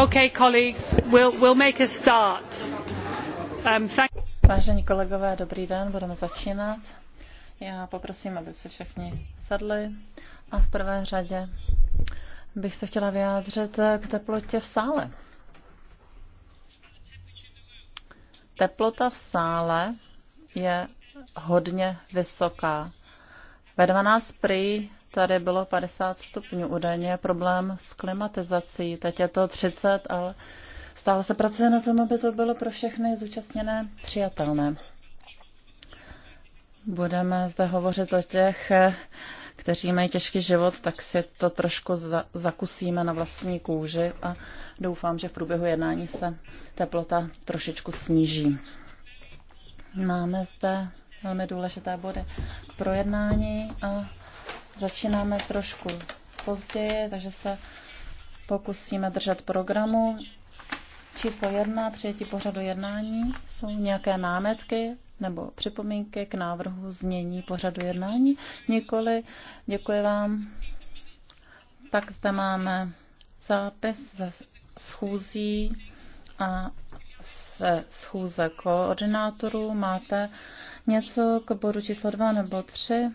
Um, Vážení kolegové, dobrý den, budeme začínat. Já poprosím, aby se všichni sedli. A v prvé řadě bych se chtěla vyjádřit k teplotě v sále. Teplota v sále je hodně vysoká. Ve 12 prý tady bylo 50 stupňů. Údajně je problém s klimatizací. Teď je to 30, ale stále se pracuje na tom, aby to bylo pro všechny zúčastněné přijatelné. Budeme zde hovořit o těch, kteří mají těžký život, tak si to trošku za, zakusíme na vlastní kůži a doufám, že v průběhu jednání se teplota trošičku sníží. Máme zde velmi důležité body k projednání a Začínáme trošku později, takže se pokusíme držet programu. Číslo jedna, přijetí pořadu jednání. Jsou nějaké námetky nebo připomínky k návrhu znění pořadu jednání? Nikoli. Děkuji vám. Pak zde máme zápis ze schůzí a se schůze koordinátorů. Máte něco k bodu číslo 2 nebo 3?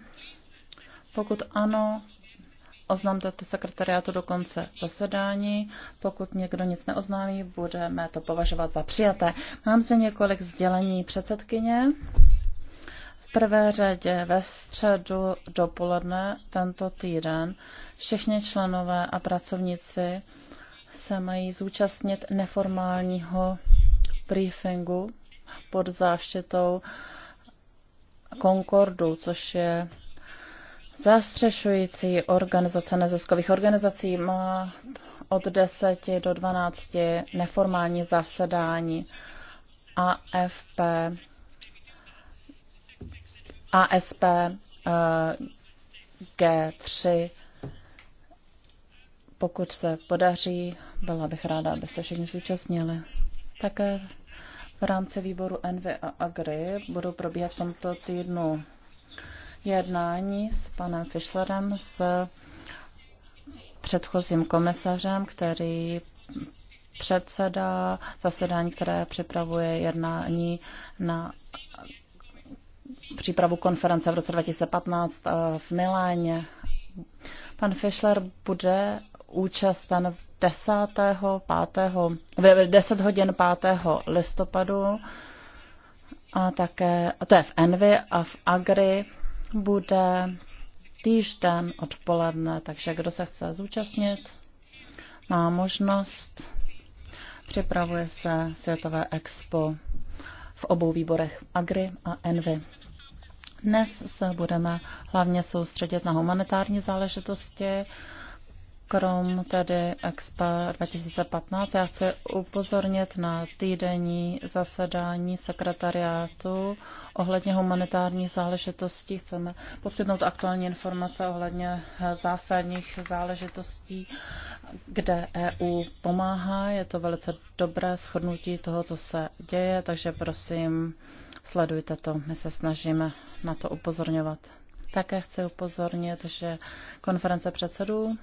Pokud ano, oznamte to sekretariátu do konce zasedání. Pokud někdo nic neoznámí, budeme to považovat za přijaté. Mám zde několik sdělení předsedkyně. V prvé řadě ve středu dopoledne tento týden všichni členové a pracovníci se mají zúčastnit neformálního briefingu pod záštitou Concordu, což je Zastřešující organizace neziskových organizací má od 10 do 12 neformální zasedání AFP, ASP eh, G3. Pokud se podaří, byla bych ráda, aby se všichni zúčastnili. Také v rámci výboru Envy a Agri budou probíhat v tomto týdnu jednání s panem Fischlerem, s předchozím komisařem, který předseda zasedání, které připravuje jednání na přípravu konference v roce 2015 eh, v Miláně. Pan Fischler bude účasten 10. 5. v 10 hodin 5. listopadu a také, a to je v Envy a v Agri bude týžden odpoledne, takže kdo se chce zúčastnit, má možnost. Připravuje se Světové expo v obou výborech Agri a Envy. Dnes se budeme hlavně soustředit na humanitární záležitosti krom tedy Expo 2015. Já chci upozornit na týdenní zasedání sekretariátu ohledně humanitárních záležitostí. Chceme poskytnout aktuální informace ohledně zásadních záležitostí, kde EU pomáhá. Je to velice dobré shodnutí toho, co se děje, takže prosím, sledujte to. My se snažíme na to upozorňovat. Také chci upozornit, že konference předsedů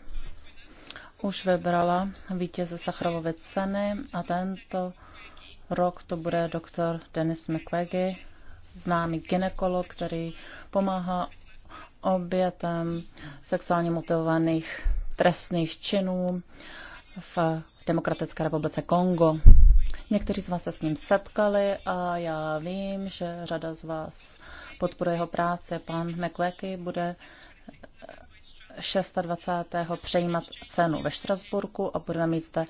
už vybrala vítěze Sacharovovy ceny a tento rok to bude doktor Dennis McWaggy, známý ginekolog, který pomáhá obětem sexuálně motivovaných trestných činů v Demokratické republice Kongo. Někteří z vás se s ním setkali a já vím, že řada z vás podporuje jeho práce. Pan McWecky bude 26. přejímat cenu ve Štrasburku a budeme mít zde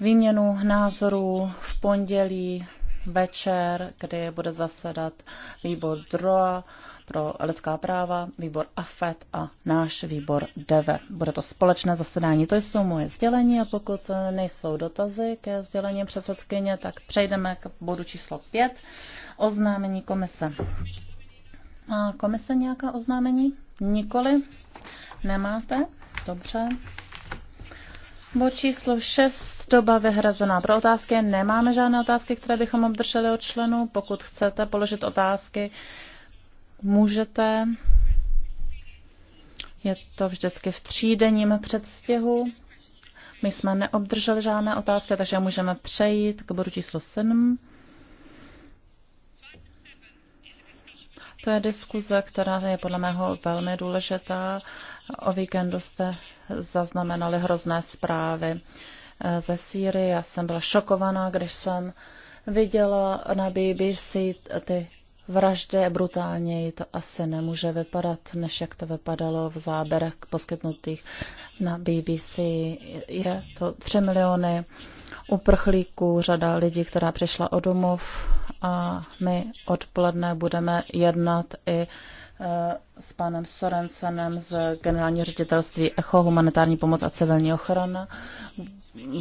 výměnu názorů v pondělí večer, kdy bude zasedat výbor DROA pro lidská práva, výbor AFET a náš výbor DEVE. Bude to společné zasedání. To jsou moje sdělení a pokud nejsou dotazy ke sdělení předsedkyně, tak přejdeme k bodu číslo 5, oznámení komise. Má komise nějaká oznámení? Nikoli. Nemáte? Dobře. Bod číslo 6, doba vyhrazená pro otázky. Nemáme žádné otázky, které bychom obdrželi od členů. Pokud chcete položit otázky, můžete. Je to vždycky v třídenním předstihu. My jsme neobdrželi žádné otázky, takže můžeme přejít k bodu číslo 7. To je diskuze, která je podle mého velmi důležitá. O víkendu jste zaznamenali hrozné zprávy eh, ze Sýrie. Já jsem byla šokovaná, když jsem viděla na BBC ty vraždy brutálněji to asi nemůže vypadat, než jak to vypadalo v záběrech poskytnutých na BBC. Je to 3 miliony uprchlíků, řada lidí, která přišla o domov a my odpoledne budeme jednat i e, s panem Sorensenem z generálního ředitelství ECHO, humanitární pomoc a civilní ochrana.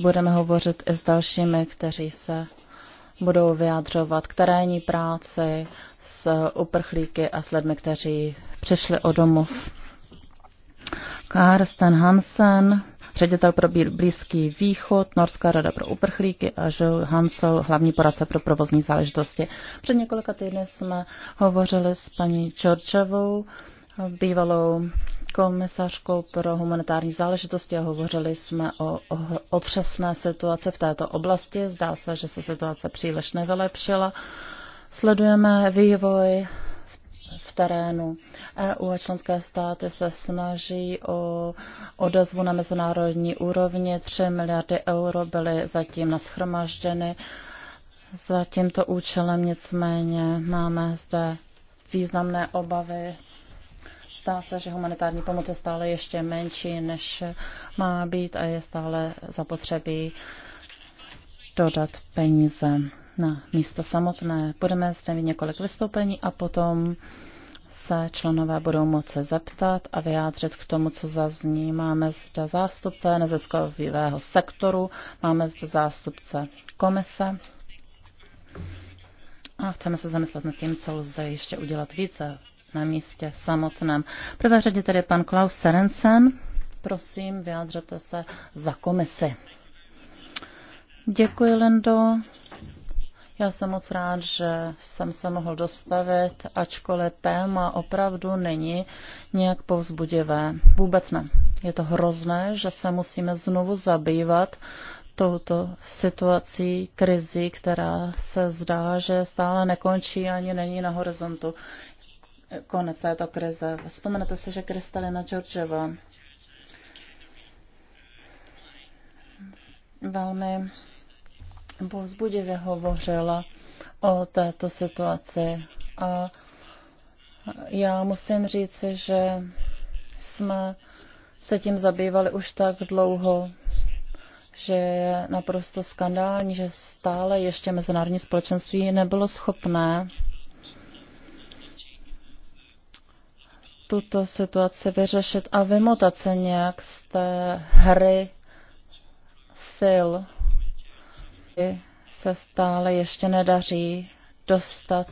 Budeme hovořit i s dalšími, kteří se budou vyjadřovat k terénní práci s uprchlíky a s lidmi, kteří přišli o domov. Karsten Hansen ředitel pro Blízký východ, Norská rada pro uprchlíky a Žil Hansel, hlavní poradce pro provozní záležitosti. Před několika týdny jsme hovořili s paní Čorčevou, bývalou komisařkou pro humanitární záležitosti a hovořili jsme o, o otřesné situaci v této oblasti. Zdá se, že se situace příliš nevylepšila. Sledujeme vývoj terénu. EU a členské státy se snaží o odezvu na mezinárodní úrovni. 3 miliardy euro byly zatím naschromažděny. Za tímto účelem nicméně máme zde významné obavy Zdá se, že humanitární pomoc je stále ještě menší, než má být a je stále zapotřebí dodat peníze na místo samotné. Budeme zde mít několik vystoupení a potom se členové budou moci zeptat a vyjádřit k tomu, co zazní. Máme zde zástupce neziskového sektoru, máme zde zástupce komise a chceme se zamyslet nad tím, co lze ještě udělat více na místě samotném. prvé řadě tedy pan Klaus Serensen. Prosím, vyjádřete se za komisi. Děkuji, Lendo. Já jsem moc rád, že jsem se mohl dostavit, ačkoliv téma opravdu není nějak povzbudivé. Vůbec ne. Je to hrozné, že se musíme znovu zabývat touto situací, krizi, která se zdá, že stále nekončí ani není na horizontu konec této krize. Vzpomenete si, že Kristalina Georgieva velmi povzbudivě hovořila o této situaci a já musím říci, že jsme se tím zabývali už tak dlouho, že je naprosto skandální, že stále ještě mezinárodní společenství nebylo schopné tuto situaci vyřešit a vymotat se nějak z té hry sil se stále ještě nedaří dostat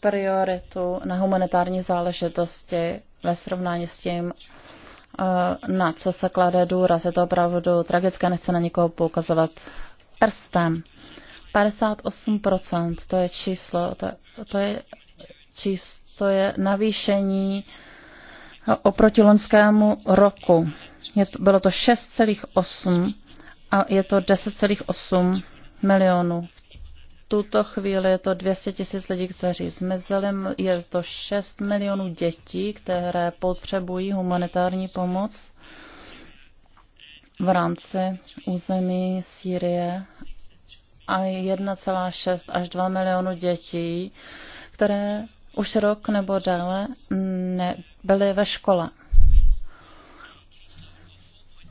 prioritu na humanitární záležitosti ve srovnání s tím, eh, na co se klade důraz. Je to opravdu tragické, nechce na nikoho poukazovat prstem. 58%, to je číslo, to, to je číslo, to je navýšení oproti loňskému roku. Je to, bylo to 6,8 a je to 10,8 milionů. V tuto chvíli je to 200 tisíc lidí, kteří zmizeli, je to 6 milionů dětí, které potřebují humanitární pomoc v rámci území Sýrie a 1,6 až 2 milionu dětí, které už rok nebo déle nebyly ve škole.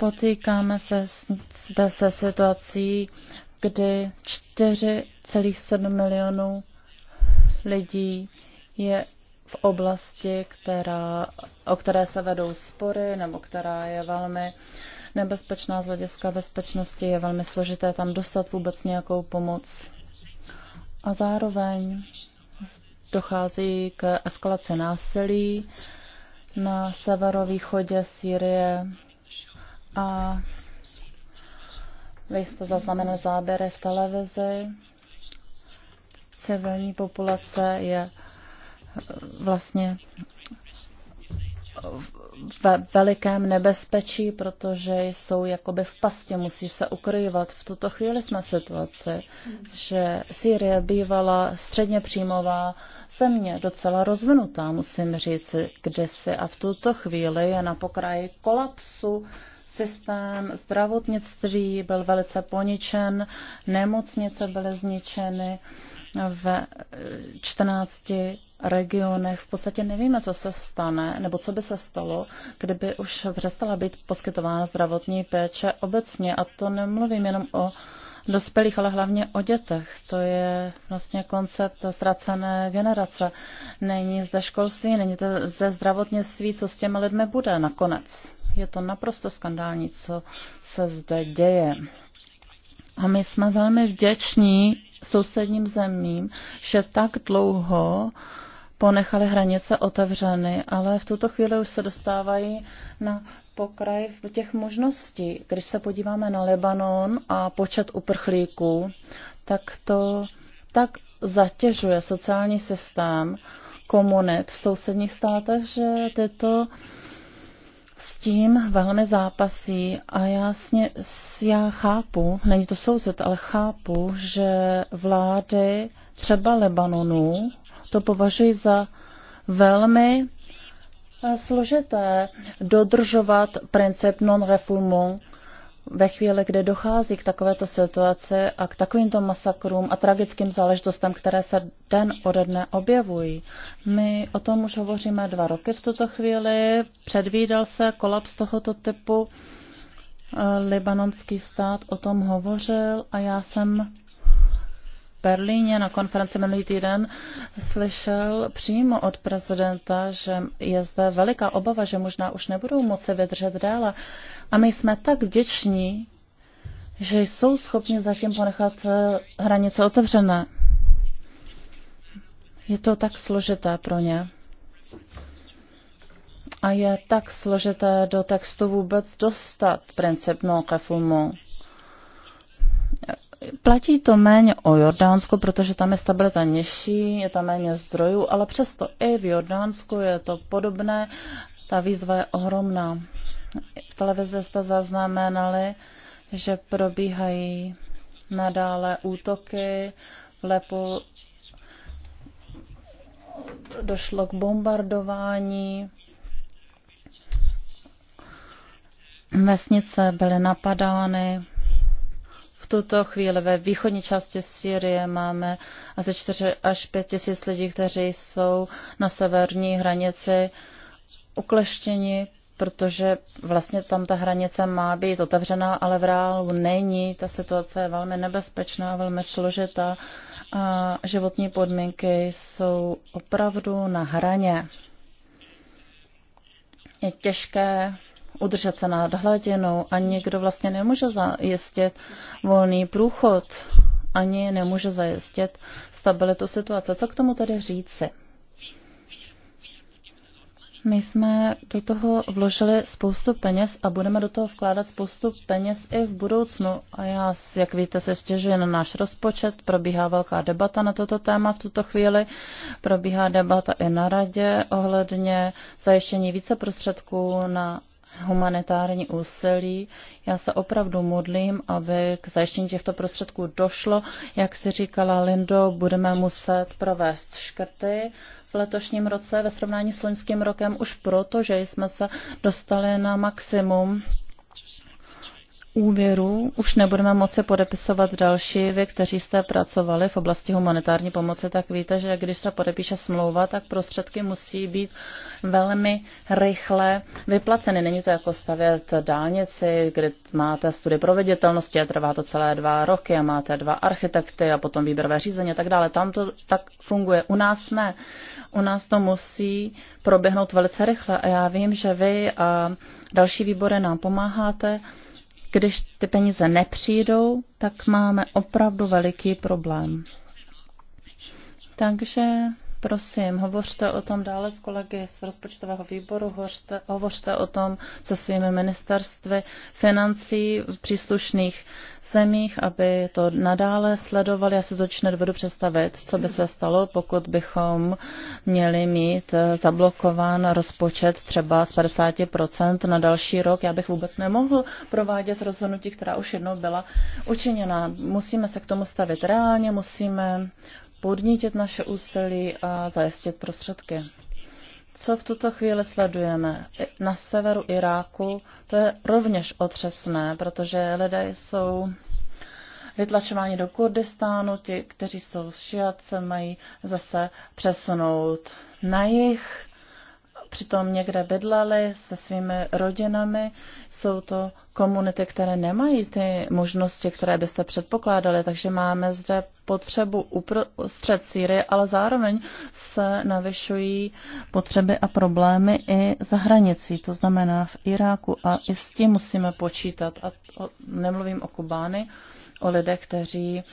Potýkáme se zde se situací, kdy 4,7 milionů lidí je v oblasti, která, o které se vedou spory nebo která je velmi nebezpečná z hlediska bezpečnosti, je velmi složité tam dostat vůbec nějakou pomoc. A zároveň dochází k eskalaci násilí na severovýchodě Sýrie, a vy jste zaznamenali záběry v televizi. Civilní populace je eh, vlastně eh, ve velikém nebezpečí, protože jsou jakoby v pastě, musí se ukrývat. V tuto chvíli jsme v situaci, že Sýrie bývala středně příjmová země, docela rozvinutá, musím říct, si A v tuto chvíli je na pokraji kolapsu systém zdravotnictví byl velice poničen, nemocnice byly zničeny v 14 eh, regionech. V podstatě nevíme, co se stane, nebo co by se stalo, kdyby už přestala být poskytována zdravotní péče obecně. A to nemluvím jenom o dospělých, ale hlavně o dětech. To je vlastně koncept ztracené generace. Není zde školství, není zde zdravotnictví, co s těmi lidmi bude nakonec. Je to naprosto skandální, co se zde děje. A my jsme velmi vděční sousedním zemím, že tak dlouho ponechali hranice otevřeny, ale v tuto chvíli už se dostávají na pokraj těch možností. Když se podíváme na Libanon a počet uprchlíků, tak to tak zatěžuje sociální systém komunit v sousedních státech, že tyto s tím velmi zápasí a jasně, já chápu, není to soused, ale chápu, že vlády třeba Libanonu to považují za velmi eh, složité dodržovat princip non-refoulement ve chvíli, kdy dochází k takovéto situaci a k takovýmto masakrům a tragickým záležitostem, které se den ode dne objevují. My o tom už hovoříme dva roky v tuto chvíli. Předvídal se kolaps tohoto typu. Eh, Libanonský stát o tom hovořil a já jsem Berlíně na konferenci minulý týden slyšel přímo od prezidenta, že je zde veliká obava, že možná už nebudou moci vydržet dále. A my jsme tak vděční, že jsou schopni zatím ponechat eh, hranice otevřené. Je to tak složité pro ně. A je tak složité do textu vůbec dostat princip non-reformu Platí to méně o Jordánsku, protože tam je stabilita nižší, je tam méně zdrojů, ale přesto i v Jordánsku je to podobné. Ta výzva je ohromná. V televizi jste zaznamenali, že probíhají nadále útoky v Lepu. Došlo k bombardování. Vesnice byly napadány tuto chvíli ve východní části Syrie máme asi 4 až 5 tisíc lidí, kteří jsou na severní hranici ukleštěni, protože vlastně tam ta hranice má být otevřená, ale v reálu není. Ta situace je velmi nebezpečná, velmi složitá a životní podmínky jsou opravdu na hraně. Je těžké udržet se nad hladinou a někdo vlastně nemůže zajistit volný průchod, ani nemůže zajistit stabilitu situace. Co k tomu tedy říci? My jsme do toho vložili spoustu peněz a budeme do toho vkládat spoustu peněz i v budoucnu. A já, jak víte, se stěžuje na náš rozpočet, probíhá velká debata na toto téma v tuto chvíli, probíhá debata i na radě ohledně zajištění více prostředků na humanitární úsilí. Já se opravdu modlím, aby k zajištění těchto prostředků došlo. Jak si říkala Lindo, budeme muset provést škrty v letošním roce ve srovnání s loňským rokem už proto, že jsme se dostali na maximum úvěru už nebudeme moci podepisovat další. Vy, kteří jste pracovali v oblasti humanitární pomoci, tak víte, že když se podepíše smlouva, tak prostředky musí být velmi rychle vyplaceny. Není to jako stavět dálnici, kde máte studii proveditelnosti a trvá to celé dva roky a máte dva architekty a potom výběrové řízení a tak dále. Tam to tak funguje. U nás ne. U nás to musí proběhnout velice rychle a já vím, že vy a další výbory nám pomáháte když ty peníze nepřijdou, tak máme opravdu veliký problém. Takže Prosím, hovořte o tom dále s kolegy z rozpočtového výboru, hovořte, hovořte o tom se svými ministerstvy financí v příslušných zemích, aby to nadále sledovali. Já se totiž nedovedu představit, co by se stalo, pokud bychom měli mít zablokován rozpočet třeba z 50% na další rok. Já bych vůbec nemohl provádět rozhodnutí, která už jednou byla učiněna. Musíme se k tomu stavit reálně, musíme podnítit naše úsilí a zajistit prostředky. Co v tuto chvíli sledujeme? Na severu Iráku to je rovněž otřesné, protože lidé jsou vytlačováni do Kurdistánu, ti, kteří jsou šiace, mají zase přesunout na jich přitom někde bydleli se svými rodinami. Jsou to komunity, které nemají ty možnosti, které byste předpokládali, takže máme zde potřebu uprostřed Sýrie, ale zároveň se navyšují potřeby a problémy i za hranicí, to znamená v Iráku a i s tím musíme počítat. A nemluvím o Kubány, o lidech, kteří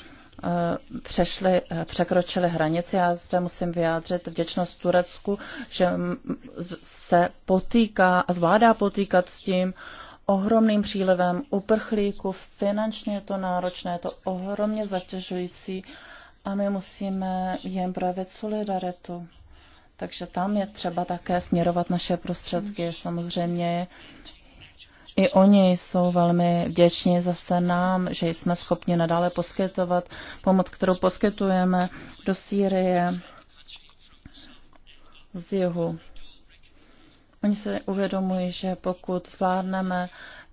Eh, přešli, eh, překročili hranici. Já zde musím vyjádřit vděčnost Turecku, že se potýká a zvládá potýkat s tím ohromným přílivem uprchlíků. Finančně je to náročné, je to ohromně zatěžující a my musíme jim projevit solidaritu. Takže tam je třeba také směrovat naše prostředky. Samozřejmě i oni jsou velmi vděční zase nám, že jsme schopni nadále poskytovat pomoc, kterou poskytujeme do Sýrie z jihu. Oni se uvědomují, že pokud zvládneme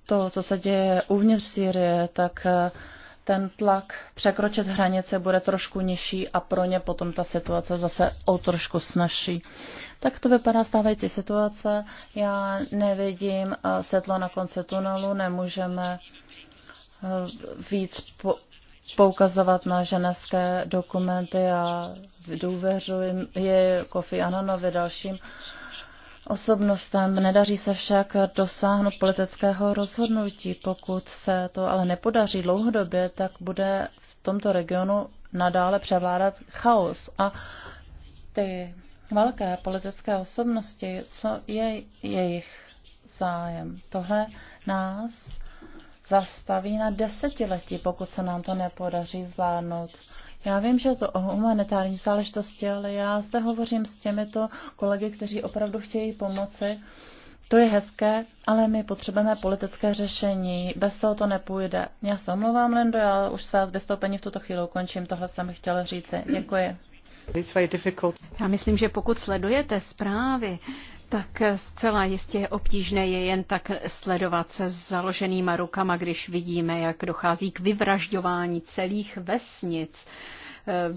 to, co se děje uvnitř Sýrie, tak ten tlak překročit hranice bude trošku nižší a pro ně potom ta situace zase o trošku snažší. Tak to vypadá stávající situace. Já nevidím eh, setlo na konci tunelu, nemůžeme eh, víc po poukazovat na ženevské dokumenty a důvěřuji je Kofi Ananovi dalším osobnostem. Nedaří se však dosáhnout politického rozhodnutí. Pokud se to ale nepodaří dlouhodobě, tak bude v tomto regionu nadále převládat chaos. A ty velké politické osobnosti, co je jejich zájem? Tohle nás zastaví na desetiletí, pokud se nám to nepodaří zvládnout. Já vím, že je to o humanitární záležitosti, ale já zde hovořím s těmito kolegy, kteří opravdu chtějí pomoci. To je hezké, ale my potřebujeme politické řešení. Bez toho to nepůjde. Já se omlouvám, Lindo, já už se z vystoupení v tuto chvíli ukončím. Tohle jsem chtěla říct Děkuji. Já myslím, že pokud sledujete zprávy tak zcela jistě je obtížné je jen tak sledovat se založenýma rukama, když vidíme, jak dochází k vyvražďování celých vesnic Eh,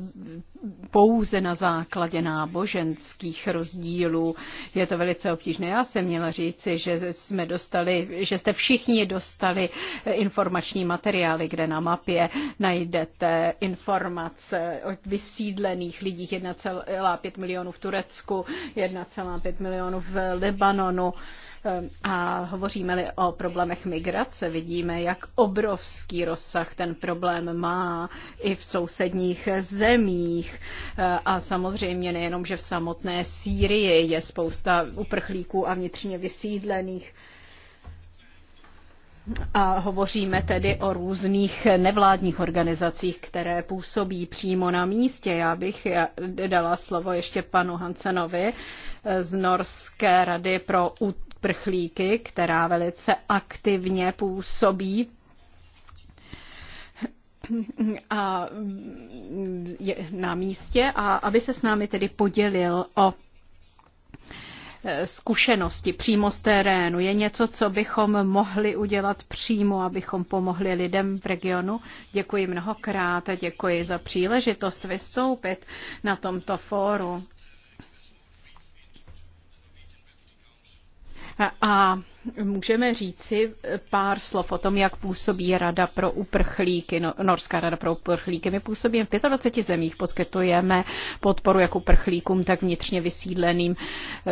pouze na základě náboženských rozdílů. Je to velice obtížné. Já jsem měla říci, že jsme dostali, že jste všichni dostali informační materiály, kde na mapě najdete informace o vysídlených lidích 1,5 milionů v Turecku, 1,5 milionů v Libanonu. Ehm, a hovoříme-li o problémech migrace, vidíme, jak obrovský rozsah ten problém má i v sousedních zemích. Ehm, a samozřejmě nejenom, že v samotné Sýrii je spousta uprchlíků a vnitřně vysídlených. A hovoříme tedy o různých nevládních organizacích, které působí přímo na místě. Já bych dala slovo ještě panu Hansenovi eh, z Norské rady pro prchlíky, která velice aktivně působí a je na místě a aby se s námi tedy podělil o e, zkušenosti přímo z terénu. Je něco, co bychom mohli udělat přímo, abychom pomohli lidem v regionu. Děkuji mnohokrát a děkuji za příležitost vystoupit na tomto fóru. A můžeme říci pár slov o tom, jak působí Rada pro uprchlíky, no, Norská rada pro uprchlíky. My působíme v 25 zemích, poskytujeme podporu jak uprchlíkům, tak vnitřně vysídleným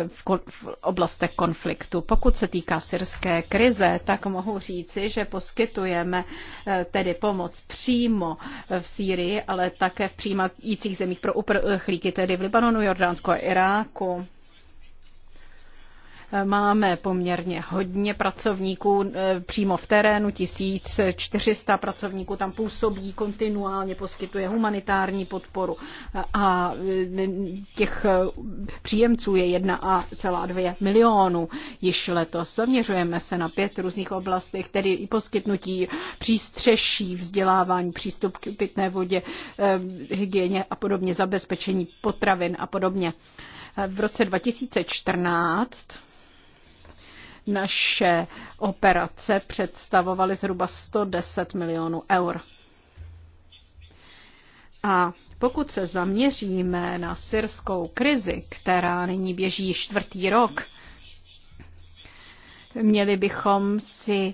v, v oblastech konfliktu. Pokud se týká syrské krize, tak mohu říci, že poskytujeme eh, tedy pomoc přímo v Sýrii, ale také v přijímajících zemích pro uprchlíky, tedy v Libanonu, Jordánsku a Iráku Máme poměrně hodně pracovníků eh, přímo v terénu, 1400 pracovníků tam působí, kontinuálně poskytuje humanitární podporu a eh, těch eh, příjemců je 1,2 milionu již letos. Zaměřujeme se na pět různých oblastech, tedy i poskytnutí přístřeší, vzdělávání, přístup k pitné vodě, hygieně a podobně, zabezpečení potravin a podobně. V roce 2014 naše operace představovaly zhruba 110 milionů eur. A pokud se zaměříme na syrskou krizi, která nyní běží čtvrtý rok, měli bychom si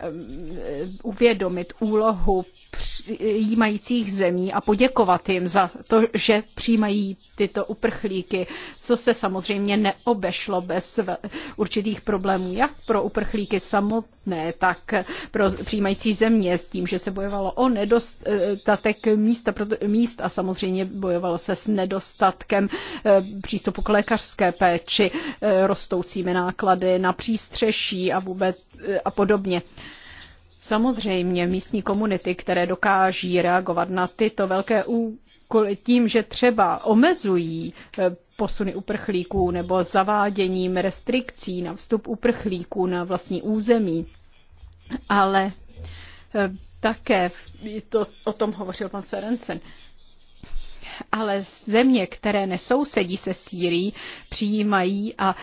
Eh, uvědomit úlohu přijímajících zemí a poděkovat jim za to, že přijímají tyto uprchlíky, co se samozřejmě neobešlo bez určitých problémů, jak pro uprchlíky samotné, tak pro přijímající země s tím, že se bojovalo o nedostatek místa, míst a samozřejmě bojovalo se s nedostatkem eh, přístupu k lékařské péči, eh, rostoucími náklady na přístřeší a vůbec a podobně. Samozřejmě místní komunity, které dokáží reagovat na tyto velké úkoly tím, že třeba omezují eh, posuny uprchlíků nebo zaváděním restrikcí na vstup uprchlíků na vlastní území, ale eh, také, to, o tom hovořil pan Serencen, ale země, které nesousedí se Sýrií, přijímají a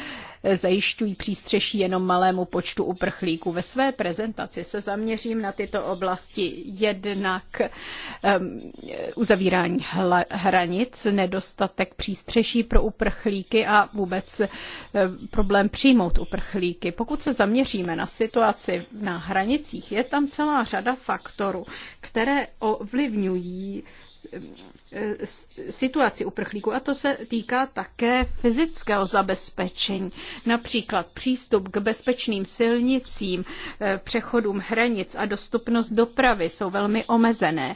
zajišťují přístřeší jenom malému počtu uprchlíků. Ve své prezentaci se zaměřím na tyto oblasti jednak um, uzavírání hla, hranic, nedostatek přístřeší pro uprchlíky a vůbec um, problém přijmout uprchlíky. Pokud se zaměříme na situaci na hranicích, je tam celá řada faktorů, které ovlivňují situaci uprchlíků a to se týká také fyzického zabezpečení. Například přístup k bezpečným silnicím, eh, přechodům hranic a dostupnost dopravy jsou velmi omezené.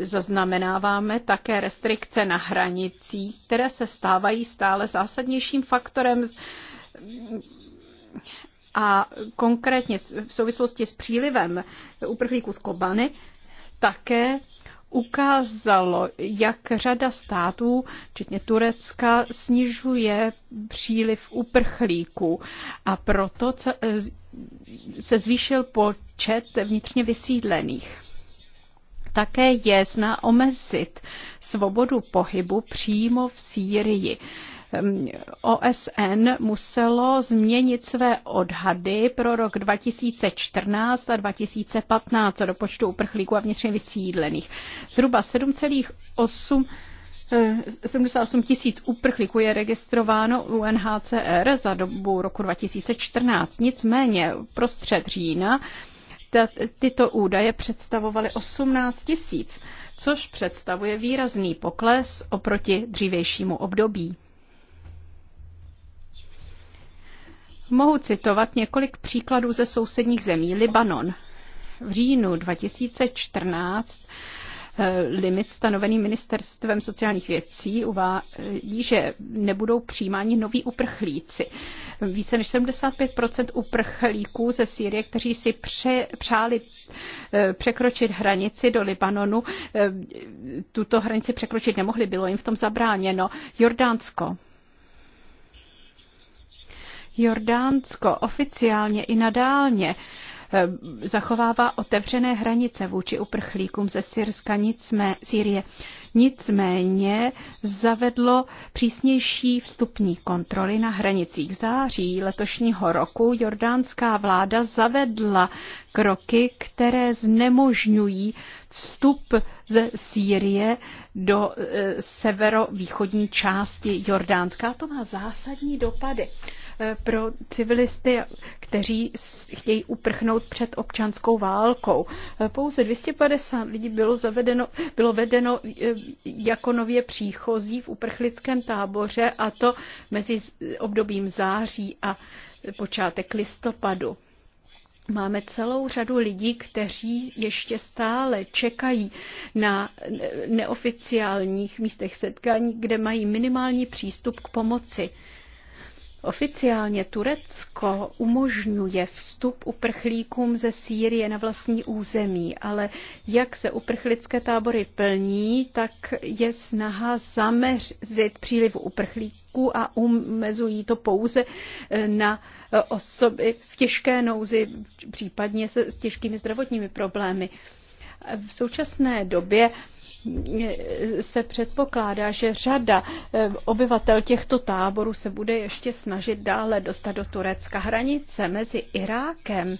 Zaznamenáváme také restrikce na hranicích, které se stávají stále zásadnějším faktorem a konkrétně v souvislosti s přílivem uprchlíků z Kobany také ukázalo, jak řada států, včetně Turecka, snižuje příliv uprchlíků a proto e, se zvýšil počet vnitřně vysídlených. Také je zná omezit svobodu pohybu přímo v Sýrii. OSN muselo změnit své odhady pro rok 2014 a 2015 do počtu uprchlíků a vnitřně vysídlených. Zhruba 7,8 78 eh, tisíc uprchlíků je registrováno UNHCR za dobu roku 2014. Nicméně prostřed října tyto údaje představovaly 18 tisíc, což představuje výrazný pokles oproti dřívějšímu období. Mohu citovat několik příkladů ze sousedních zemí. Libanon. V říjnu 2014 eh, limit stanovený ministerstvem sociálních věcí uvádí, že nebudou přijímáni noví uprchlíci. Více než 75 uprchlíků ze Sýrie, kteří si pře, přáli eh, překročit hranici do Libanonu, eh, tuto hranici překročit nemohli, bylo jim v tom zabráněno. Jordánsko Jordánsko oficiálně i nadálně eh, zachovává otevřené hranice vůči uprchlíkům ze Syrska, nicmé, Syrie. Nicméně zavedlo přísnější vstupní kontroly na hranicích září letošního roku. Jordánská vláda zavedla kroky, které znemožňují vstup ze Sýrie do eh, severovýchodní části Jordánska. A to má zásadní dopady pro civilisty, kteří chtějí uprchnout před občanskou válkou. Pouze 250 lidí bylo, zavedeno, bylo vedeno eh, jako nově příchozí v uprchlickém táboře a to mezi obdobím září a počátek listopadu. Máme celou řadu lidí, kteří ještě stále čekají na neoficiálních místech setkání, kde mají minimální přístup k pomoci. Oficiálně Turecko umožňuje vstup uprchlíkům ze Sýrie na vlastní území, ale jak se uprchlické tábory plní, tak je snaha zameřit přílivu uprchlíků a umezují to pouze eh, na eh, osoby v těžké nouzi, případně s těžkými zdravotními problémy. V současné době Eh, se předpokládá, že řada eh, obyvatel těchto táborů se bude ještě snažit dále dostat do Turecka. Hranice mezi Irákem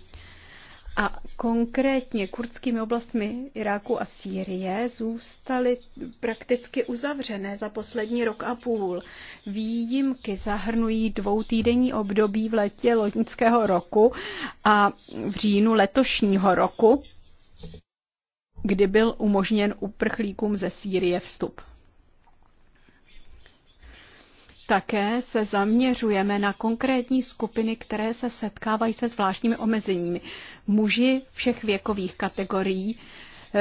a konkrétně kurdskými oblastmi Iráku a Sýrie zůstaly prakticky uzavřené za poslední rok a půl. Výjimky zahrnují dvoutýdenní období v letě loňského roku a v říjnu letošního roku kdy byl umožněn uprchlíkům ze Sýrie vstup. Také se zaměřujeme na konkrétní skupiny, které se setkávají se zvláštními omezeními. Muži všech věkových kategorií,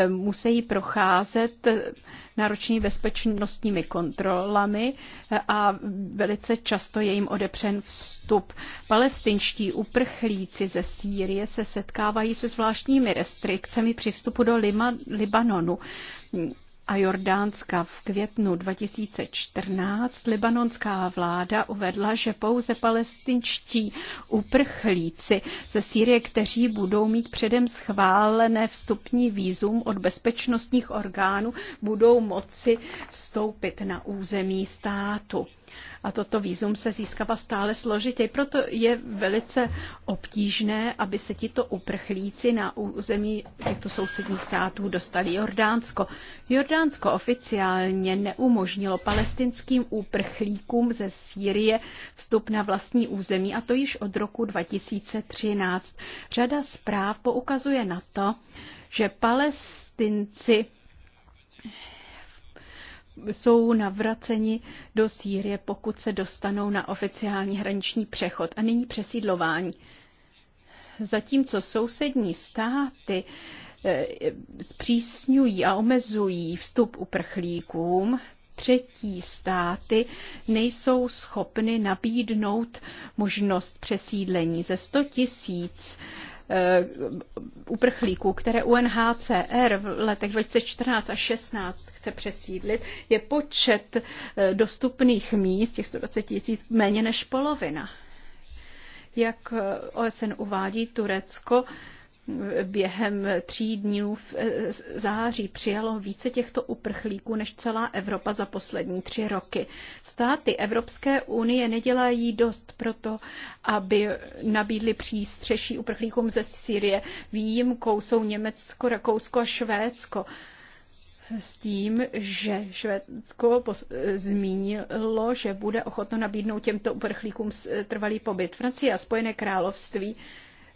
musí procházet náročný bezpečnostními kontrolami a velice často je jim odepřen vstup. Palestinští uprchlíci ze Sýrie se setkávají se zvláštními restrikcemi při vstupu do Lima, Libanonu a Jordánska v květnu 2014 libanonská vláda uvedla, že pouze palestinští uprchlíci ze Sýrie, kteří budou mít předem schválené vstupní výzum od bezpečnostních orgánů, budou moci vstoupit na území státu. A toto výzum se získává stále složitěji. Proto je velice obtížné, aby se tito uprchlíci na území těchto sousedních států dostali Jordánsko. Jordánsko oficiálně neumožnilo palestinským uprchlíkům ze Sýrie vstup na vlastní území, a to již od roku 2013. Řada zpráv poukazuje na to, že palestinci jsou navraceni do Sýrie, pokud se dostanou na oficiální hraniční přechod. A nyní přesídlování. Zatímco sousední státy eh, zpřísňují a omezují vstup uprchlíkům, třetí státy nejsou schopny nabídnout možnost přesídlení. Ze 100 tisíc 000 Eh, uprchlíků, které UNHCR v letech 2014 a 2016 chce přesídlit, je počet eh, dostupných míst, těch 120 tisíc, méně než polovina. Jak eh, OSN uvádí, Turecko během tří dnů v eh, září přijalo více těchto uprchlíků než celá Evropa za poslední tři roky. Státy Evropské unie nedělají dost proto, aby nabídly přístřeší uprchlíkům ze Syrie. Výjimkou jsou Německo, Rakousko a Švédsko s tím, že Švédsko eh, zmínilo, že bude ochotno nabídnout těmto uprchlíkům eh, trvalý pobyt. Francie a Spojené království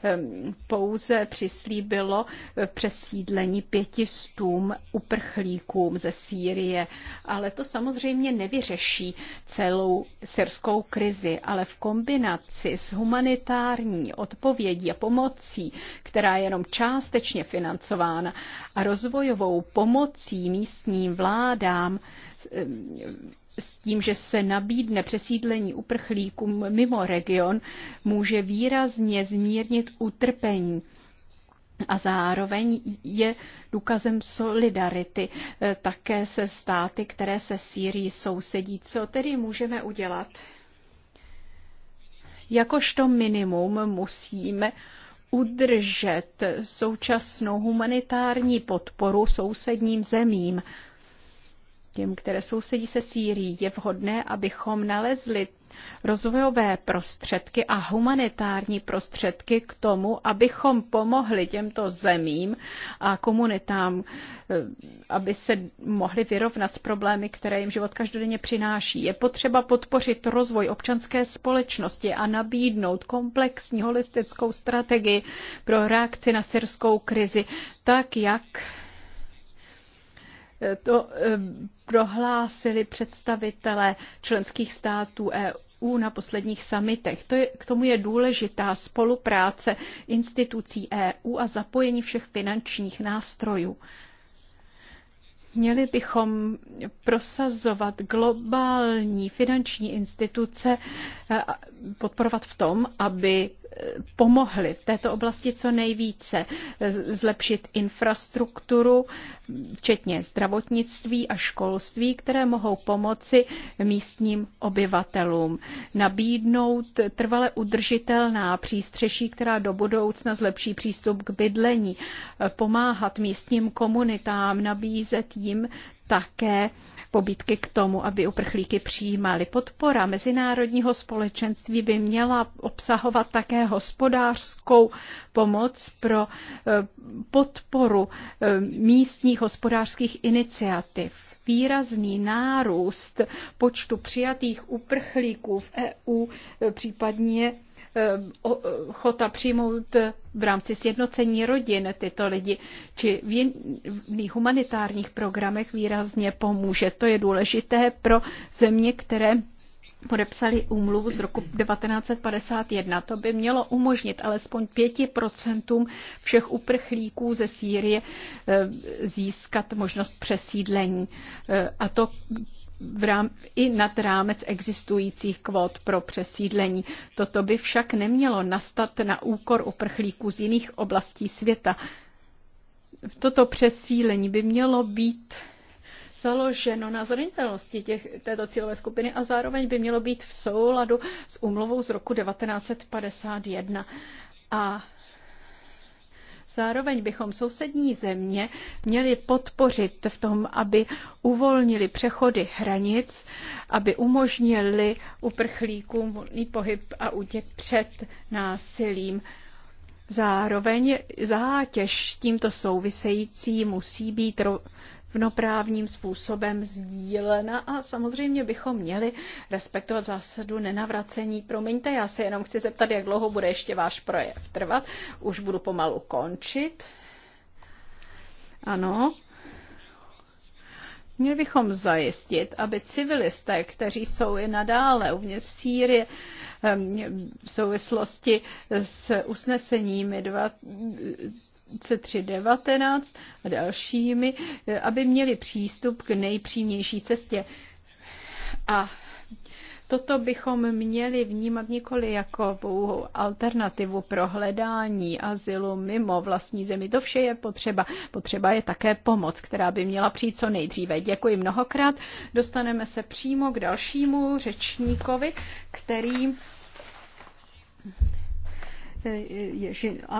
Ehm, pouze přislíbilo eh, přesídlení pětistům uprchlíkům ze Sýrie. Ale to samozřejmě nevyřeší celou syrskou krizi, ale v kombinaci s humanitární odpovědí a pomocí, která je jenom částečně financována, a rozvojovou pomocí místním vládám, ehm, s tím, že se nabídne přesídlení uprchlíkům mimo region, může výrazně zmírnit utrpení a zároveň je důkazem solidarity eh, také se státy, které se Sýrií sousedí. Co tedy můžeme udělat? Jakožto minimum musíme udržet současnou humanitární podporu sousedním zemím těm, které sousedí se Sýrií, je vhodné, abychom nalezli rozvojové prostředky a humanitární prostředky k tomu, abychom pomohli těmto zemím a komunitám, eh, aby se mohli vyrovnat s problémy, které jim život každodenně přináší. Je potřeba podpořit rozvoj občanské společnosti a nabídnout komplexní holistickou strategii pro reakci na syrskou krizi, tak jak to eh, prohlásili představitelé členských států EU na posledních samitech. To je, k tomu je důležitá spolupráce institucí EU a zapojení všech finančních nástrojů. Měli bychom prosazovat globální finanční instituce, podporovat v tom, aby pomohli v této oblasti co nejvíce zlepšit infrastrukturu, včetně zdravotnictví a školství, které mohou pomoci místním obyvatelům. Nabídnout trvale udržitelná přístřeší, která do budoucna zlepší přístup k bydlení, pomáhat místním komunitám, nabízet jim také pobídky k tomu, aby uprchlíky přijímali. Podpora mezinárodního společenství by měla obsahovat také hospodářskou pomoc pro eh, podporu eh, místních hospodářských iniciativ výrazný nárůst počtu přijatých uprchlíků v EU, eh, případně Eh, eh, ochota přijmout v rámci sjednocení rodin tyto lidi, či v jiných humanitárních programech výrazně pomůže. To je důležité pro země, které podepsali úmluvu z roku 1951. To by mělo umožnit alespoň 5% všech uprchlíků ze Sýrie eh, získat možnost přesídlení. A to v rám, i nad rámec existujících kvót pro přesídlení. Toto by však nemělo nastat na úkor uprchlíků z jiných oblastí světa. Toto přesílení by mělo být založeno na zranitelnosti těch, této cílové skupiny a zároveň by mělo být v souladu s úmluvou z roku 1951. A Zároveň bychom sousední země měli podpořit v tom, aby uvolnili přechody hranic, aby umožnili uprchlíkům volný pohyb a útěk před násilím. Zároveň zátěž s tímto související musí být rovnoprávním způsobem sdílena a samozřejmě bychom měli respektovat zásadu nenavracení. Promiňte, já se jenom chci zeptat, jak dlouho bude ještě váš projev trvat. Už budu pomalu končit. Ano. Měli bychom zajistit, aby civilisté, kteří jsou i nadále uvnitř Sýrie, v souvislosti s usneseními 2319 a dalšími, aby měli přístup k nejpřímější cestě. A toto bychom měli vnímat nikoli jako pouhou alternativu pro hledání azylu mimo vlastní zemi. To vše je potřeba. Potřeba je také pomoc, která by měla přijít co nejdříve. Děkuji mnohokrát. Dostaneme se přímo k dalšímu řečníkovi, který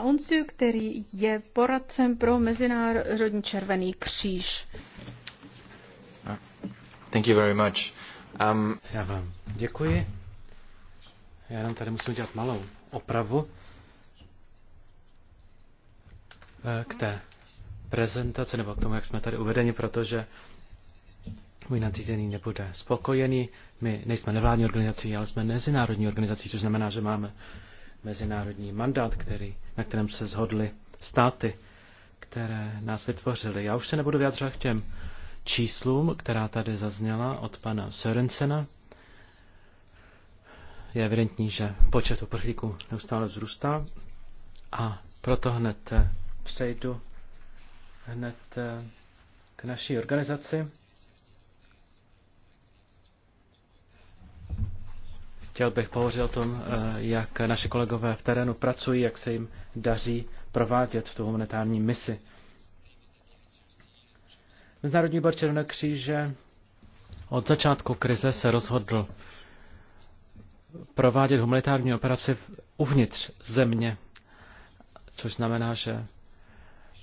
on si, který je poradcem pro Mezinárodní červený kříž. Ah, thank you very much. Um... Já vám děkuji. Já nám tady musím dělat malou opravu eh, k té prezentaci nebo k tomu, jak jsme tady uvedeni, protože můj nadřízený nebude spokojený. My nejsme nevládní organizací, ale jsme mezinárodní organizací, což znamená, že máme mezinárodní mandát, který, na kterém se zhodly státy, které nás vytvořily. Já už se nebudu vyjadřovat k těm číslům, která tady zazněla od pana Sörensena. Je evidentní, že počet uprchlíků neustále vzrůstá a proto hned přejdu hned eh, k naší organizaci. Chtěl bych pohořit o tom, eh, jak naši kolegové v terénu pracují, jak se jim daří provádět tu humanitární misi. Mezinárodní bar Červené kříže od začátku krize se rozhodl provádět humanitární operaci uvnitř země, což znamená, že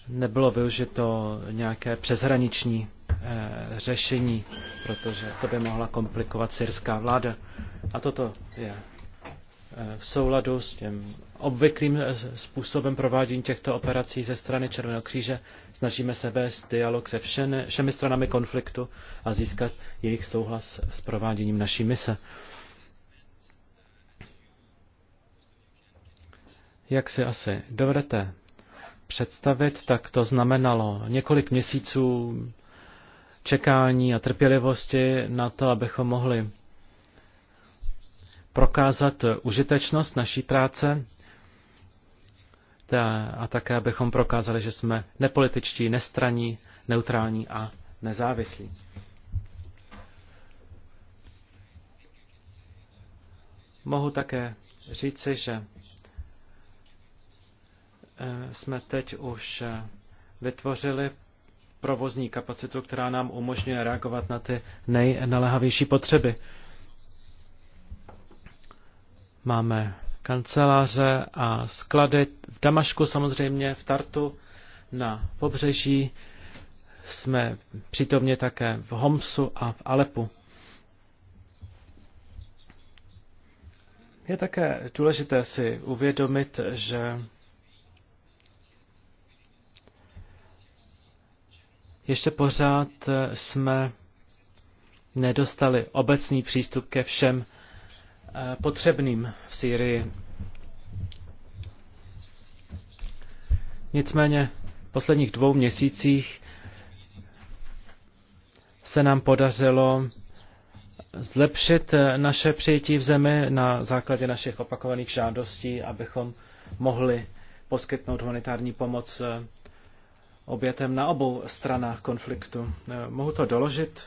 nebylo využito nějaké přeshraniční Eh, řešení, protože to by mohla komplikovat syrská vláda. A toto je eh, v souladu s tím obvyklým eh, způsobem provádění těchto operací ze strany Červeného kříže. Snažíme se vést dialog se všemi, všemi stranami konfliktu a získat jejich souhlas s prováděním naší mise. Jak si asi dovedete představit, tak to znamenalo několik měsíců čekání a trpělivosti na to, abychom mohli prokázat užitečnost naší práce a také abychom prokázali, že jsme nepolitičtí, nestraní, neutrální a nezávislí. Mohu také říci, že eh, jsme teď už eh, vytvořili provozní kapacitu, která nám umožňuje reagovat na ty nejnalehavější potřeby. Máme kanceláře a sklady v Damašku samozřejmě, v Tartu, na pobřeží. Jsme přítomně také v Homsu a v Alepu. Je také důležité si uvědomit, že ještě pořád eh, jsme nedostali obecný přístup ke všem eh, potřebným v Sýrii. Nicméně v posledních dvou měsících se nám podařilo zlepšit eh, naše přijetí v zemi na základě našich opakovaných žádostí, abychom mohli poskytnout humanitární pomoc obětem na obou stranách konfliktu. Eh, mohu to doložit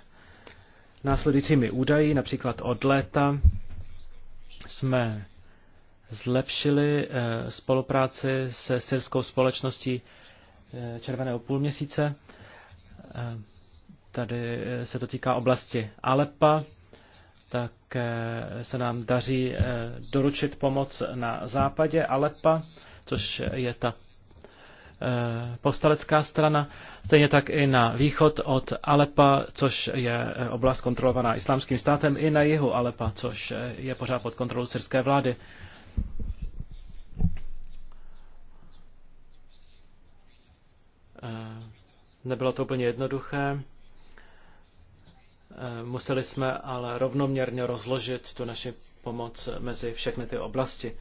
následujícími údaji, například od léta jsme zlepšili eh, spolupráci se syrskou společností eh, Červeného půlměsíce. Tady se to týká oblasti Alepa, tak se nám daří doručit pomoc na západě Alepa, což je ta Eh, povstalecká strana, stejně tak i na východ od Alepa, což je eh, oblast kontrolovaná islámským státem, i na jihu Alepa, což eh, je pořád pod kontrolou syrské vlády. Nebylo to úplně jednoduché. Museli jsme ale rovnoměrně rozložit tu naši pomoc mezi všechny ty oblasti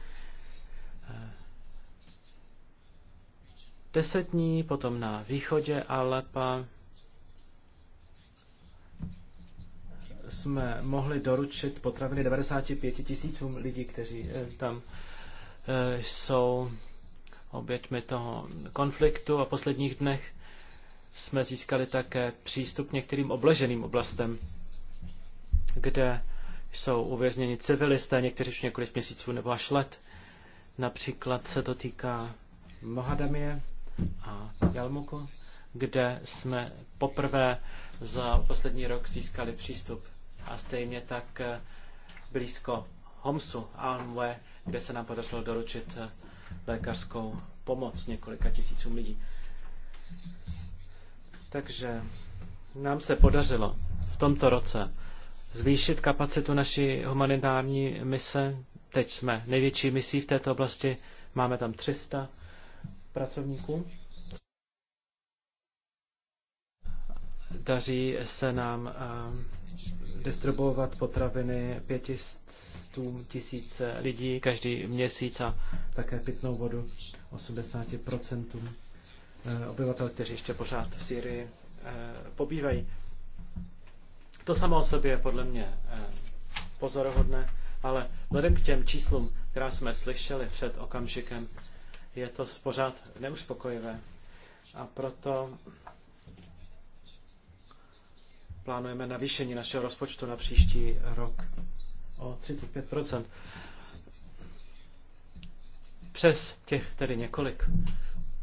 deset dní, potom na východě Alepa jsme mohli doručit potraviny 95 tisícům lidí, kteří eh, tam eh, jsou oběťmi toho konfliktu a posledních dnech jsme získali také přístup k některým obleženým oblastem, kde jsou uvězněni civilisté, někteří už několik měsíců nebo až let. Například se to týká Mohadamie, a Jalmuku, kde jsme poprvé za poslední rok získali přístup a stejně tak eh, blízko Homsu, Almwe, kde se nám podařilo doručit eh, lékařskou pomoc několika tisícům lidí. Takže nám se podařilo v tomto roce zvýšit kapacitu naší humanitární mise. Teď jsme největší misí v této oblasti, máme tam 300 pracovníků. Daří se nám eh, distribuovat potraviny 500 tisíc lidí každý měsíc a také pitnou vodu 80% eh, obyvatel, kteří ještě pořád v Syrii eh, pobývají. To samo o sobě je podle mě pozoruhodné, ale vzhledem k těm číslům, která jsme slyšeli před okamžikem, je to pořád neuspokojivé. A proto plánujeme navýšení našeho rozpočtu na příští rok o 35 Přes těch tedy několik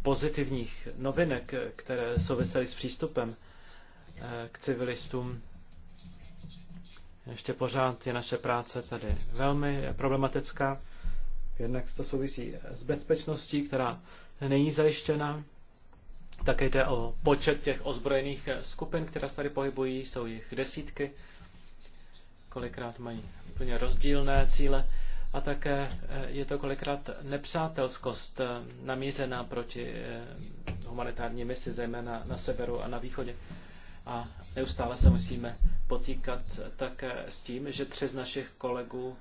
pozitivních novinek, které souvisely s přístupem eh, k civilistům, ještě pořád je naše práce tady velmi problematická. Jednak to souvisí s bezpečností, která není zajištěna. Také jde o počet těch ozbrojených skupin, které se tady pohybují, jsou jich desítky. Kolikrát mají úplně rozdílné cíle. A také eh, je to kolikrát nepřátelskost eh, namířená proti eh, humanitární misi, zejména na severu a na východě. A neustále se musíme potýkat také s tím, že tři z našich kolegů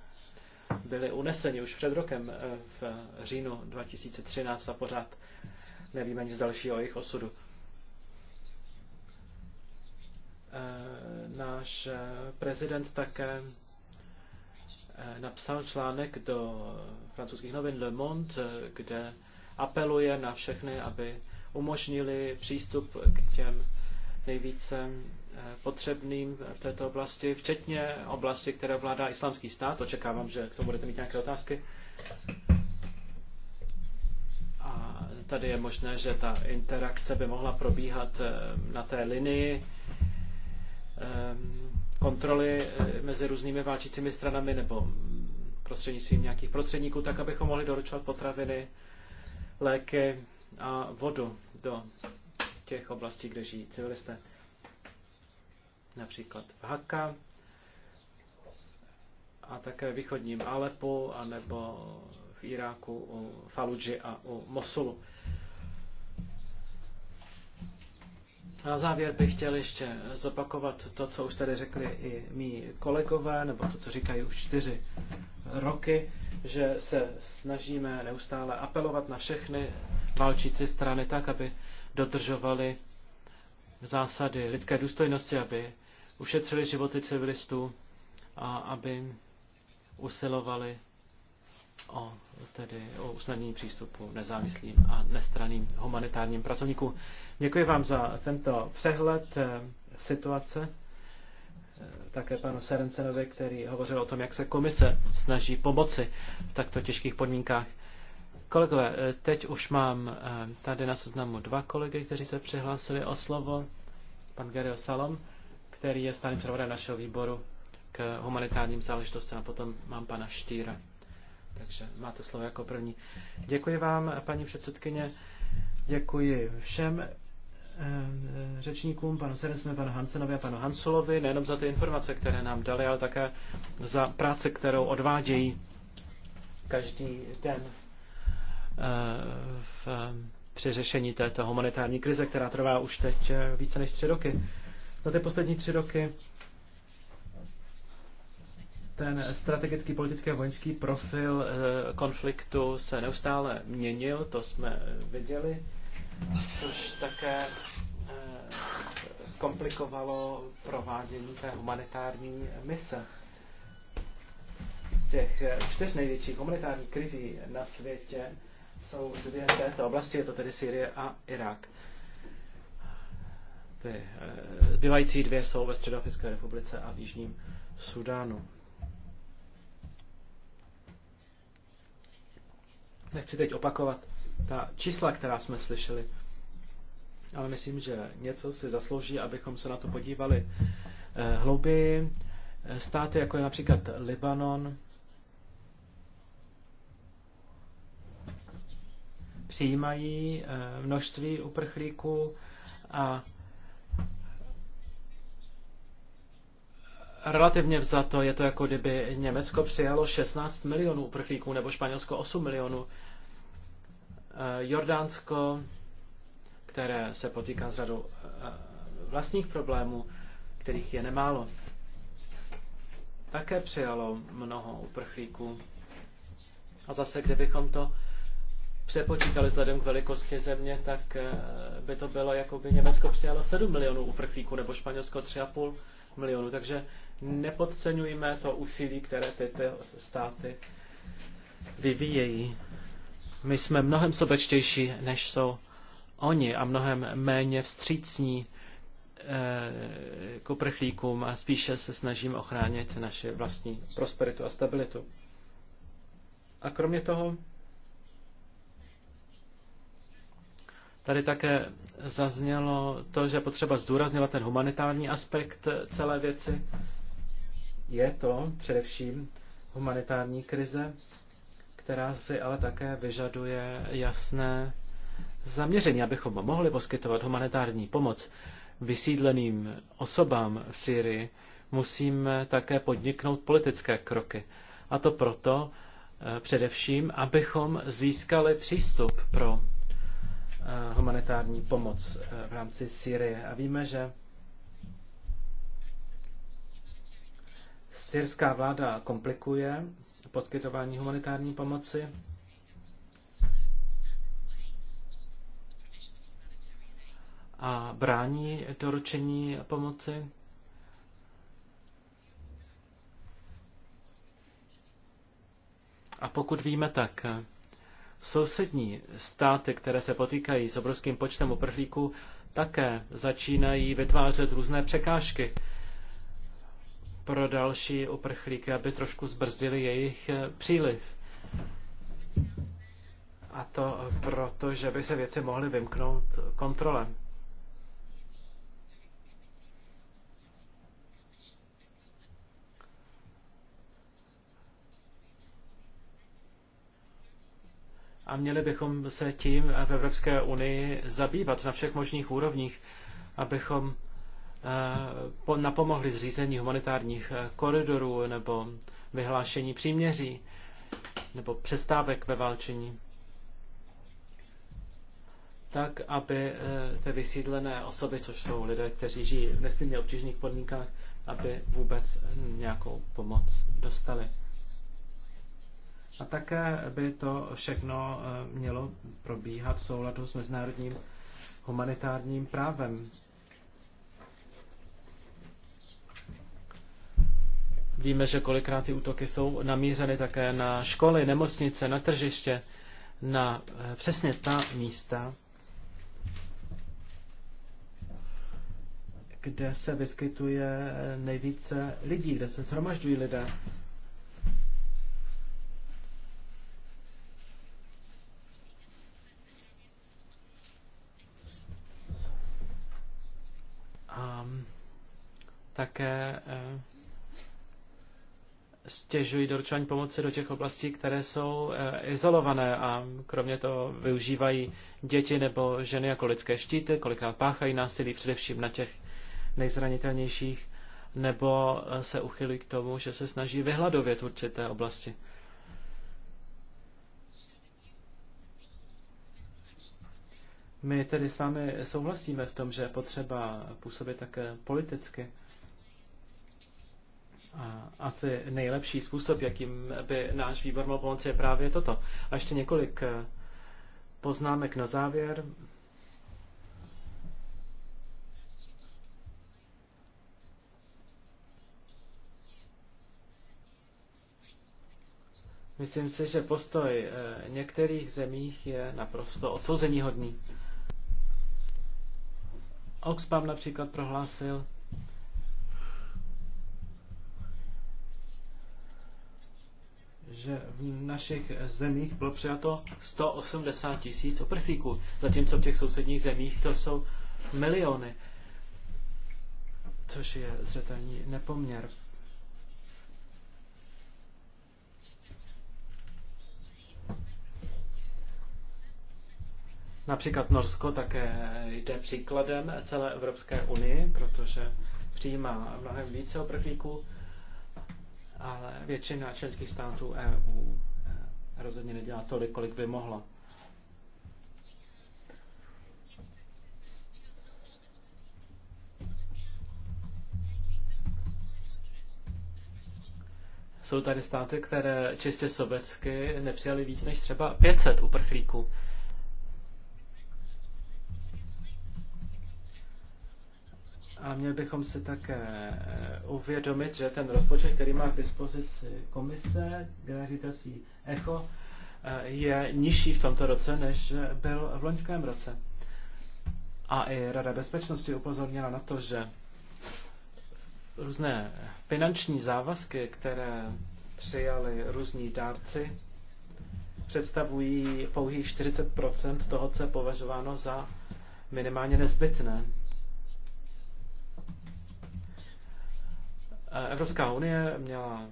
byli uneseni už před rokem eh, v říjnu 2013 a pořád nevíme nic dalšího o jejich osudu. Eh, náš eh, prezident také napsal článek do francouzských novin Le Monde, kde apeluje na všechny, aby umožnili přístup k těm nejvíce potřebným v této oblasti, včetně oblasti, které vládá islámský stát. Očekávám, že k tomu budete mít nějaké otázky. A tady je možné, že ta interakce by mohla probíhat eh, na té linii eh, kontroly eh, mezi různými válčícími stranami nebo prostřednictvím nějakých prostředníků, tak abychom mohli doručovat potraviny, léky a vodu do těch oblastí, kde žijí civilisté například v Haka a také v východním Alepu anebo v Iráku u Faluji a u Mosulu. Na závěr bych chtěl ještě zopakovat to, co už tady řekli i mý kolegové, nebo to, co říkají už čtyři roky, že se snažíme neustále apelovat na všechny válčící strany tak, aby dodržovali zásady lidské důstojnosti, aby ušetřili životy civilistů a aby usilovali o, tedy, o usnadnění přístupu nezávislým a nestraným humanitárním pracovníkům. Děkuji vám za tento přehled eh, situace. Eh, také panu Serencenovi, který hovořil o tom, jak se komise snaží pomoci v takto těžkých podmínkách. Kolegové, eh, teď už mám tady na seznamu dva kolegy, kteří se přihlásili o slovo. Pan Gary Salom který je stálým zpravodajem našeho výboru k humanitárním záležitostem a potom mám pana Štýra. Takže máte slovo jako první. Děkuji vám, paní předsedkyně. Děkuji všem eh, řečníkům, panu Serensnovi, panu Hansenovi a panu Hansulovi, nejenom za ty informace, které nám dali, ale také za práci, kterou odvádějí každý den eh, v, eh, při řešení této humanitární krize, která trvá už teď více než tři roky. Za ty poslední tři roky ten strategický, politický a vojenský profil eh, konfliktu se neustále měnil, to jsme viděli, což také eh, zkomplikovalo provádění té humanitární mise. Z těch eh, čtyř největších humanitárních krizí na světě jsou dvě této oblasti, je to tedy Syrie a Irák. Ty zbývající eh, dvě jsou ve Středoafrické republice a v Jižním Sudánu. Nechci teď opakovat ta čísla, která jsme slyšeli, ale myslím, že něco si zaslouží, abychom se na to podívali eh, hlouběji. Státy, jako je například Libanon, přijímají eh, množství uprchlíků a relativně vzato je to jako kdyby Německo přijalo 16 milionů uprchlíků nebo Španělsko 8 milionů. Eh, Jordánsko, které se potýká s řadou eh, vlastních problémů, kterých je nemálo, také přijalo mnoho uprchlíků. A zase, kdybychom to přepočítali vzhledem k velikosti země, tak eh, by to bylo, jako by Německo přijalo 7 milionů uprchlíků nebo Španělsko 3,5 milionů. Takže nepodceňujme to úsilí, které tyto státy vyvíjejí. My jsme mnohem sobečtější, než jsou oni a mnohem méně vstřícní eh, k uprchlíkům a spíše se snažím ochránit naše vlastní prosperitu a stabilitu. A kromě toho, tady také zaznělo to, že potřeba zdůrazňovat ten humanitární aspekt celé věci je to především humanitární krize, která si ale také vyžaduje jasné zaměření, abychom mohli poskytovat humanitární pomoc vysídleným osobám v Syrii, musíme také podniknout politické kroky. A to proto eh, především, abychom získali přístup pro eh, humanitární pomoc eh, v rámci Syrie. A víme, že Syrská vláda komplikuje poskytování humanitární pomoci. a brání doručení pomoci. A pokud víme, tak sousední státy, které se potýkají s obrovským počtem uprchlíků, také začínají vytvářet různé překážky pro další uprchlíky, aby trošku zbrzdili jejich eh, příliv. A to proto, že by se věci mohly vymknout kontrole. A měli bychom se tím v Evropské unii zabývat na všech možných úrovních, abychom Eh, napomohli zřízení humanitárních eh, koridorů nebo vyhlášení příměří nebo přestávek ve válčení, tak aby eh, ty vysídlené osoby, což jsou lidé, kteří žijí v nesmírně obtížných podmínkách, aby vůbec nějakou pomoc dostali. A také by to všechno mělo probíhat v souladu s mezinárodním humanitárním právem. Víme, že kolikrát ty útoky jsou namířeny také na školy, nemocnice, na tržiště, na eh, přesně ta místa, kde se vyskytuje nejvíce lidí, kde se shromažďují lidé. A také eh, stěžují doručování pomoci do těch oblastí, které jsou eh, izolované a kromě toho využívají děti nebo ženy jako lidské štíty, kolikrát páchají násilí především na těch nejzranitelnějších, nebo eh, se uchylují k tomu, že se snaží vyhladovět určité oblasti. My tedy s vámi souhlasíme v tom, že je potřeba působit také politicky a asi nejlepší způsob, jakým by náš výbor mohl pomoci, je právě toto. A ještě několik eh, poznámek na závěr. Myslím si, že postoj eh, některých zemích je naprosto odsouzeníhodný. Oxfam například prohlásil, že v našich zemích bylo přijato 180 tisíc uprchlíků, zatímco v těch sousedních zemích to jsou miliony, což je zřetelný nepoměr. Například Norsko také jde příkladem celé Evropské unii, protože přijímá mnohem více uprchlíků ale většina členských států EU e, rozhodně nedělá tolik, kolik by mohla. Jsou tady státy, které čistě sobecky nepřijali víc než třeba 500 uprchlíků. A měli bychom si také eh, uvědomit, že ten rozpočet, který má k dispozici komise, svý ECHO, eh, je nižší v tomto roce, než byl v loňském roce. A i Rada bezpečnosti upozornila na to, že různé finanční závazky, které přijali různí dárci, představují pouhých 40 toho, co je považováno za minimálně nezbytné. Eh, Evropská unie měla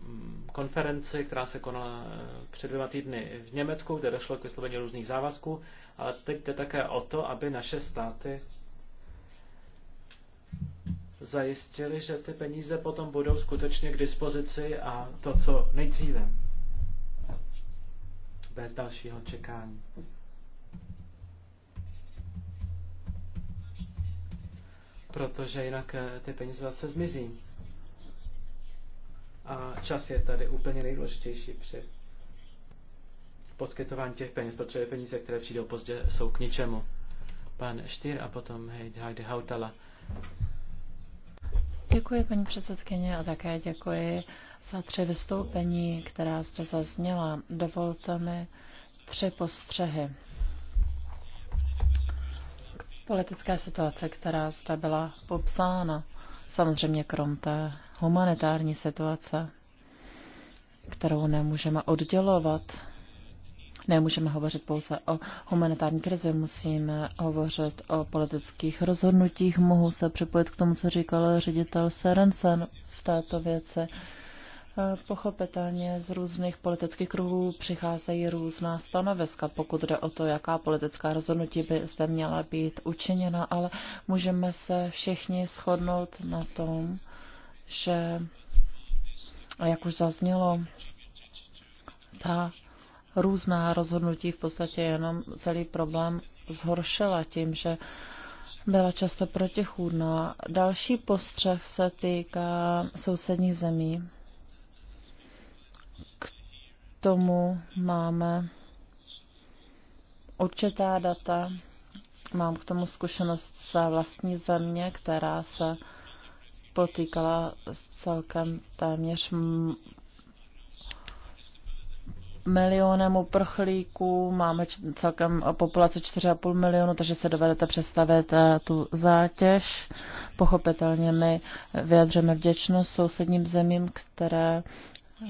mm, konferenci, která se konala eh, před dvěma týdny v Německu, kde došlo k vyslovení různých závazků, ale teď jde také o to, aby naše státy zajistili, že ty peníze potom budou skutečně k dispozici a to, co nejdříve. Bez dalšího čekání. Protože jinak eh, ty peníze zase zmizí. A čas je tady úplně nejdůležitější při poskytování těch peněz, protože peníze, které přijdou pozdě, jsou k ničemu. Pan Štýr a potom Heidi Hautala. Děkuji, paní předsedkyně, a také děkuji za tři vystoupení, která zde zazněla. Dovolte mi tři postřehy. K politické situace, která zde byla popsána, samozřejmě krom té humanitární situace, kterou nemůžeme oddělovat. Nemůžeme hovořit pouze o humanitární krizi, musíme hovořit o politických rozhodnutích. Mohu se připojit k tomu, co říkal ředitel Serensen v této věci. Pochopitelně z různých politických kruhů přicházejí různá stanoviska, pokud jde o to, jaká politická rozhodnutí by zde měla být učiněna, ale můžeme se všichni shodnout na tom, že, a jak už zaznělo, ta různá rozhodnutí v podstatě jenom celý problém zhoršila tím, že byla často protichůdná. Další postřeh se týká sousedních zemí. K tomu máme určitá data. Mám k tomu zkušenost z vlastní země, která se potýkala s celkem téměř milionem uprchlíků, máme celkem populace 4,5 milionu, takže se dovedete představit eh, tu zátěž. Pochopitelně my vyjadřujeme vděčnost sousedním zemím, které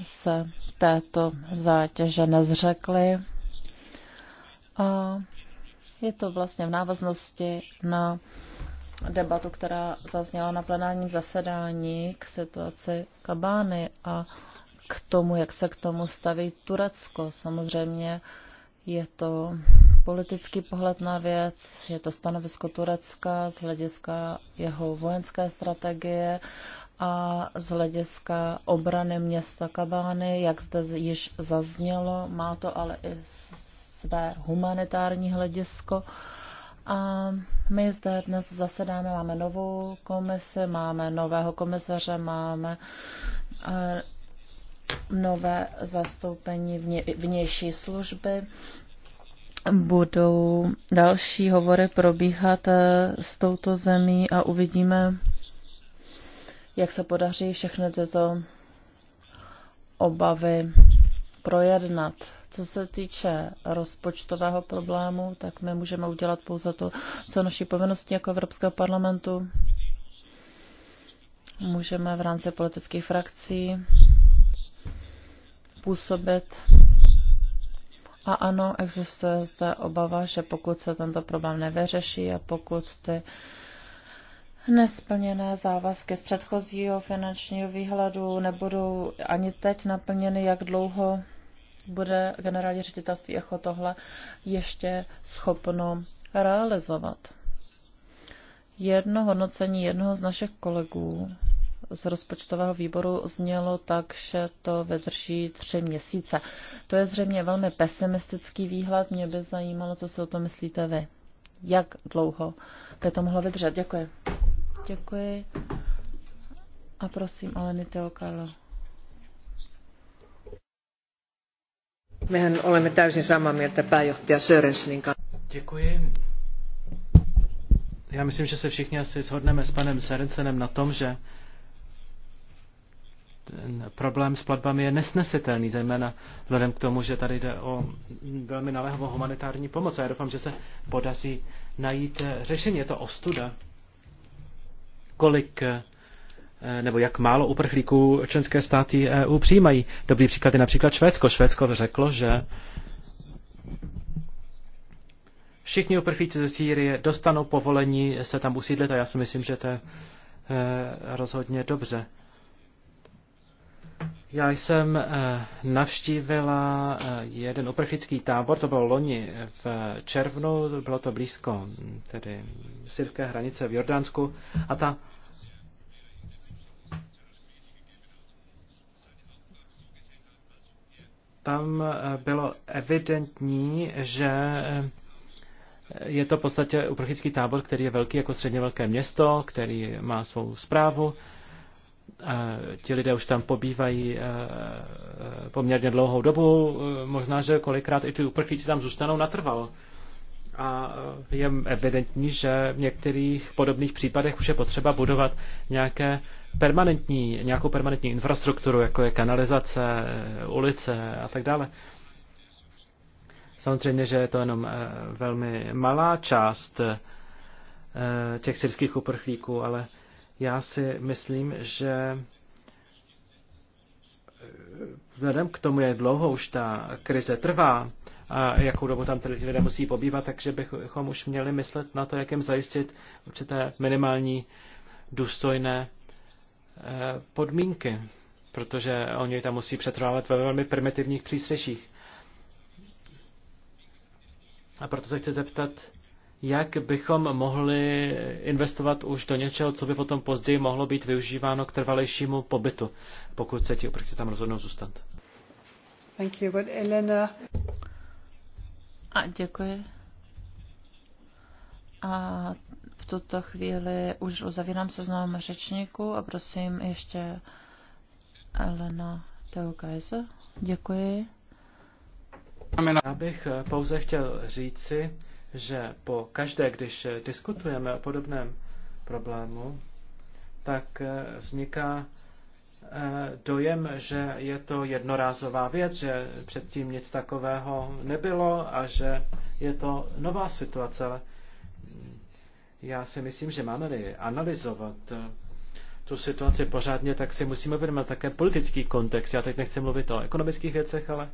se této zátěže nezřekly. A je to vlastně v návaznosti na debatu, která zazněla na plenárním zasedání k situaci Kabány a k tomu, jak se k tomu staví Turecko. Samozřejmě je to politický pohled na věc, je to stanovisko Turecka z hlediska jeho vojenské strategie a z hlediska obrany města Kabány, jak zde již zaznělo, má to ale i své humanitární hledisko. Uh, a my zde dnes zasedáme, máme novou komisi, máme nového komisaře, máme eh, nové zastoupení vnější služby. Budou další hovory probíhat eh, s touto zemí a uvidíme, jak se podaří všechny tyto obavy projednat. Co se týče rozpočtového problému, tak my můžeme udělat pouze to, co naší povinnosti jako Evropského parlamentu. Můžeme v rámci politických frakcí působit. A ano, existuje zde obava, že pokud se tento problém nevyřeší a pokud ty Nesplněné závazky z předchozího finančního výhledu nebudou ani teď naplněny, jak dlouho bude generální ředitelství echo tohle ještě schopno realizovat. Jedno hodnocení jednoho z našich kolegů z rozpočtového výboru znělo tak, že to vydrží tři měsíce. To je zřejmě velmi pesimistický výhled. Mě by zajímalo, co si o to myslíte vy. Jak dlouho by to mohlo vydržet? Děkuji. Děkuji. A prosím, Aleny Teokalo. Mehän olemme täysin samaa mieltä pääjohtaja Sörensenin kanssa. Děkuji. Já myslím, že se všichni asi shodneme s panem Sörensenem na tom, že ten problém s platbami je nesnesitelný, zejména vzhledem k tomu, že tady jde o velmi naléhavou humanitární pomoc. A já doufám, že se podaří najít řešení. Je to ostuda, kolik Eh, nebo jak málo uprchlíků členské státy EU přijímají. Dobrý příklad je například Švédsko. Švédsko řeklo, že všichni uprchlíci ze Sýrie dostanou povolení se tam usídlit a já si myslím, že to je eh, rozhodně dobře. Já jsem eh, navštívila jeden uprchlický tábor, to bylo loni v červnu, bylo to blízko tedy syrské hranice v Jordánsku a ta tam eh, bylo evidentní, že eh, je to v podstatě uprchlický tábor, který je velký jako středně velké město, který má svou zprávu. Eh, ti lidé už tam pobývají poměrně dlouhou dobu, možná, že kolikrát i ty uprchlíci tam zůstanou natrvalo. A je evidentní, že v některých podobných případech už je potřeba budovat nějaké permanentní, nějakou permanentní infrastrukturu, jako je kanalizace, ulice a tak dále. Samozřejmě, že je to jenom eh, velmi malá část eh, těch syrských uprchlíků, ale já si myslím, že eh, vzhledem k tomu, jak dlouho už ta krize trvá a jakou dobu tam ty lidé musí pobývat, takže bychom už měli myslet na to, jak jim zajistit určité minimální důstojné podmínky, protože oni tam musí přetrvávat ve velmi primitivních přístřeších. A proto se chci zeptat, jak bychom mohli investovat už do něčeho, co by potom později mohlo být využíváno k trvalejšímu pobytu, pokud se ti uprchlíci tam rozhodnou zůstat. Thank you, but Elena... A děkuji. A tuto chvíli už uzavírám seznam řečníků a prosím ještě Elena Teukajze. Děkuji. Já bych eh, pouze chtěl říci, že po každé, když eh, diskutujeme o podobném problému, tak eh, vzniká dojem, že je to jednorázová věc, že předtím nic takového nebylo a že je to nová situace. Já si myslím, že máme-li analyzovat eh, tu situaci pořádně, tak si musíme vědomit také politický kontext. Já teď nechci mluvit o ekonomických věcech, ale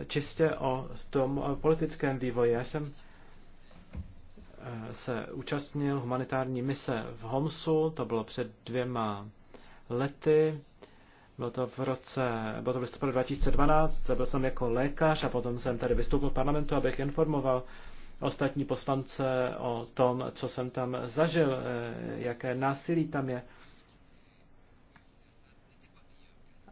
eh, čistě o tom politickém vývoji. Já jsem eh, se účastnil humanitární mise v Homsu, to bylo před dvěma lety, bylo to v roce, bylo to v listopadu 2012, byl jsem jako lékař a potom jsem tady vystoupil v parlamentu, abych informoval ostatní poslance o tom, co jsem tam zažil, e, jaké násilí tam je.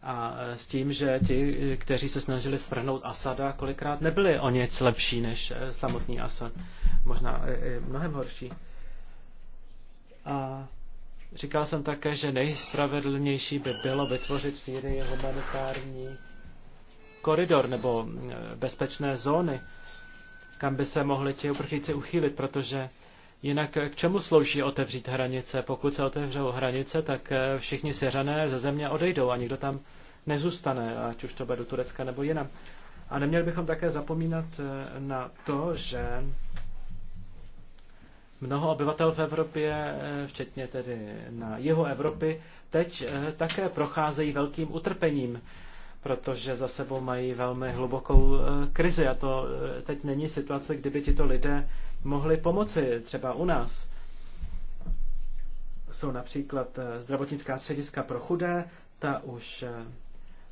A e, s tím, že ti, e, kteří se snažili svrhnout Asada, kolikrát nebyli o nic lepší než samotný Asad. Možná i mnohem horší. A říkal jsem také, že nejspravedlnější by bylo vytvořit v Syrii humanitární koridor nebo bezpečné zóny, kam by se mohli ti uprchlíci uchýlit, protože jinak k čemu slouží otevřít hranice? Pokud se otevřou hranice, tak eh, všichni seřané ze země odejdou a nikdo tam nezůstane, ať už to bude do Turecka nebo jinam. A neměli bychom také zapomínat eh, na to, že mnoho obyvatel v Evropě, eh, včetně tedy na jihu Evropy, teď také procházejí velkým utrpením protože za sebou mají velmi hlubokou eh, krizi a to eh, teď není situace, kdyby tito lidé mohli pomoci třeba u nás. Jsou například eh, zdravotnická střediska pro chudé, ta už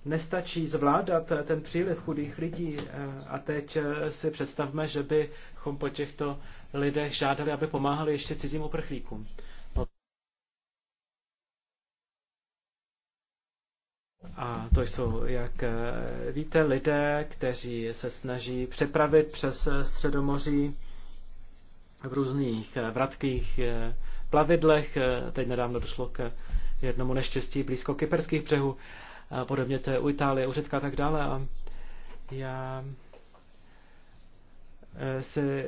nestačí zvládat ten příliv chudých lidí a teď si představme, že bychom po těchto lidech žádali, aby pomáhali ještě cizím uprchlíkům. A to jsou, jak eh, víte, lidé, kteří se snaží přepravit přes eh, Středomoří v různých eh, vratkých plavidlech. Teď nedávno došlo k jednomu neštěstí blízko kyperských břehů. podobně to je u Itálie, u Řecka a tak dále. A já si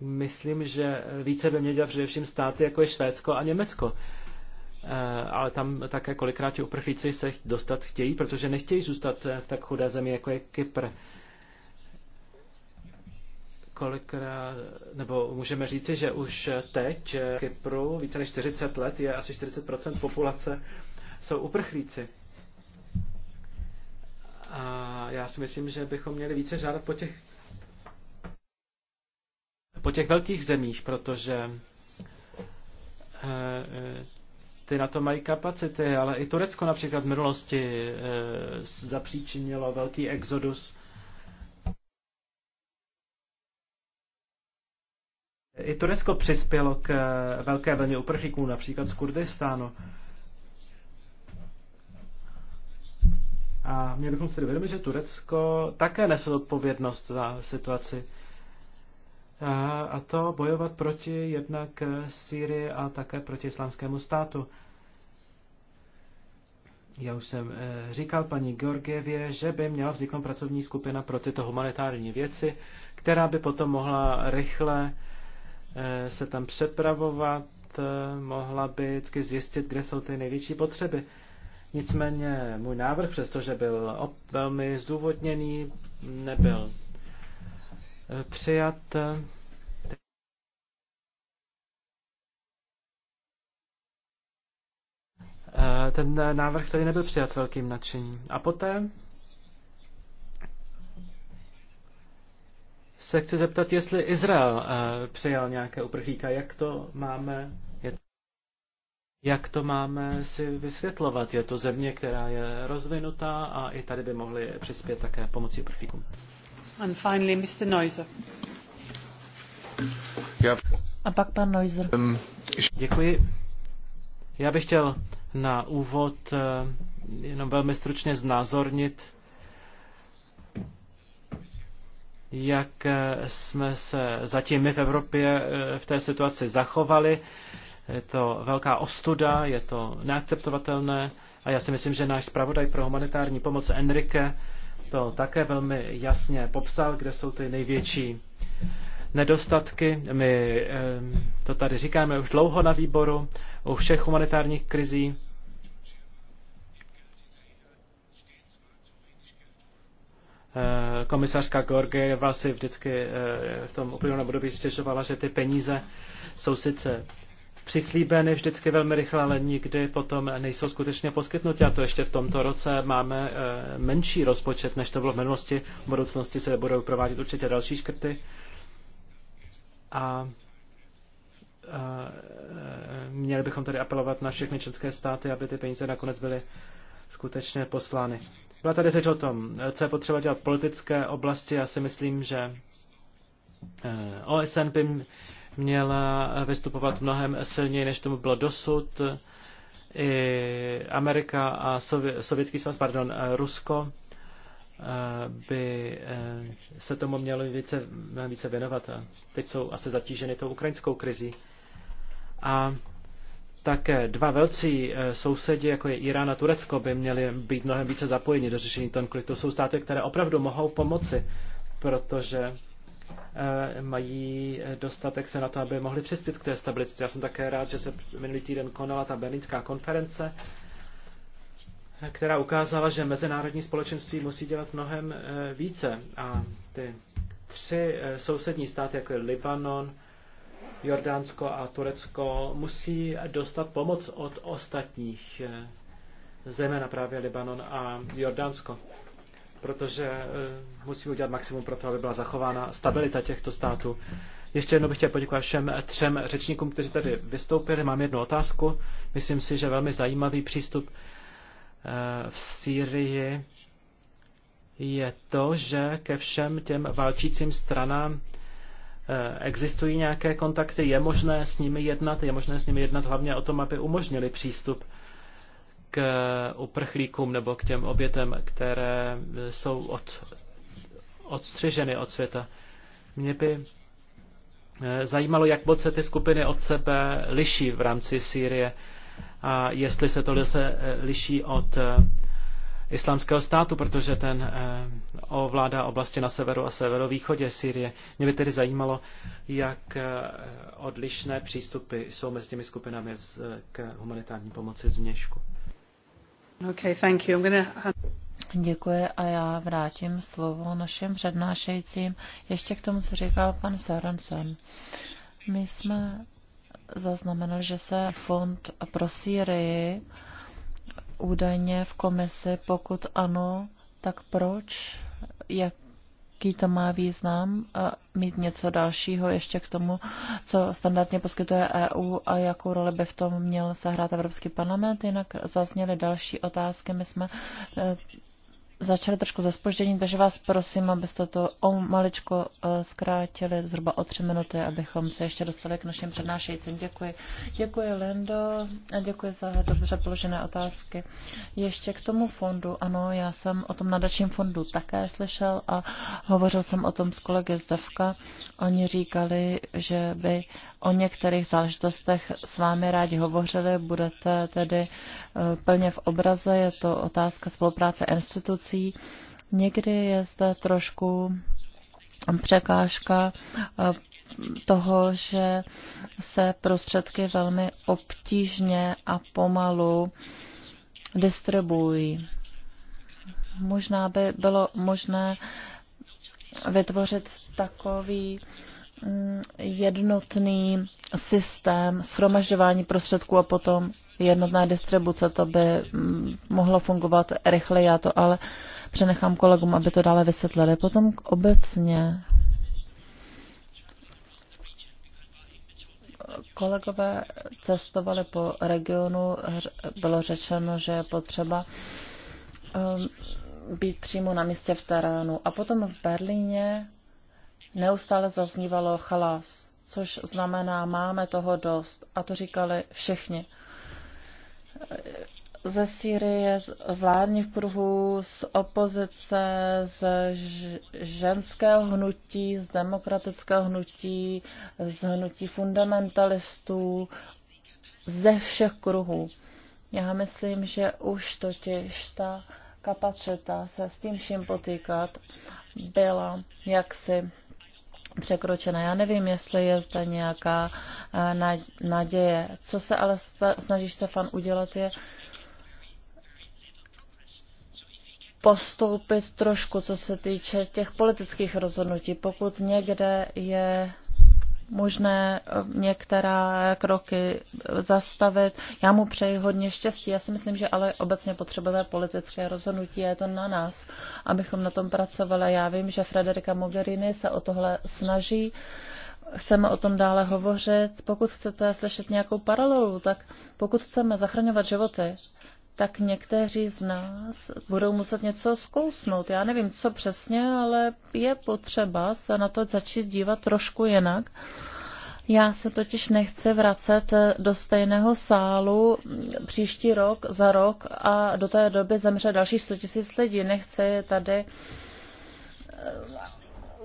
myslím, že více by mě dělat především státy, jako je Švédsko a Německo Eh, ale tam také kolikrát uprchlíci se dostat chtějí, protože nechtějí zůstat eh, v tak chudé zemi, jako je Kypr. Kolikrát, nebo můžeme říci, že už teď eh, v Kypru více než 40 let je asi 40% populace jsou uprchlíci. A já si myslím, že bychom měli více žádat po těch, po těch velkých zemích, protože ty na to mají kapacity, ale i Turecko například v minulosti e, zapříčinilo velký exodus. I Turecko přispělo k eh, velké vlně uprchlíků, například z Kurdistánu. A měli bychom si uvědomit, že Turecko také nese odpovědnost za situaci a to bojovat proti jednak Syrii a také proti islámskému státu. Já už jsem eh, říkal paní Georgievě, že by měla vzniknout pracovní skupina pro tyto humanitární věci, která by potom mohla rychle eh, se tam přepravovat, eh, mohla by vždycky zjistit, kde jsou ty největší potřeby. Nicméně můj návrh, přestože byl velmi zdůvodněný, nebyl přijat. Eh, ten návrh tady nebyl přijat s velkým nadšením. A poté se chci zeptat, jestli Izrael eh, přijal nějaké uprchlíka, jak to máme jak to máme si vysvětlovat? Je to země, která je rozvinutá a i tady by mohli přispět také pomocí uprchlíkům. A um, Já bych chtěl na úvod eh, jenom velmi stručně znázornit, jak eh, jsme se zatím my v Evropě eh, v té situaci zachovali. Je to velká ostuda, je to neakceptovatelné a já si myslím, že náš zpravodaj pro humanitární pomoc Enrique to také velmi jasně popsal, kde jsou ty největší nedostatky. My to tady říkáme už dlouho na výboru, u všech humanitárních krizí. Eh, komisařka Gorgieva si vždycky eh, v tom uplynulém období stěžovala, že ty peníze jsou sice přislíbeny vždycky velmi rychle, ale nikdy potom nejsou skutečně poskytnuty. A to ještě v tomto roce máme eh, menší rozpočet, než to bylo v minulosti. V budoucnosti se budou provádět určitě další škrty. A eh, měli bychom tady apelovat na všechny české státy, aby ty peníze nakonec byly skutečně poslány. Byla tady řeč o tom, co je potřeba dělat v politické oblasti. Já si myslím, že eh, OSN by měla vystupovat mnohem silněji, než tomu bylo dosud. I Amerika a Sově- Sovětský svaz, pardon, Rusko eh, by eh, se tomu mělo více, více věnovat. A teď jsou asi zatíženy tou ukrajinskou krizí. A také dva velcí eh, sousedi, jako je Irán a Turecko, by měli být mnohem více zapojeni do řešení konfliktu. Jsou státy, které opravdu mohou pomoci, protože Eh, mají eh, dostatek se na to, aby mohli přispět k té stabilitě. Já jsem také rád, že se minulý týden konala ta berlínská konference, která ukázala, že mezinárodní společenství musí dělat mnohem eh, více. A ty tři sousední státy, jako je Libanon, Jordánsko a Turecko, musí dostat pomoc od ostatních, zejména právě Libanon a Jordánsko protože eh, musíme udělat maximum pro to, aby byla zachována stabilita těchto států. Ještě jednou bych chtěl poděkovat všem třem řečníkům, kteří tady vystoupili. Mám jednu otázku. Myslím si, že velmi zajímavý přístup eh, v Sýrii je to, že ke všem těm válčícím stranám eh, existují nějaké kontakty, je možné s nimi jednat, je možné s nimi jednat hlavně o tom, aby umožnili přístup k uprchlíkům nebo k těm obětem, které jsou od, odstřiženy od světa. Mě by eh, zajímalo, jak moc se ty skupiny od sebe liší v rámci Sýrie a jestli se to se eh, liší od eh, islámského státu, protože ten ovládá oblasti na severu a severovýchodě Sýrie. Mě by tedy zajímalo, jak odlišné přístupy jsou mezi těmi skupinami k humanitární pomoci z vnějšku. Okay, thank you. I'm gonna... Děkuji a já vrátím slovo našim přednášejícím. Ještě k tomu, co říkal pan Sorensen. My jsme zaznamenali, že se fond pro Syrii údajně v komisi, pokud ano, tak proč, jak jaký to má význam mít něco dalšího ještě k tomu, co standardně poskytuje EU a jakou roli by v tom měl zahrát Evropský parlament. Jinak zazněly další otázky. My jsme eh, začali trošku ze spožděním, takže vás prosím, abyste to o maličko eh, zkrátili, zhruba o tři minuty, abychom se ještě dostali k našim přednášejícím. Děkuji. Děkuji, Lendo, a děkuji za dobře položené otázky. Ještě k tomu fondu. Ano, já jsem o tom nadačním fondu také slyšel a hovořil jsem o tom s kolegy z Davka. Oni říkali, že by o některých záležitostech s vámi rádi hovořili, budete tedy eh, plně v obraze, je to otázka spolupráce institucí. Někdy je zde trošku překážka eh, toho, že se prostředky velmi obtížně a pomalu distribuují. Možná by bylo možné vytvořit takový uh, jednotný systém schromažďování prostředků a potom jednotná distribuce, to by mm, mohlo fungovat rychleji, já to ale přenechám kolegům, aby to dále vysvětlili. Potom obecně kolegové cestovali po regionu, bylo řečeno, že je potřeba um, být přímo na místě v terénu. A potom v Berlíně neustále zaznívalo chalas, což znamená máme toho dost. A to říkali všichni. Ze Sýrie, z vládních kruhů, z opozice, z ženského hnutí, z demokratického hnutí, z hnutí fundamentalistů, ze všech kruhů. Já myslím, že už totiž ta kapacita se s tím vším potýkat byla jaksi překročena. Já nevím, jestli je zde nějaká eh, naděje. Co se ale snaží Stefan udělat je postoupit trošku, co se týče těch politických rozhodnutí. Pokud někde je možné eh, některé kroky zastavit. Já mu přeji hodně štěstí. Já si myslím, že ale obecně potřebujeme politické rozhodnutí je to na nás, abychom na tom pracovali. Já vím, že Frederika Mogherini se o tohle snaží. Chceme o tom dále hovořit. Pokud chcete slyšet nějakou paralelu, tak pokud chceme zachraňovat životy, tak někteří z nás budou muset něco zkousnout. Já nevím, co přesně, ale je potřeba se na to začít dívat trošku jinak. Já se totiž nechci vracet do stejného sálu příští rok, za rok a do té doby zemře další 100 tisíc lidí. Nechci tady eh,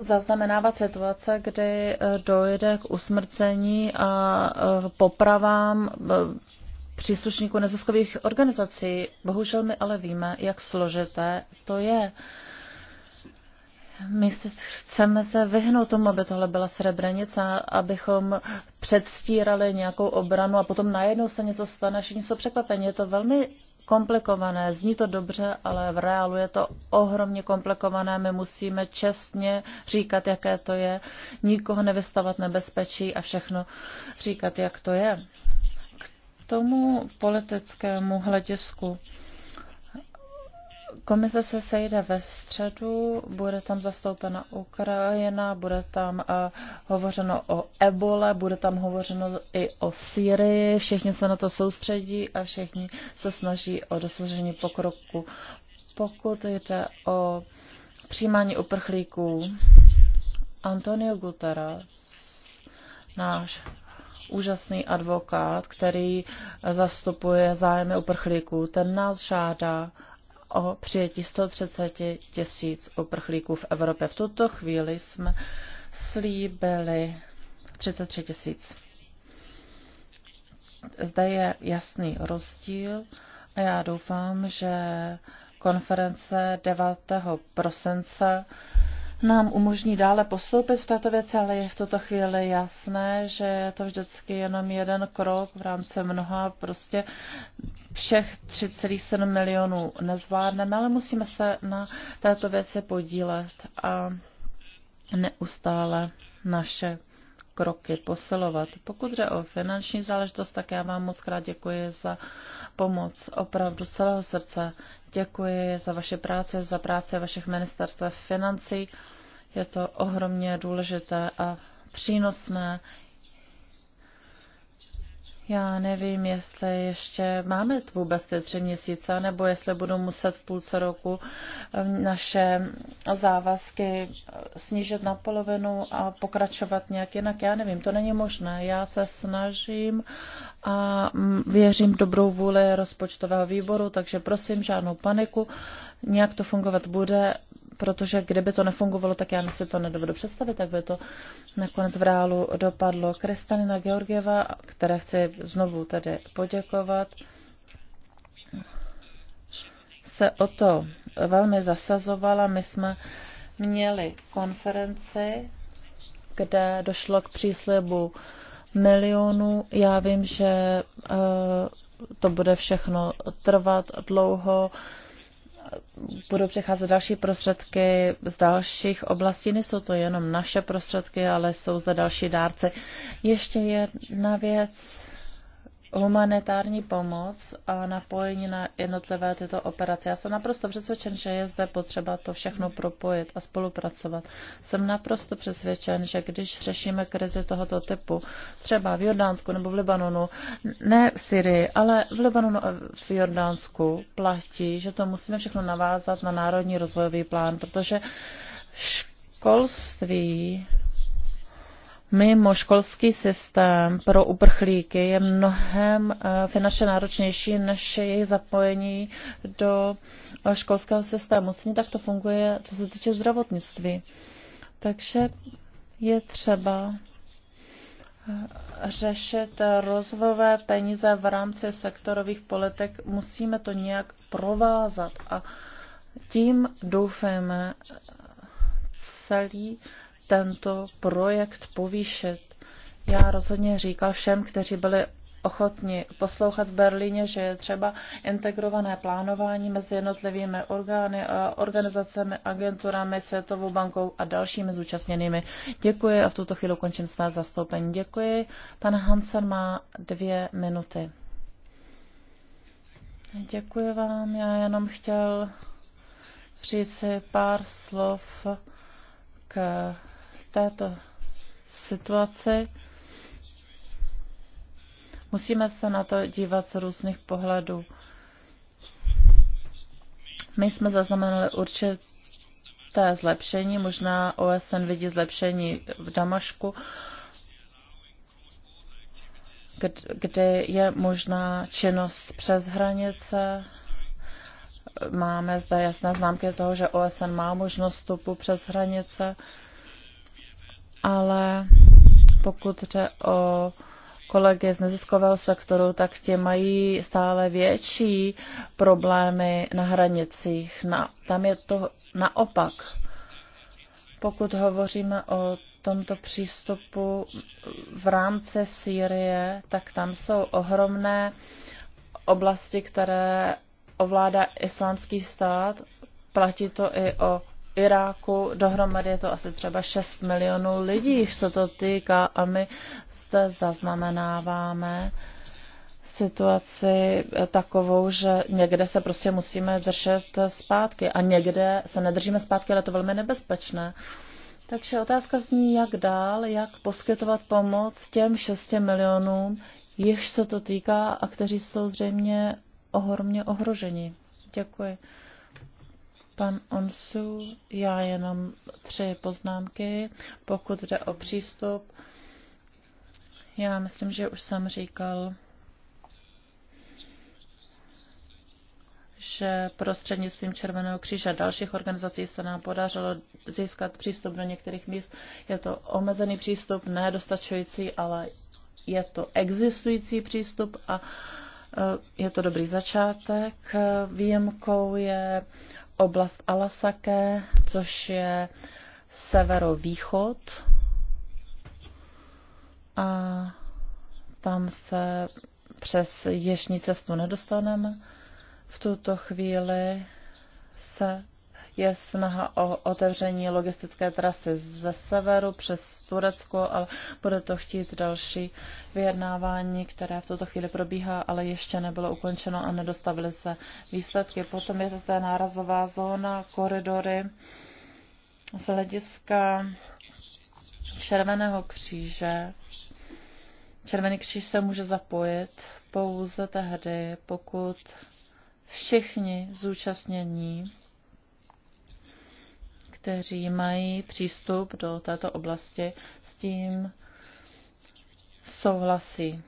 zaznamenávat situace, kdy eh, dojde k usmrcení a eh, popravám příslušníků neziskových organizací. Bohužel my ale víme, jak složité to je. My se, chceme se vyhnout tomu, aby tohle byla srebrenice, abychom předstírali nějakou obranu a potom najednou se něco stane, že něco překvapení. Je to velmi komplikované, zní to dobře, ale v reálu je to ohromně komplikované. My musíme čestně říkat, jaké to je, nikoho nevystavat nebezpečí a všechno říkat, jak to je tomu politickému hledisku. Komise se sejde ve středu, bude tam zastoupena Ukrajina, bude tam uh, hovořeno o ebole, bude tam hovořeno i o Syrii, všichni se na to soustředí a všichni se snaží o dosažení pokroku. Pokud jde o přijímání uprchlíků, Antonio Guterres, náš úžasný advokát, který zastupuje zájmy uprchlíků. Ten nás žádá o přijetí 130 tisíc uprchlíků v Evropě. V tuto chvíli jsme slíbili 33 tisíc. Zde je jasný rozdíl a já doufám, že konference 9. prosince nám umožní dále postoupit v této věci, ale je v tuto chvíli jasné, že je to vždycky jenom jeden krok v rámci mnoha, prostě všech 3,7 milionů nezvládneme, ale musíme se na této věci podílet a neustále naše kroky posilovat. Pokud jde o finanční záležitost, tak já vám moc krát děkuji za pomoc opravdu celého srdce. Děkuji za vaše práce, za práce vašich ministerstv financí. Je to ohromně důležité a přínosné. Já nevím, jestli ještě máme vůbec ty tři měsíce, nebo jestli budu muset v půlce roku eh, naše závazky snížit na polovinu a pokračovat nějak jinak. Já nevím, to není možné. Já se snažím a mm, věřím dobrou vůli rozpočtového výboru, takže prosím, žádnou paniku. Nějak to fungovat bude protože kdyby to nefungovalo, tak já si to nedovedu představit, tak by to nakonec v reálu dopadlo. Kristalina Georgieva, které chci znovu tedy poděkovat, se o to velmi zasazovala. My jsme měli konferenci, kde došlo k příslibu milionů. Já vím, že eh, to bude všechno trvat dlouho. Uh, budou přecházet další prostředky z dalších oblastí. Nejsou to jenom naše prostředky, ale jsou zde další dárci. Ještě jedna věc humanitární pomoc a napojení na jednotlivé tyto operace. Já jsem naprosto přesvědčen, že je zde potřeba to všechno propojit a spolupracovat. Jsem naprosto přesvědčen, že když řešíme krizi tohoto typu, třeba v Jordánsku nebo v Libanonu, ne v Syrii, ale v Libanonu a v Jordánsku platí, že to musíme všechno navázat na národní rozvojový plán, protože školství Mimo školský systém pro uprchlíky je mnohem eh, finančně náročnější než jejich zapojení do eh, školského systému. Stejně tak to funguje, co se týče zdravotnictví. Takže je třeba eh, řešit rozvojové peníze v rámci sektorových politik. Musíme to nějak provázat a tím doufáme celý tento projekt povýšit. Já rozhodně říkal všem, kteří byli ochotni poslouchat v Berlíně, že je třeba integrované plánování mezi jednotlivými orgány, eh, organizacemi, agenturami, Světovou bankou a dalšími zúčastněnými. Děkuji a v tuto chvíli končím své zastoupení. Děkuji. Pan Hansen má dvě minuty. Děkuji vám. Já jenom chtěl si pár slov k této situaci. Musíme se na to dívat z různých pohledů. My jsme zaznamenali určité zlepšení, možná OSN vidí zlepšení v Damašku, kde je možná činnost přes hranice. Máme zde jasné známky toho, že OSN má možnost vstupu přes hranice ale pokud jde o kolegy z neziskového sektoru, tak ti mají stále větší problémy na hranicích. Na, tam je to naopak. Pokud hovoříme o tomto přístupu v rámci Sýrie, tak tam jsou ohromné oblasti, které ovládá islámský stát. Platí to i o Iráku dohromady je to asi třeba 6 milionů lidí, se to týká a my zde zaznamenáváme situaci takovou, že někde se prostě musíme držet zpátky a někde se nedržíme zpátky, ale to velmi nebezpečné. Takže otázka zní, jak dál, jak poskytovat pomoc těm 6 milionům, jichž se to týká a kteří jsou zřejmě ohromně ohroženi. Děkuji. Pan Onsu, já jenom tři poznámky, pokud jde o přístup. Já myslím, že už jsem říkal, že prostřednictvím Červeného kříže a dalších organizací se nám podařilo získat přístup do některých míst. Je to omezený přístup, nedostačující, ale je to existující přístup a e, je to dobrý začátek. Výjimkou je oblast Alasake, což je severovýchod. A tam se přes ješní cestu nedostaneme. V tuto chvíli se je snaha o otevření logistické trasy ze severu přes Turecko, ale bude to chtít další vyjednávání, které v tuto chvíli probíhá, ale ještě nebylo ukončeno a nedostavily se výsledky. Potom je zde nárazová zóna, koridory z hlediska Červeného kříže. Červený kříž se může zapojit pouze tehdy, pokud všichni zúčastnění kteří mají přístup do této oblasti, s tím souhlasí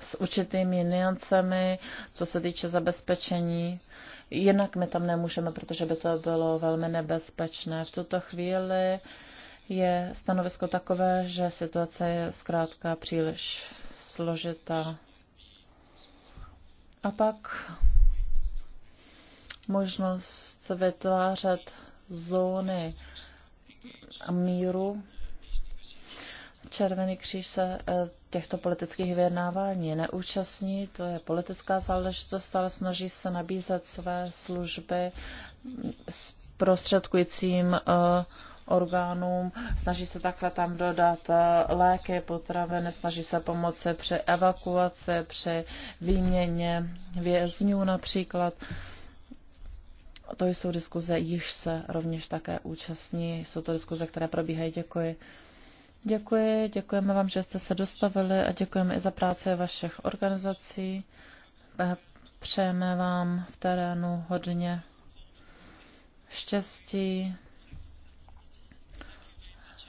s určitými niancemi, co se týče zabezpečení. Jinak my tam nemůžeme, protože by to bylo velmi nebezpečné. V tuto chvíli je stanovisko takové, že situace je zkrátka příliš složitá. A pak možnost vytvářet zóny míru. Červený kříž se eh, těchto politických vyjednávání neúčastní, to je politická záležitost, ale snaží se nabízet své služby s prostředkujícím eh, orgánům, snaží se takhle tam dodat eh, léky, potraviny, snaží se pomoci při evakuaci, při výměně vězňů například. To jsou diskuze, již se rovněž také účastní. Jsou to diskuze, které probíhají. Děkuji. Děkuji, děkujeme vám, že jste se dostavili a děkujeme i za práci vašich organizací. Eh, přejeme vám v terénu hodně štěstí.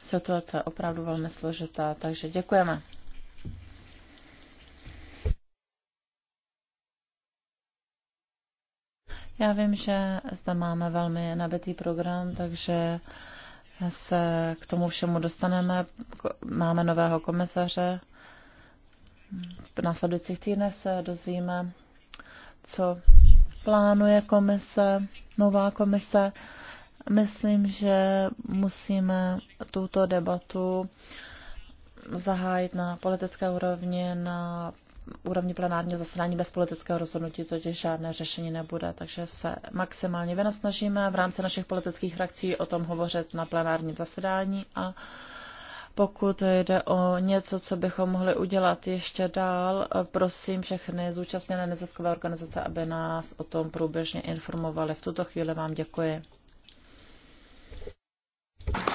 Situace je opravdu velmi složitá, takže děkujeme. Já vím, že zde máme velmi nabitý program, takže se k tomu všemu dostaneme. Máme nového komisaře. V následujících týdnech se dozvíme, co plánuje komise, nová komise. Myslím, že musíme tuto debatu zahájit na politické úrovni, na úrovni plenárního zasedání bez politického rozhodnutí totiž žádné řešení nebude, takže se maximálně vynasnažíme v rámci našich politických frakcí o tom hovořit na plenárním zasedání a pokud jde o něco, co bychom mohli udělat ještě dál, prosím všechny zúčastněné neziskové organizace, aby nás o tom průběžně informovali. V tuto chvíli vám děkuji.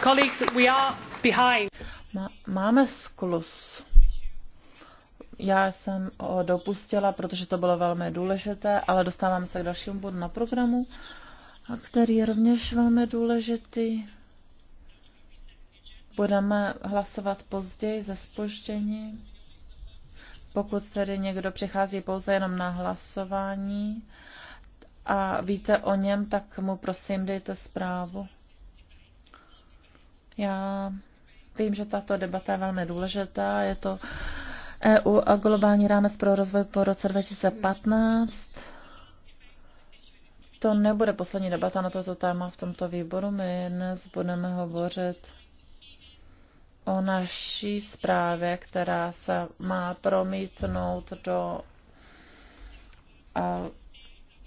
Colleagues, we are behind. Máme sklus já jsem dopustila, protože to bylo velmi důležité, ale dostáváme se k dalšímu bodu na programu, který je rovněž velmi důležitý. Budeme hlasovat později ze spoždění. Pokud tedy někdo přichází pouze jenom na hlasování a víte o něm, tak mu prosím dejte zprávu. Já vím, že tato debata je velmi důležitá, je to uh, EU a globální rámec pro rozvoj po roce 2015. To nebude poslední debata na toto téma v tomto výboru. My dnes budeme hovořit o naší zprávě, která se má promítnout do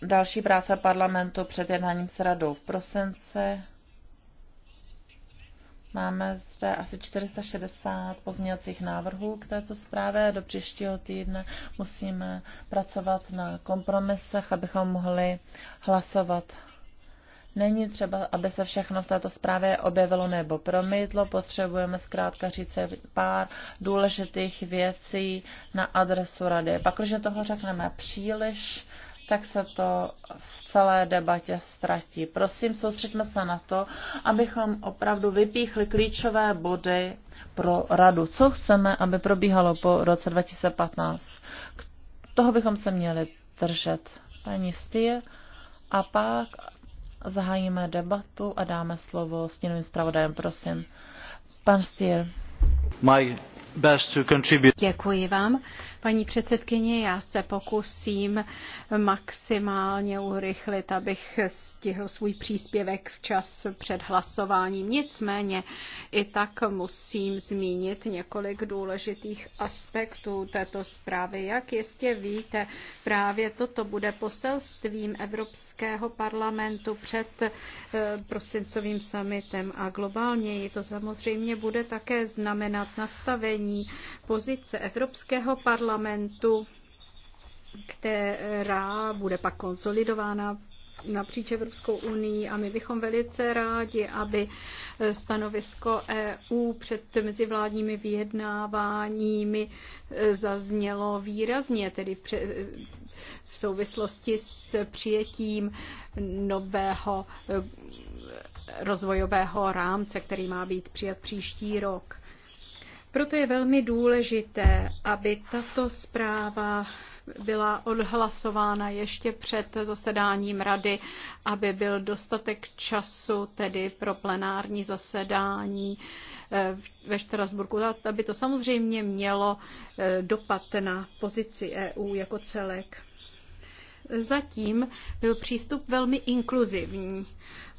další práce parlamentu před jednáním s radou v prosince. Máme zde asi 460 pozměňovacích návrhů k této zprávě. Do příštího týdne musíme pracovat na kompromisech, abychom mohli hlasovat. Není třeba, aby se všechno v této zprávě objevilo nebo promítlo. Potřebujeme zkrátka říct pár důležitých věcí na adresu rady. Pak, když toho řekneme příliš, tak se to v celé debatě ztratí. Prosím, soustřeďme se na to, abychom opravdu vypíchli klíčové body pro radu. Co chceme, aby probíhalo po roce 2015? K toho bychom se měli držet. Paní Stýr a pak zahájíme debatu a dáme slovo tím zpravodajem, prosím. Pan Stýr. My best to contribute. Děkuji vám. Paní předsedkyně, já se pokusím maximálně urychlit, abych stihl svůj příspěvek včas před hlasováním. Nicméně i tak musím zmínit několik důležitých aspektů této zprávy. Jak jistě víte, právě toto bude poselstvím Evropského parlamentu před eh, prosincovým summitem a globálněji to samozřejmě bude také znamenat nastavení pozice Evropského parlamentu parlamentu, která bude pak konsolidována napříč Evropskou unii a my bychom velice rádi, aby stanovisko EU před mezivládními vyjednáváními zaznělo výrazně, tedy v souvislosti s přijetím nového rozvojového rámce, který má být přijat příští rok. Proto je velmi důležité, aby tato zpráva byla odhlasována ještě před zasedáním rady, aby byl dostatek času tedy pro plenární zasedání eh, ve Štrasburku, aby to samozřejmě mělo eh, dopad na pozici EU jako celek. Zatím byl přístup velmi inkluzivní,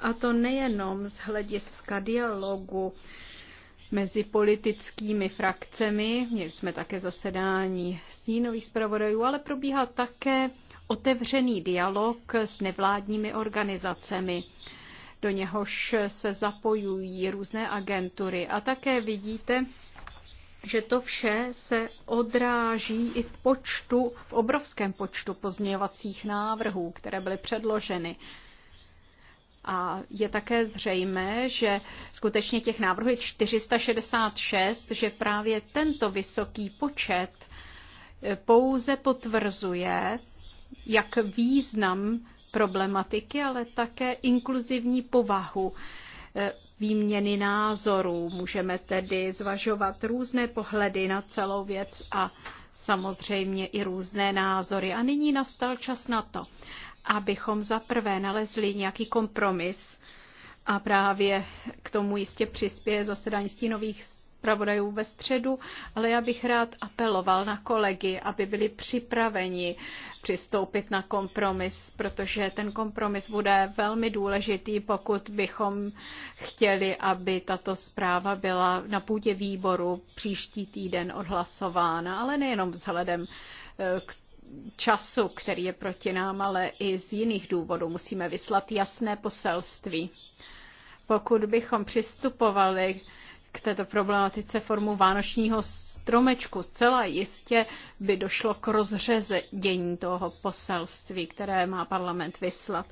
a to nejenom z hlediska dialogu mezi politickými frakcemi. Měli jsme také zasedání stínových zpravodajů, ale probíhá také otevřený dialog s nevládními organizacemi. Do něhož se zapojují různé agentury. A také vidíte, že to vše se odráží i v počtu, v obrovském počtu pozměňovacích návrhů, které byly předloženy. A je také zřejmé, že skutečně těch návrhů je 466, že právě tento vysoký počet eh, pouze potvrzuje, jak význam problematiky, ale také inkluzivní povahu eh, výměny názorů. Můžeme tedy zvažovat různé pohledy na celou věc a samozřejmě i různé názory. A nyní nastal čas na to, abychom zaprvé nalezli nějaký kompromis a právě k tomu jistě přispěje zasedání stínových zpravodajů ve středu, ale já bych rád apeloval na kolegy, aby byli připraveni přistoupit na kompromis, protože ten kompromis bude velmi důležitý, pokud bychom chtěli, aby tato zpráva byla na půdě výboru příští týden odhlasována, ale nejenom vzhledem eh, k času, který je proti nám, ale i z jiných důvodů musíme vyslat jasné poselství. Pokud bychom přistupovali k této problematice formu vánočního stromečku. Zcela jistě by došlo k rozřezení toho poselství, které má parlament vyslat.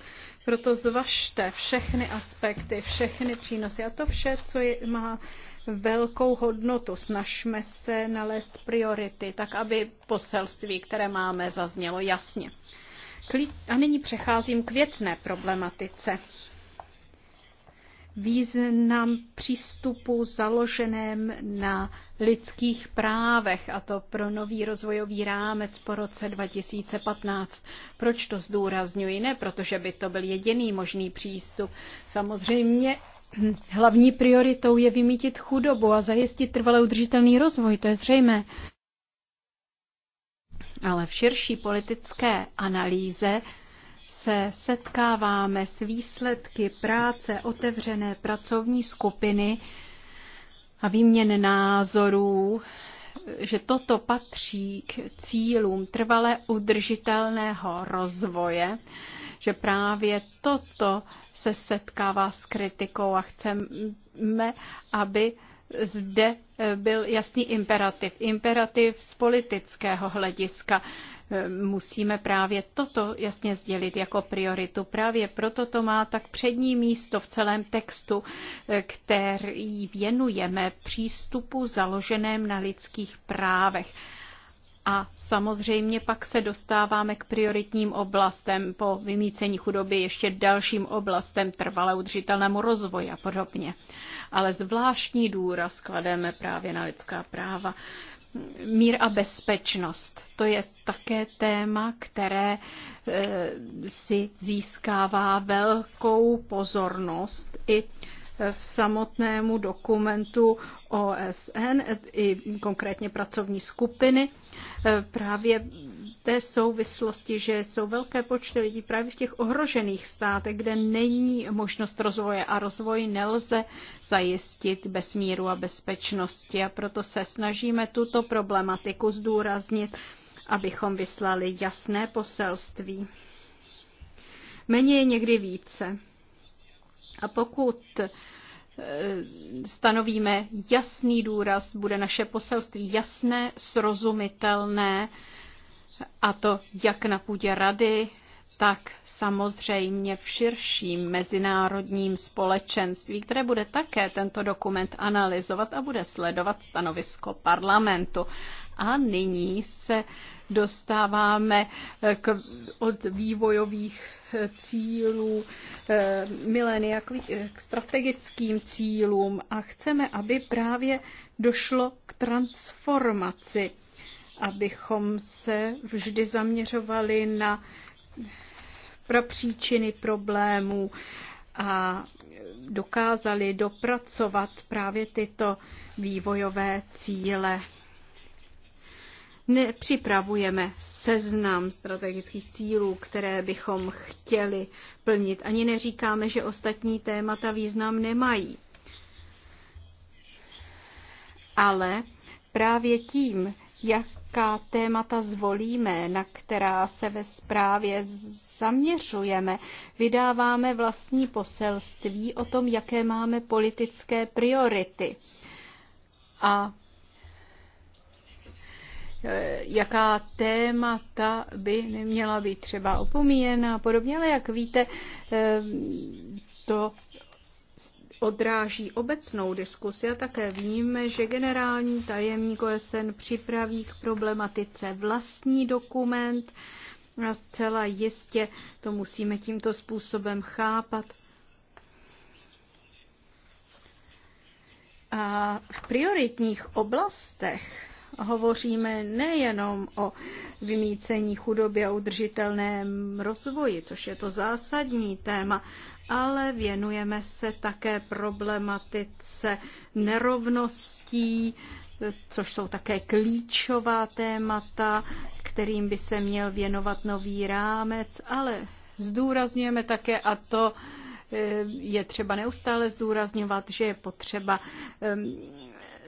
Proto zvažte všechny aspekty, všechny přínosy a to vše, co je, má velkou hodnotu. Snažme se nalézt priority, tak aby poselství, které máme, zaznělo jasně. A nyní přecházím k věcné problematice. Význam přístupu založeném na lidských právech, a to pro nový rozvojový rámec po roce 2015. Proč to zdůrazňuji? Ne, protože by to byl jediný možný přístup. Samozřejmě Hlavní prioritou je vymítit chudobu a zajistit trvale udržitelný rozvoj, to je zřejmé. Ale v širší politické analýze se setkáváme s výsledky práce otevřené pracovní skupiny a výměn názorů, že toto patří k cílům trvale udržitelného rozvoje že právě toto se setkává s kritikou a chceme, aby zde byl jasný imperativ. Imperativ z politického hlediska. Musíme právě toto jasně sdělit jako prioritu. Právě proto to má tak přední místo v celém textu, který věnujeme přístupu založeném na lidských právech. A samozřejmě pak se dostáváme k prioritním oblastem po vymícení chudoby, ještě dalším oblastem trvale udržitelnému rozvoji a podobně. Ale zvláštní důraz klademe právě na lidská práva. Mír a bezpečnost. To je také téma, které eh, si získává velkou pozornost i v samotnému dokumentu OSN i konkrétně pracovní skupiny právě té souvislosti, že jsou velké počty lidí právě v těch ohrožených státech, kde není možnost rozvoje a rozvoj nelze zajistit bez míru a bezpečnosti. A proto se snažíme tuto problematiku zdůraznit, abychom vyslali jasné poselství. Méně je někdy více. A pokud eh, stanovíme jasný důraz, bude naše poselství jasné, srozumitelné, a to jak na půdě rady, tak samozřejmě v širším mezinárodním společenství, které bude také tento dokument analyzovat a bude sledovat stanovisko parlamentu. A nyní se dostáváme eh, k, od vývojových eh, cílů eh, milénia k, k strategickým cílům a chceme, aby právě došlo k transformaci, abychom se vždy zaměřovali na pro příčiny problémů a dokázali dopracovat právě tyto vývojové cíle nepřipravujeme seznam strategických cílů, které bychom chtěli plnit. Ani neříkáme, že ostatní témata význam nemají. Ale právě tím, jaká témata zvolíme, na která se ve zprávě zaměřujeme, vydáváme vlastní poselství o tom, jaké máme politické priority. A Eh, jaká témata by neměla být třeba opomíjena a podobně, ale jak víte, eh, to odráží obecnou diskusi a také víme, že generální tajemník OSN připraví k problematice vlastní dokument a zcela jistě to musíme tímto způsobem chápat. A v prioritních oblastech hovoříme nejenom o vymícení chudoby a udržitelném rozvoji, což je to zásadní téma, ale věnujeme se také problematice nerovností, což jsou také klíčová témata, kterým by se měl věnovat nový rámec, ale zdůrazňujeme také, a to eh, je třeba neustále zdůrazňovat, že je potřeba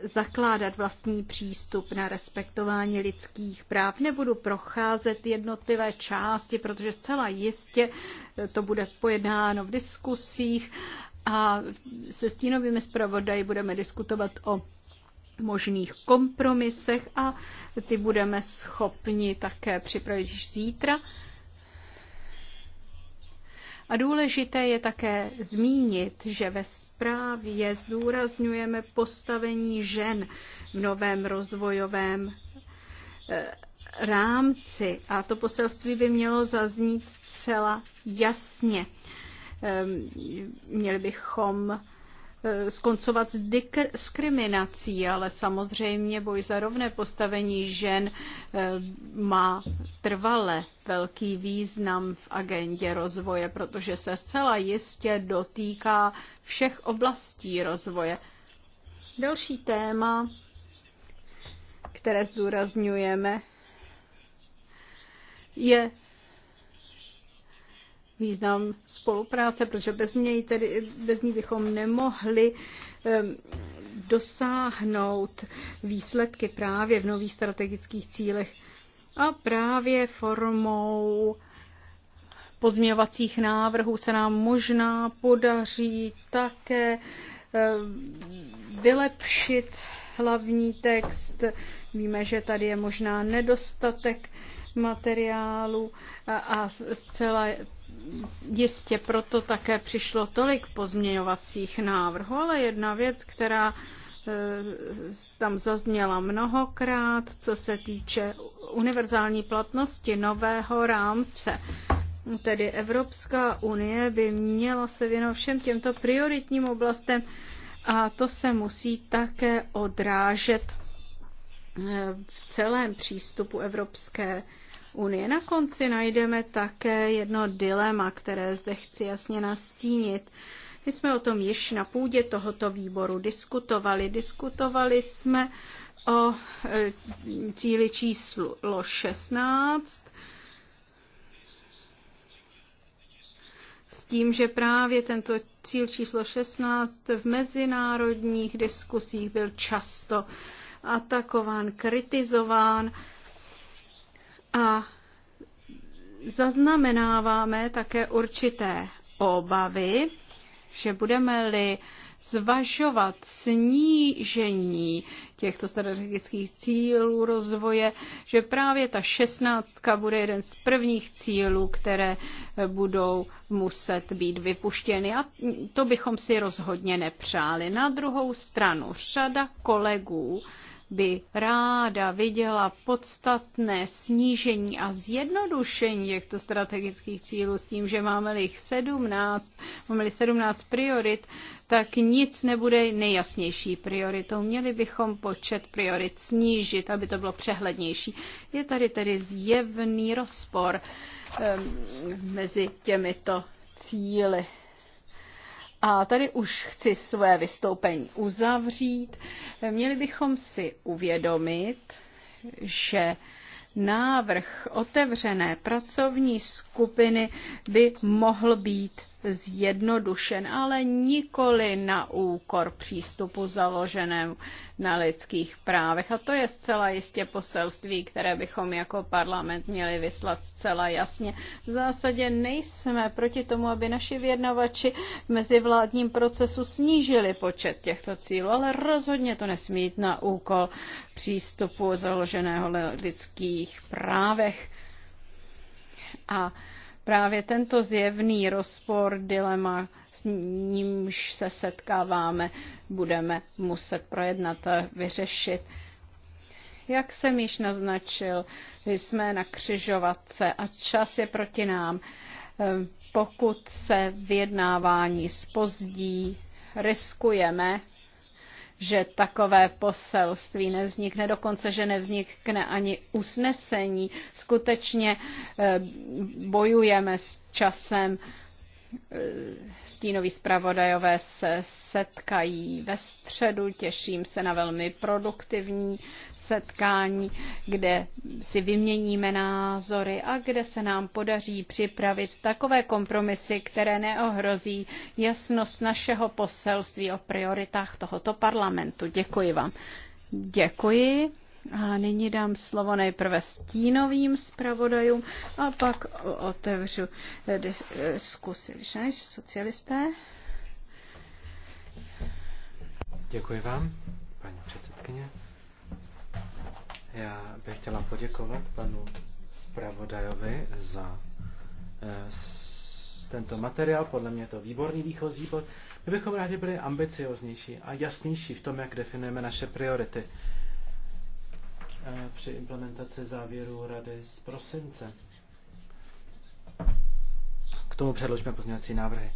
zakládat vlastní přístup na respektování lidských práv. Nebudu procházet jednotlivé části, protože zcela jistě to bude pojednáno v diskusích a se stínovými zpravodaji budeme diskutovat o možných kompromisech a ty budeme schopni také připravit již zítra. A důležité je také zmínit, že ve zprávě zdůrazňujeme postavení žen v novém rozvojovém eh, rámci. A to poselství by mělo zaznít zcela jasně. Ehm, měli bychom Eh, skoncovat s diskriminací, ale samozřejmě boj za rovné postavení žen eh, má trvale velký význam v agendě rozvoje, protože se zcela jistě dotýká všech oblastí rozvoje. Další téma, které zdůrazňujeme, je význam spolupráce, protože bez, něj tedy, bez ní bychom nemohli ehm, dosáhnout výsledky právě v nových strategických cílech a právě formou pozměňovacích návrhů se nám možná podaří také ehm, vylepšit hlavní text. Víme, že tady je možná nedostatek materiálu a zcela Jistě proto také přišlo tolik pozměňovacích návrhů, ale jedna věc, která e, tam zazněla mnohokrát, co se týče univerzální platnosti nového rámce. Tedy Evropská unie by měla se věnovat všem těmto prioritním oblastem a to se musí také odrážet e, v celém přístupu Evropské unie unie. Na konci najdeme také jedno dilema, které zde chci jasně nastínit. My jsme o tom již na půdě tohoto výboru diskutovali. Diskutovali jsme o e, cíli číslo 16 s tím, že právě tento cíl číslo 16 v mezinárodních diskusích byl často atakován, kritizován a zaznamenáváme také určité obavy, že budeme-li zvažovat snížení těchto strategických cílů rozvoje, že právě ta šestnáctka bude jeden z prvních cílů, které budou muset být vypuštěny. A to bychom si rozhodně nepřáli. Na druhou stranu řada kolegů by ráda viděla podstatné snížení a zjednodušení těchto strategických cílů s tím, že máme-li jich 17, máme 17 priorit, tak nic nebude nejjasnější prioritou. Měli bychom počet priorit snížit, aby to bylo přehlednější. Je tady tedy zjevný rozpor um, mezi těmito cíly. A tady už chci své vystoupení uzavřít. Měli bychom si uvědomit, že návrh otevřené pracovní skupiny by mohl být zjednodušen, ale nikoli na úkor přístupu založeném na lidských právech. A to je zcela jistě poselství, které bychom jako parlament měli vyslat zcela jasně. V zásadě nejsme proti tomu, aby naši vědnavači v mezivládním procesu snížili počet těchto cílů, ale rozhodně to nesmí jít na úkol přístupu založeného na lidských právech. A Právě tento zjevný rozpor, dilema, s nímž se setkáváme, budeme muset projednat a vyřešit. Jak jsem již naznačil, jsme na křižovatce a čas je proti nám. Ehm, pokud se vyjednávání spozdí, riskujeme že takové poselství nevznikne, dokonce, že nevznikne ani usnesení. Skutečně eh, bojujeme s časem Stínoví zpravodajové se setkají ve středu. Těším se na velmi produktivní setkání, kde si vyměníme názory a kde se nám podaří připravit takové kompromisy, které neohrozí jasnost našeho poselství o prioritách tohoto parlamentu. Děkuji vám. Děkuji. A nyní dám slovo nejprve stínovým zpravodajům a pak otevřu diskusi. Víš, socialisté? Děkuji vám, paní předsedkyně. Já bych chtěla poděkovat panu zpravodajovi za eh, tento materiál. Podle mě je to výborný výchozí bod. My bychom rádi byli ambicioznější a jasnější v tom, jak definujeme naše priority. Eh, při implementaci závěru Rady z prosince. K tomu předložíme pozměňovací návrhy.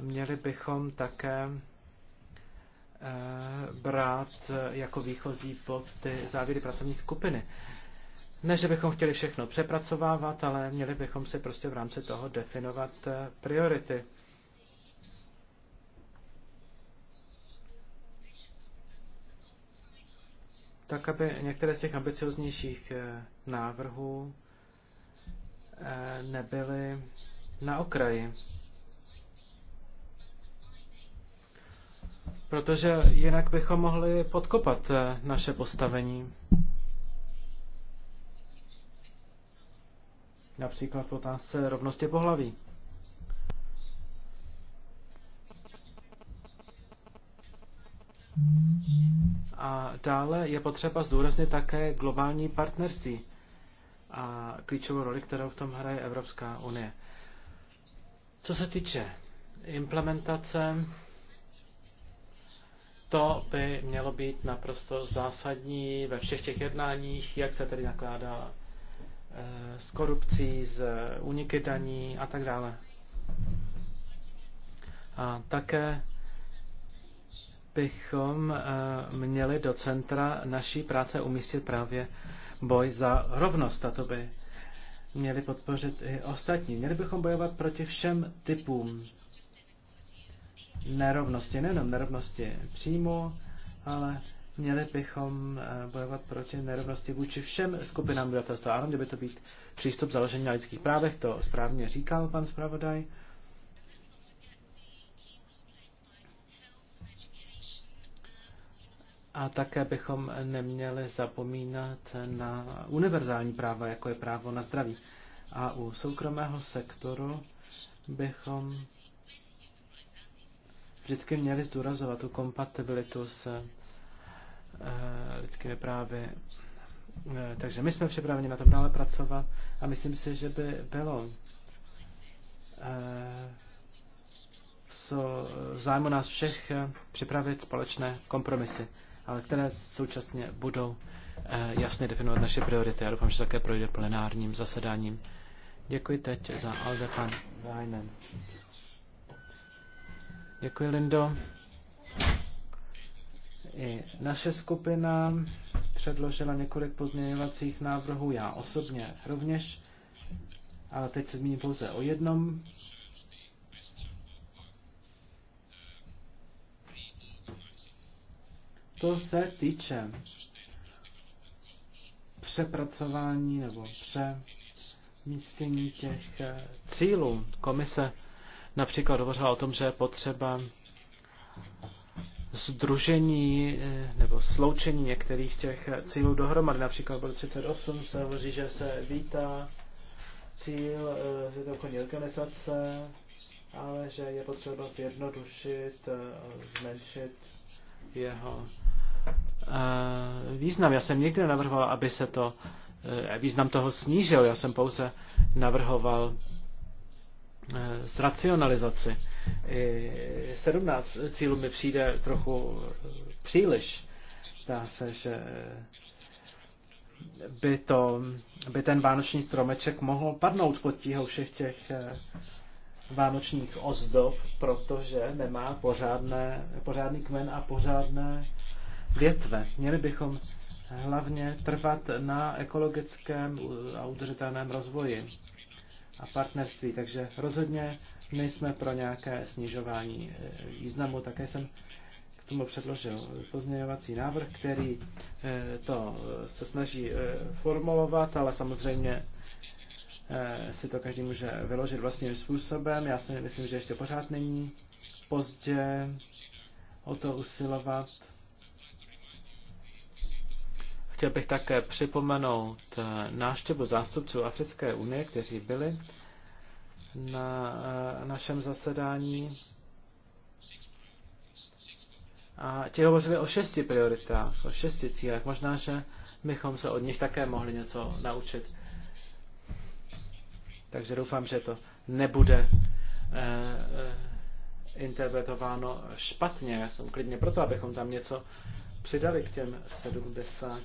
Měli bychom také eh, brát eh, jako výchozí pod ty závěry pracovní skupiny. Ne, že bychom chtěli všechno přepracovávat, ale měli bychom si prostě v rámci toho definovat priority. tak aby některé z těch ambicioznějších eh, návrhů eh, nebyly na okraji. Protože jinak bychom mohli podkopat eh, naše postavení. Například v otázce rovnosti pohlaví. Mm-hmm. A dále je potřeba zdůraznit také globální partnerství a klíčovou roli, kterou v tom hraje Evropská unie. Co se týče implementace, to by mělo být naprosto zásadní ve všech těch jednáních, jak se tedy nakládá eh, s korupcí, s eh, úniky daní a tak dále. A také bychom eh, měli do centra naší práce umístit právě boj za rovnost. A to by měli podpořit i ostatní. Měli bychom bojovat proti všem typům nerovnosti, nejenom nerovnosti přímo, ale měli bychom eh, bojovat proti nerovnosti vůči všem skupinám obyvatelstva. Ano, by to být přístup založený na lidských právech, to správně říkal pan zpravodaj. A také bychom neměli zapomínat na univerzální práva, jako je právo na zdraví. A u soukromého sektoru bychom vždycky měli zdůrazovat tu kompatibilitu s e, lidskými právy. E, takže my jsme připraveni na tom dále pracovat a myslím si, že by bylo e, v zájmu nás všech připravit společné kompromisy ale které současně budou eh, jasně definovat naše priority. Já doufám, že také projde plenárním zasedáním. Děkuji teď za Alde pan Weinen. Děkuji, Lindo. I naše skupina předložila několik pozměňovacích návrhů, já osobně rovněž, ale teď se zmíním pouze o jednom To se týče přepracování nebo přemístění těch eh, cílů. Komise například hovořila o tom, že je potřeba združení eh, nebo sloučení některých těch cílů dohromady. Například v 38 se hovoří, že se vítá cíl Světové eh, organizace, ale že je potřeba zjednodušit, zmenšit jeho eh, význam. Já jsem nikdy navrhoval, aby se to eh, význam toho snížil. Já jsem pouze navrhoval s eh, racionalizaci. 17 cílů mi přijde trochu příliš. Dá se, že by, to, by ten vánoční stromeček mohl padnout pod tíhou všech těch vánočních ozdob, protože nemá pořádné, pořádný kmen a pořádné větve. Měli bychom hlavně trvat na ekologickém a udržitelném rozvoji a partnerství, takže rozhodně nejsme pro nějaké snižování eh, významu. Také jsem k tomu předložil pozměňovací návrh, který eh, to eh, se snaží formulovat, ale samozřejmě Eh, si to každý může vyložit vlastním způsobem. Já si myslím, že ještě pořád není pozdě o to usilovat. Chtěl bych také připomenout eh, náštěvu zástupců Africké unie, kteří byli na eh, našem zasedání. A ti hovořili o šesti prioritách, o šesti cílech. Možná, že bychom se od nich také mohli něco naučit. Takže doufám, že to nebude eh, eh, interpretováno špatně. Já jsem klidně proto, abychom tam něco přidali k těm 70.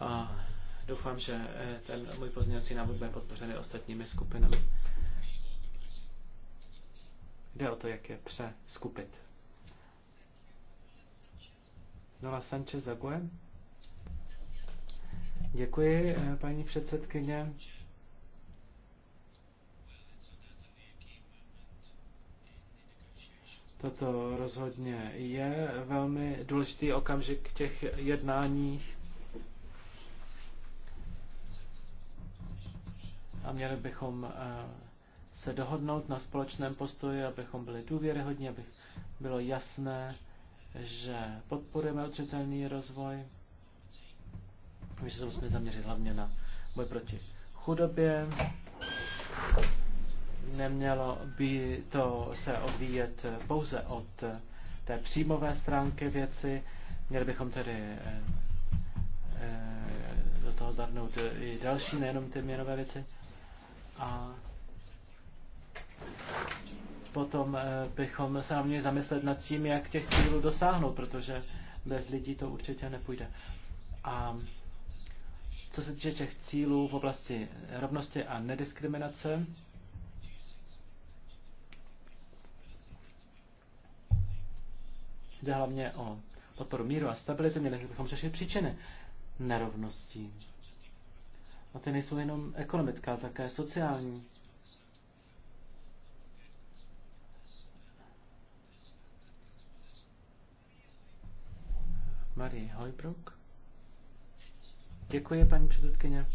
A doufám, že eh, ten můj pozměňovací návrh bude podpořený ostatními skupinami. Jde o to, jak je přeskupit. Nola Sanchez Aguen. Děkuji, eh, paní předsedkyně. Toto rozhodně je velmi důležitý okamžik těch jednáních. A měli bychom eh, se dohodnout na společném postoji, abychom byli důvěryhodní, aby bylo jasné, že podporujeme udržitelný rozvoj. My se musíme zaměřit hlavně na boj proti chudobě. Nemělo by to se odvíjet pouze od té příjmové stránky věci. Měli bychom tedy eh, eh, do toho zahrnout i další, nejenom ty měnové věci. A potom eh, bychom se měli zamyslet nad tím, jak těch cílů dosáhnout, protože bez lidí to určitě nepůjde. A co se týče těch cílů v oblasti rovnosti a nediskriminace, jde hlavně o podporu míru a stability, měli bychom řešit příčiny nerovností. A ty nejsou jenom ekonomická, ale také sociální. Marie Hojbruk. Děkuji, paní předsedkyně.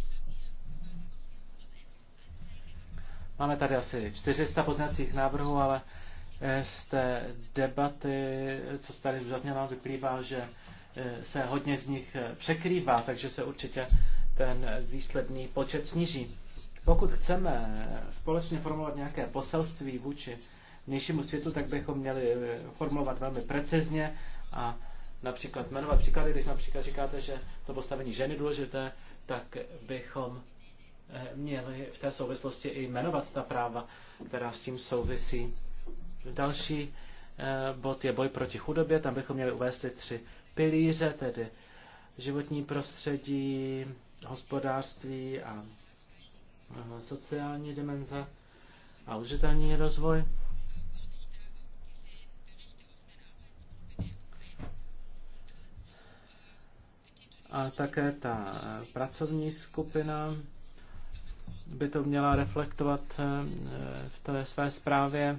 Máme tady asi 400 poznacích návrhů, ale eh, z té debaty, co se tady zaznělo, vyplývá, že eh, se hodně z nich eh, překrývá, takže se určitě ten výsledný počet sníží. Pokud chceme společně formulovat nějaké poselství vůči vnějšímu světu, tak bychom měli formulovat velmi precizně a například jmenovat příklady, když například říkáte, že to postavení ženy důležité, tak bychom eh, měli v té souvislosti i jmenovat ta práva, která s tím souvisí. Další eh, bod je boj proti chudobě, tam bychom měli uvést tři pilíře, tedy životní prostředí, hospodářství a eh, sociální dimenze a užitelný rozvoj. A také ta eh, pracovní skupina by to měla reflektovat eh, v té své zprávě,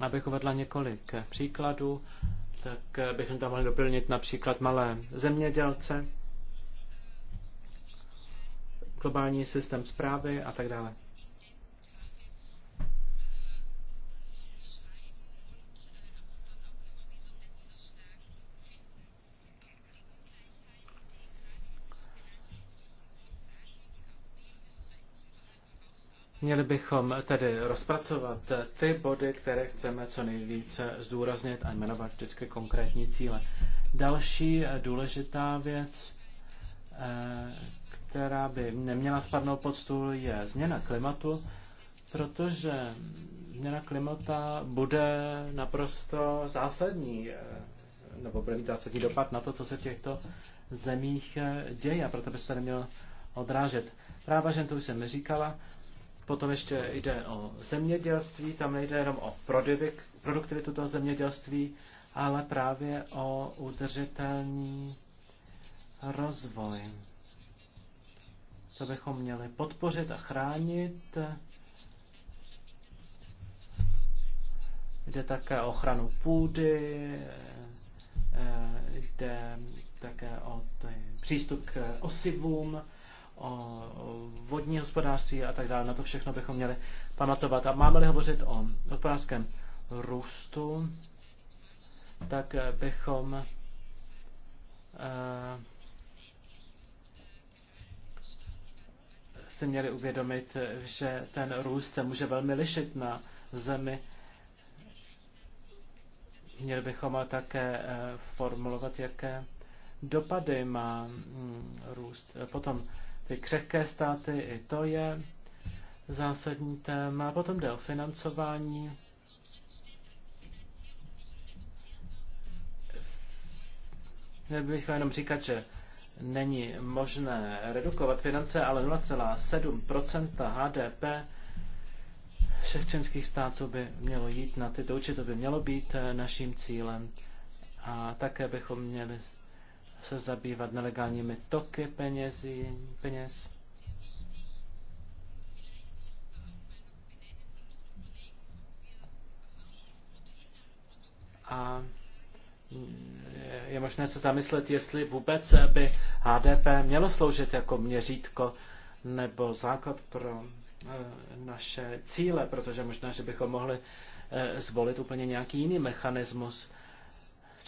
abych uvedla několik příkladů, tak eh, bychom tam mohli doplnit například malé zemědělce, globální systém zprávy a tak dále. Měli bychom tedy rozpracovat ty body, které chceme co nejvíce zdůraznit a jmenovat vždycky konkrétní cíle. Další důležitá věc, eh, která by neměla spadnout pod stůl, je změna klimatu, protože změna klimata bude naprosto zásadní, eh, nebo bude mít zásadní dopad na to, co se v těchto zemích eh, děje, a proto by se odrážet. Práva žen, to už jsem říkala, Potom ještě jde o zemědělství, tam nejde jenom o produktivitu toho zemědělství, ale právě o udržitelný rozvoj. To bychom měli podpořit a chránit. Jde také o ochranu půdy, eh, jde také o přístup k osivům o vodní hospodářství a tak dále. Na to všechno bychom měli pamatovat. A máme-li hovořit o hospodářském růstu, tak eh, bychom eh, si měli uvědomit, že ten růst se může velmi lišit na zemi. Měli bychom také eh, formulovat, jaké dopady má mm, růst. Potom ty křehké státy, i to je zásadní téma. Potom jde o financování. Měl bych jenom říkat, že není možné redukovat finance, ale 0,7 HDP všech členských států by mělo jít na tyto účty, to by mělo být eh, naším cílem. A také bychom měli se zabývat nelegálními toky penězí, peněz. A je možné se zamyslet, jestli vůbec by HDP mělo sloužit jako měřítko nebo základ pro eh, naše cíle, protože možná, že bychom mohli eh, zvolit úplně nějaký jiný mechanismus,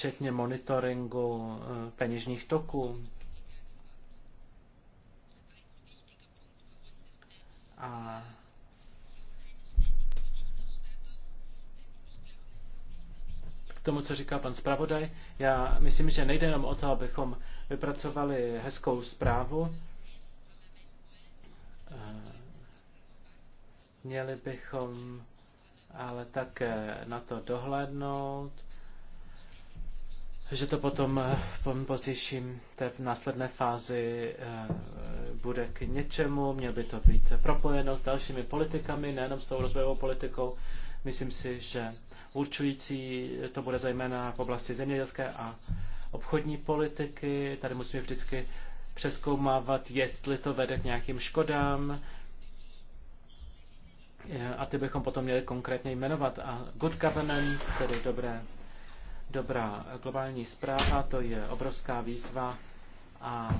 včetně monitoringu eh, peněžních toků. A k tomu, co říká pan zpravodaj, já myslím, že nejde jenom o to, abychom vypracovali hezkou zprávu. Eh, měli bychom ale také na to dohlédnout že to potom v eh, pozdějším té následné fázi eh, bude k něčemu, mělo by to být propojeno s dalšími politikami, nejenom s tou rozvojovou politikou. Myslím si, že určující to bude zejména v oblasti zemědělské a obchodní politiky. Tady musíme vždycky přeskoumávat, jestli to vede k nějakým škodám, eh, a ty bychom potom měli konkrétně jmenovat. A good governance, tedy dobré dobrá globální zpráva, to je obrovská výzva a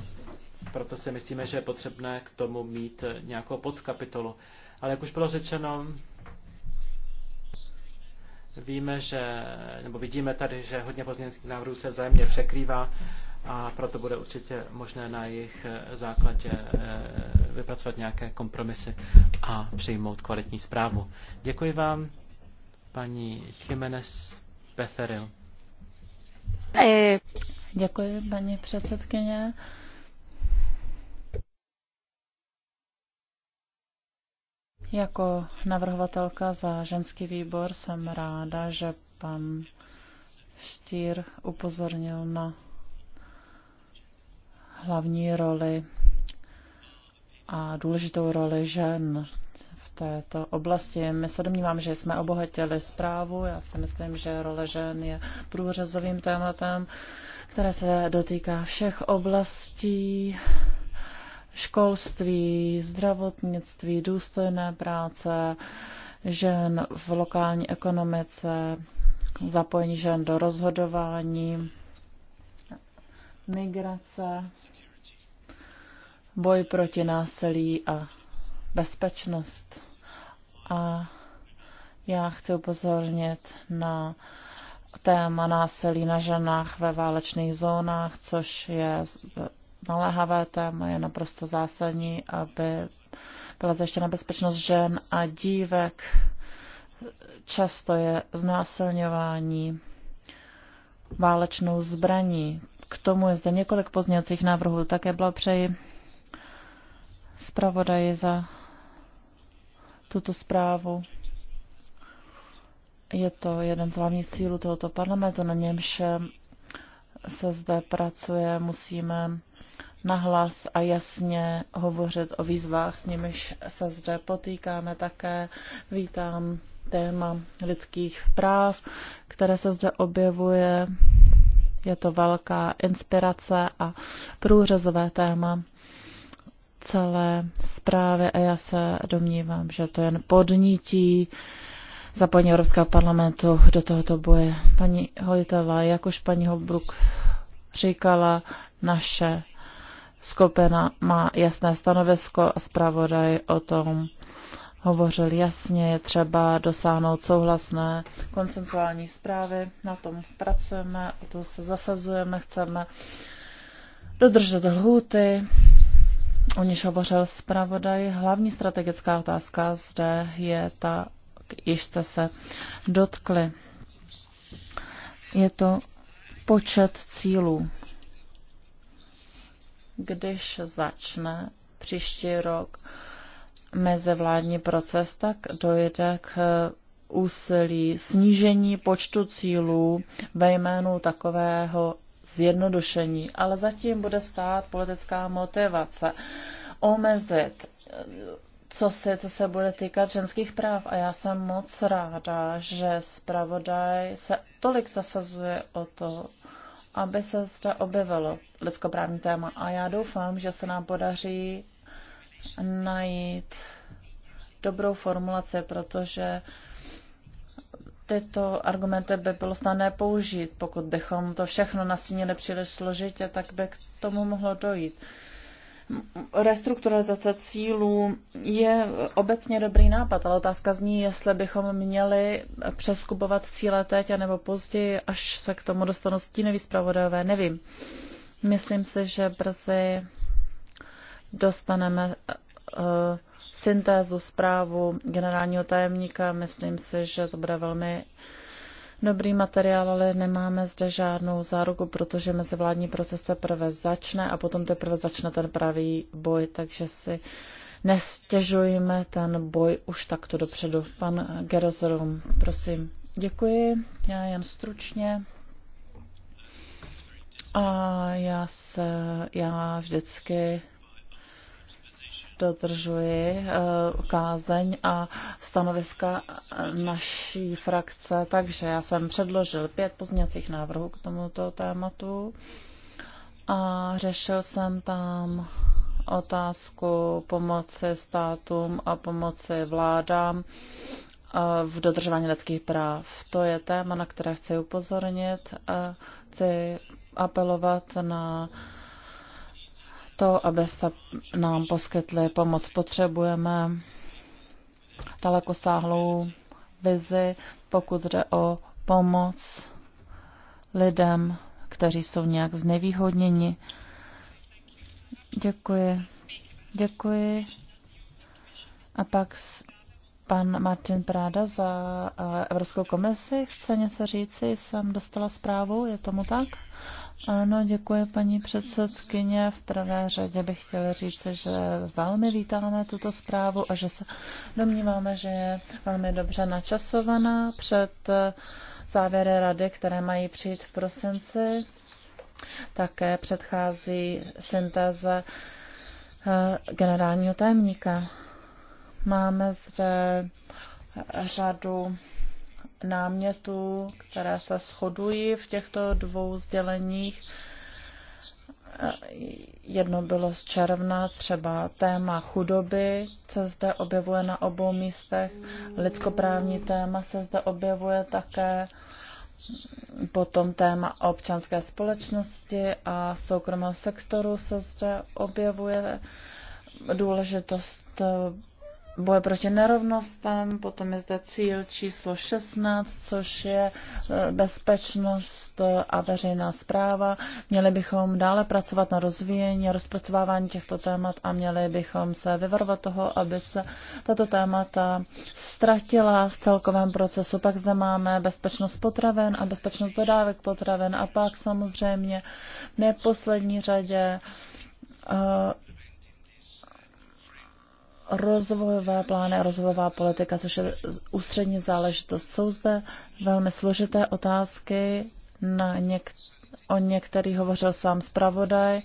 proto si myslíme, že je potřebné k tomu mít nějakou podkapitolu. Ale jak už bylo řečeno, víme, že, nebo vidíme tady, že hodně pozměňovacích návrhů se vzájemně překrývá a proto bude určitě možné na jejich základě eh, vypracovat nějaké kompromisy a přijmout kvalitní zprávu. Děkuji vám, paní Jiménez Beferil. Eh, děkuji, paní předsedkyně. Jako navrhovatelka za ženský výbor jsem ráda, že pan Štír upozornil na hlavní roli a důležitou roli žen této oblasti. My se domnívám, že jsme obohatili zprávu. Já si myslím, že role žen je průřezovým tématem, které se dotýká všech oblastí školství, zdravotnictví, důstojné práce, žen v lokální ekonomice, zapojení žen do rozhodování, migrace, boj proti násilí a bezpečnost. A já chci upozornit na téma násilí na ženách ve válečných zónách, což je naléhavé téma, je naprosto zásadní, aby byla zajištěna bezpečnost žen a dívek. Často je znásilňování válečnou zbraní. K tomu je zde několik pozněcích návrhů. Také blahopřeji zpravodaji za tuto zprávu. Je to jeden z hlavních cílů tohoto parlamentu, na němž se zde pracuje, musíme nahlas a jasně hovořit o výzvách, s nimiž se zde potýkáme také. Vítám téma lidských práv, které se zde objevuje. Je to velká inspirace a průřezové téma celé zprávy a já se domnívám, že to jen podnítí zapojení Evropského parlamentu do tohoto boje. Paní Holitová, jak už paní Holbruk říkala, naše skupina má jasné stanovisko a zpravodaj o tom hovořil jasně, je třeba dosáhnout souhlasné konsensuální zprávy, na tom pracujeme, o to se zasazujeme, chceme dodržet lhůty, o níž hovořil zpravodaj. Hlavní strategická otázka zde je ta, již jste se dotkli. Je to počet cílů. Když začne příští rok mezivládní proces, tak dojde k úsilí snížení počtu cílů ve jménu takového zjednodušení, ale zatím bude stát politická motivace omezit co se, co se bude týkat ženských práv. A já jsem moc ráda, že zpravodaj se tolik zasazuje o to, aby se zde objevilo lidskoprávní téma. A já doufám, že se nám podaří najít dobrou formulaci, protože uh, tyto argumenty by bylo snadné použít. Pokud bychom to všechno nasínili příliš složitě, tak by k tomu mohlo dojít. Restrukturalizace cílů je obecně dobrý nápad, ale otázka zní, jestli bychom měli přeskupovat cíle teď nebo později, až se k tomu dostanou stíny zpravodajové, nevím. Myslím si, že brzy dostaneme uh, syntézu zprávu generálního tajemníka. Myslím si, že to bude velmi dobrý materiál, ale nemáme zde žádnou záruku, protože mezivládní proces teprve začne a potom teprve začne ten pravý boj, takže si nestěžujeme ten boj už takto dopředu. Pan Gerozorum, prosím. Děkuji, já jen stručně. A já se, já vždycky dodržuji eh, kázeň a stanoviska naší frakce, takže já jsem předložil pět pozměňovacích návrhů k tomuto tématu a řešil jsem tam otázku pomoci státům a pomoci vládám eh, v dodržování lidských práv. To je téma, na které chci upozornit. Eh, chci apelovat na uh, to, abyste nám poskytli pomoc. Potřebujeme dalekosáhlou vizi, pokud jde o pomoc lidem, kteří jsou nějak znevýhodněni. Děkuji. Děkuji. A pak pan Martin Práda za eh, Evropskou komisi chce něco říci. Jsem dostala zprávu, je tomu tak? Ano, děkuji paní předsedkyně. V prvé řadě bych chtěla říct, že velmi vítáme tuto zprávu a že se domníváme, že je velmi dobře načasovaná před závěry rady, které mají přijít v prosinci. Také předchází syntéze eh, generálního tajemníka. Máme zde řadu námětů, které se shodují v těchto dvou sděleních. Jedno bylo z června, třeba téma chudoby se zde objevuje na obou místech, lidskoprávní téma se zde objevuje také, potom téma občanské společnosti a soukromého sektoru se zde objevuje, důležitost boje proti nerovnostem, potom je zde cíl číslo 16, což je e, bezpečnost a veřejná zpráva. Měli bychom dále pracovat na rozvíjení a rozpracovávání těchto témat a měli bychom se vyvarovat toho, aby se tato témata ztratila v celkovém procesu. Pak zde máme bezpečnost potraven a bezpečnost dodávek potraven a pak samozřejmě v neposlední řadě e, rozvojové plány a rozvojová politika, což je ústřední záležitost. Jsou zde velmi složité otázky, na něk- o některých hovořil sám zpravodaj.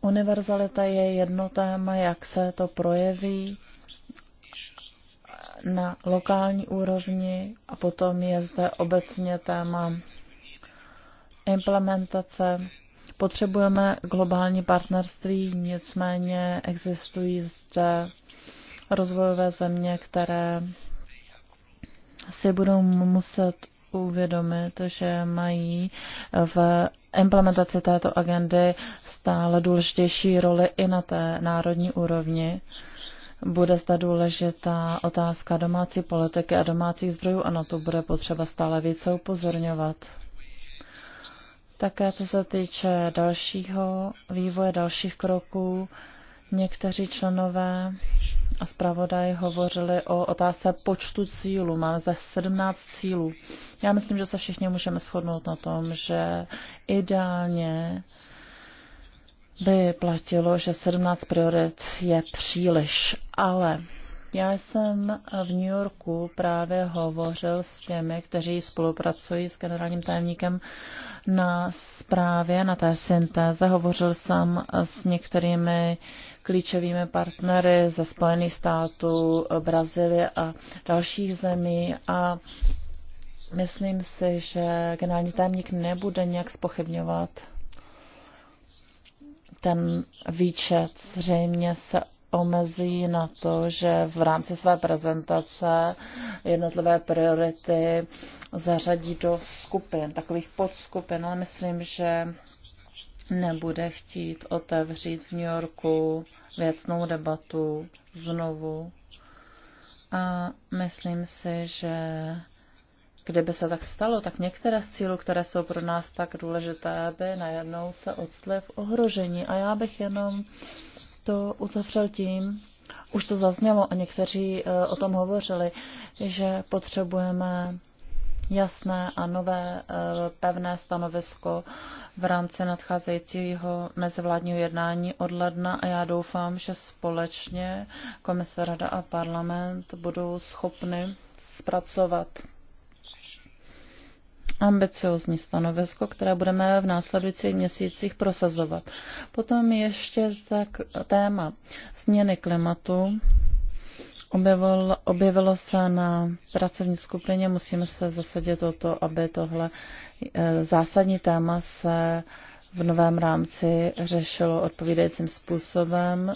Univerzalita je jedno téma, jak se to projeví na lokální úrovni a potom je zde obecně téma implementace. Potřebujeme globální partnerství, nicméně existují zde rozvojové země, které si budou muset uvědomit, že mají v implementaci této agendy stále důležitější roli i na té národní úrovni. Bude zde důležitá otázka domácí politiky a domácích zdrojů a na to bude potřeba stále více upozorňovat. Také co se týče dalšího vývoje, dalších kroků, někteří členové a zpravodaj hovořili o otázce počtu cílů. Máme zde 17 cílů. Já myslím, že se všichni můžeme shodnout na tom, že ideálně by platilo, že 17 priorit je příliš, ale já jsem v New Yorku právě hovořil s těmi, kteří spolupracují s generálním tajemníkem na zprávě, na té syntéze. Hovořil jsem s některými klíčovými partnery ze Spojených států, Brazílie a dalších zemí a myslím si, že generální tajemník nebude nějak spochybňovat ten výčet. Zřejmě se omezí na to, že v rámci své prezentace jednotlivé priority zařadí do skupin, takových podskupin, ale myslím, že nebude chtít otevřít v New Yorku věcnou debatu znovu. A myslím si, že kdyby se tak stalo, tak některé z cílů, které jsou pro nás tak důležité, by najednou se odstly v ohrožení. A já bych jenom to uzavřel tím, už to zaznělo a někteří eh, o tom hovořili, že potřebujeme jasné a nové eh, pevné stanovisko v rámci nadcházejícího mezivládního jednání od ledna a já doufám, že společně komise Rada a parlament budou schopny zpracovat ambiciozní stanovisko, které budeme v následujících měsících prosazovat. Potom ještě tak téma změny klimatu. Objevilo, objevilo se na pracovní skupině, musíme se zasadit o to, aby tohle e, zásadní téma se v novém rámci řešilo odpovídajícím způsobem.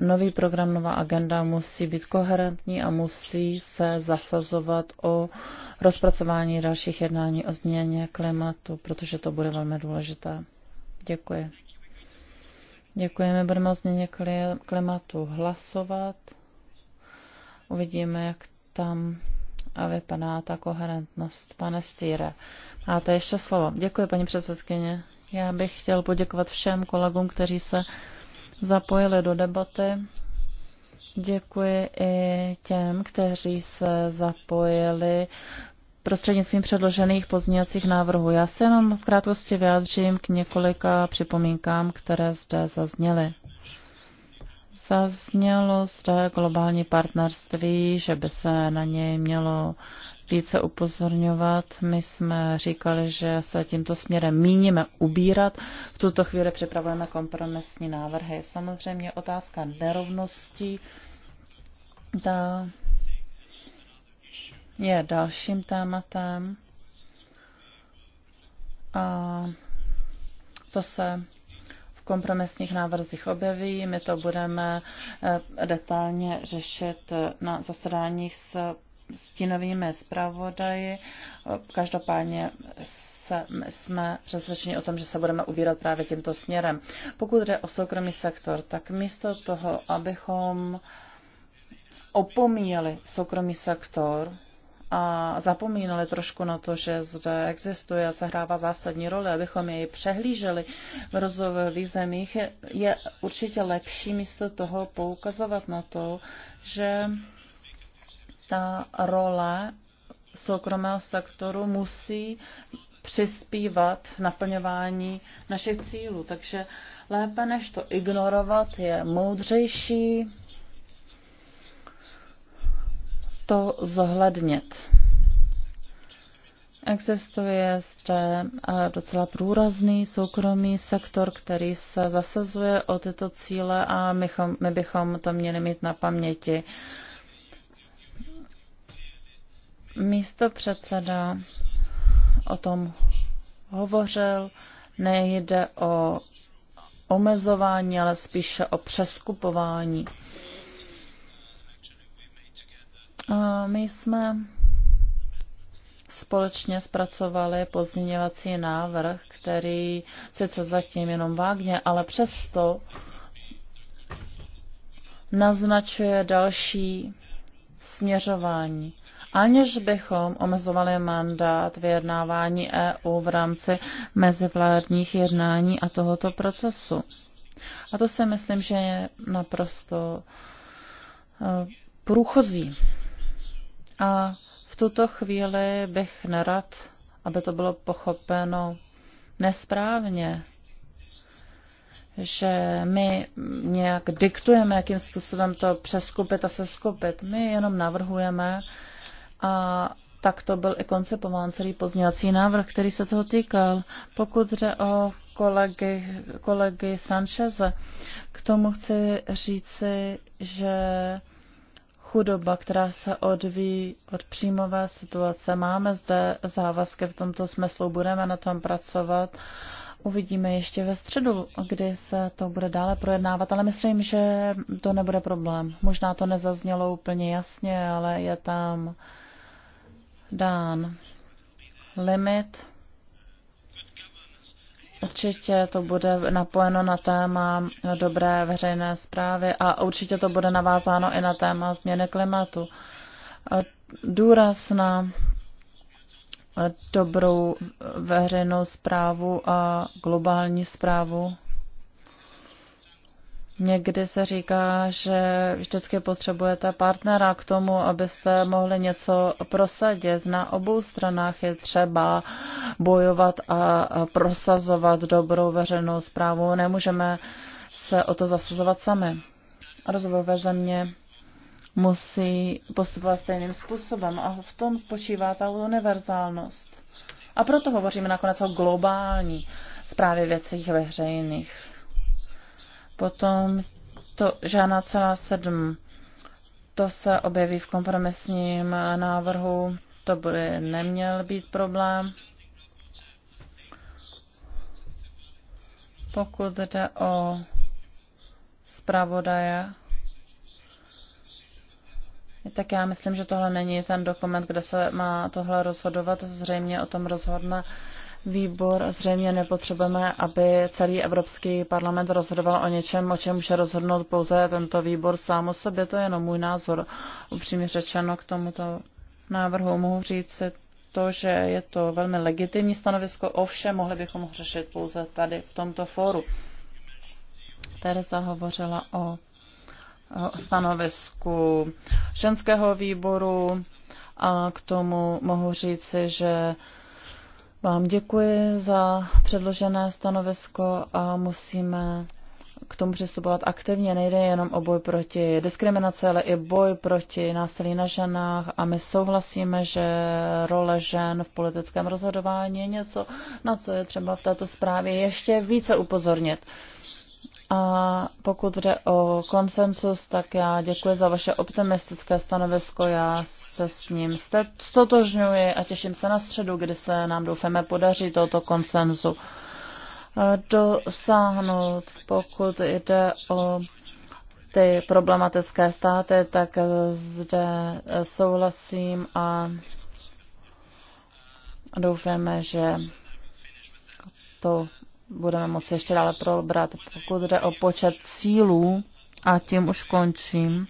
Nový program, nová agenda musí být koherentní a musí se zasazovat o rozpracování dalších jednání o změně klimatu, protože to bude velmi důležité. Děkuji. Děkujeme, budeme o změně klimatu hlasovat. Uvidíme, jak tam a vypadá ta koherentnost. Pane Stýre, máte ještě slovo. Děkuji, paní předsedkyně. Já bych chtěl poděkovat všem kolegům, kteří se zapojili do debaty. Děkuji i těm, kteří se zapojili prostřednictvím předložených pozměňovacích návrhů. Já se jenom v krátkosti vyjádřím k několika připomínkám, které zde zazněly. Zaznělo zde globální partnerství, že by se na něj mělo více upozorňovat. My jsme říkali, že se tímto směrem míníme ubírat. V tuto chvíli připravujeme kompromisní návrhy. Samozřejmě otázka nerovností. Ta je dalším tématem. A co se v kompromisních návrzích objeví, my to budeme eh, detailně řešit na zasedáních s stínovými zpravodaji. Každopádně jsme přesvědčeni o tom, že se budeme ubírat právě tímto směrem. Pokud jde o soukromý sektor, tak místo toho, abychom opomíjeli soukromý sektor a zapomínali trošku na to, že zde existuje a sehrává zásadní roli, abychom jej přehlíželi v rozvojových zemích, je určitě lepší místo toho poukazovat na to, že ta role soukromého sektoru musí přispívat v naplňování našich cílů. Takže lépe než to ignorovat je moudřejší to zohlednit. Existuje zde eh, docela průrazný soukromý sektor, který se zasazuje o tyto cíle a my bychom to měli mít na paměti místo předseda o tom hovořil. Nejde o omezování, ale spíše o přeskupování. A my jsme společně zpracovali pozměňovací návrh, který sice zatím jenom vágně, ale přesto naznačuje další směřování aniž bychom omezovali mandát vyjednávání EU v rámci mezivládních jednání a tohoto procesu. A to si myslím, že je naprosto eh, průchozí. A v tuto chvíli bych nerad, aby to bylo pochopeno nesprávně, že my nějak diktujeme, jakým způsobem to přeskupit a seskupit. My jenom navrhujeme a tak to byl i koncepován celý pozměňovací návrh, který se toho týkal. Pokud jde o kolegy, kolegy Sancheze, k tomu chci říci, že chudoba, která se odvíjí od příjmové situace. Máme zde závazky v tomto smyslu, budeme na tom pracovat. Uvidíme ještě ve středu, kdy se to bude dále projednávat, ale myslím, že to nebude problém. Možná to nezaznělo úplně jasně, ale je tam uh, dán limit. Určitě to bude napojeno na téma dobré veřejné zprávy a určitě to bude navázáno i na téma změny klimatu. Důraz na dobrou veřejnou zprávu a globální zprávu Někdy se říká, že vždycky potřebujete partnera k tomu, abyste mohli něco prosadit. Na obou stranách je třeba bojovat a prosazovat dobrou veřejnou zprávu. Nemůžeme se o to zasazovat sami. Rozvojové země musí postupovat stejným způsobem a v tom spočívá ta univerzálnost. A proto hovoříme nakonec o globální zprávě věcí veřejných Potom to žádná celá sedm. To se objeví v kompromisním návrhu. To bude neměl být problém. Pokud jde o zpravodaje, tak já myslím, že tohle není ten dokument, kde se má tohle rozhodovat. Zřejmě o tom rozhodne výbor zřejmě nepotřebujeme, aby celý Evropský parlament rozhodoval o něčem, o čem může rozhodnout pouze tento výbor sám o sobě. To je jenom můj názor. Upřímně řečeno k tomuto návrhu mohu říct to, že je to velmi legitimní stanovisko, ovšem mohli bychom ho řešit pouze tady v tomto fóru. Teresa hovořila o stanovisku ženského výboru a k tomu mohu říci, že vám děkuji za předložené stanovisko a musíme k tomu přistupovat aktivně. Nejde jenom o boj proti diskriminaci, ale i boj proti násilí na ženách. A my souhlasíme, že role žen v politickém rozhodování je něco, na co je třeba v této zprávě ještě více upozornit. A pokud jde o konsensus, tak já děkuji za vaše optimistické stanovisko. Já se s ním stotožňuji a těším se na středu, kdy se nám doufáme podaří tohoto konsenzu eh, dosáhnout. Pokud jde o ty problematické státy, tak eh, zde eh, souhlasím a doufáme, že to budeme moci ještě dále probrat. Pokud jde o počet cílů, a tím už končím,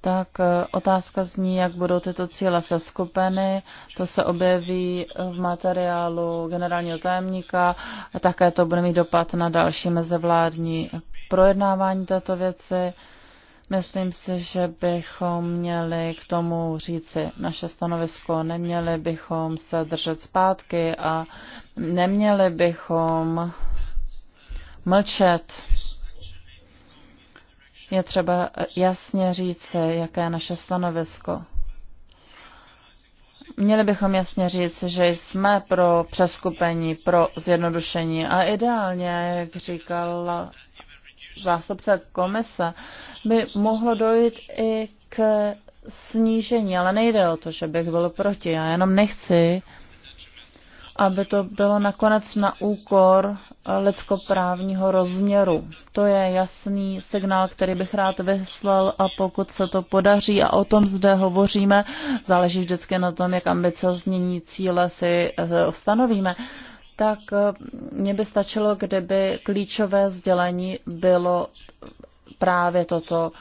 tak e, otázka zní, jak budou tyto cíle seskupeny. To se objeví v materiálu generálního tajemníka. Také to bude mít dopad na další mezevládní projednávání této věci. Myslím si, že bychom měli k tomu říci naše stanovisko. Neměli bychom se držet zpátky a neměli bychom mlčet. Je třeba jasně říci, jaké je naše stanovisko. Měli bychom jasně říct, že jsme pro přeskupení, pro zjednodušení a ideálně, jak říkala zástupce komise, by mohlo dojít i k snížení, ale nejde o to, že bych byl proti. Já jenom nechci, aby to bylo nakonec na úkor eh, lidskoprávního rozměru. To je jasný signál, který bych rád vyslal a pokud se to podaří a o tom zde hovoříme, záleží vždycky na tom, jak ambiciozní cíle si eh, stanovíme tak eh, mě by stačilo, kdyby klíčové sdělení bylo právě toto.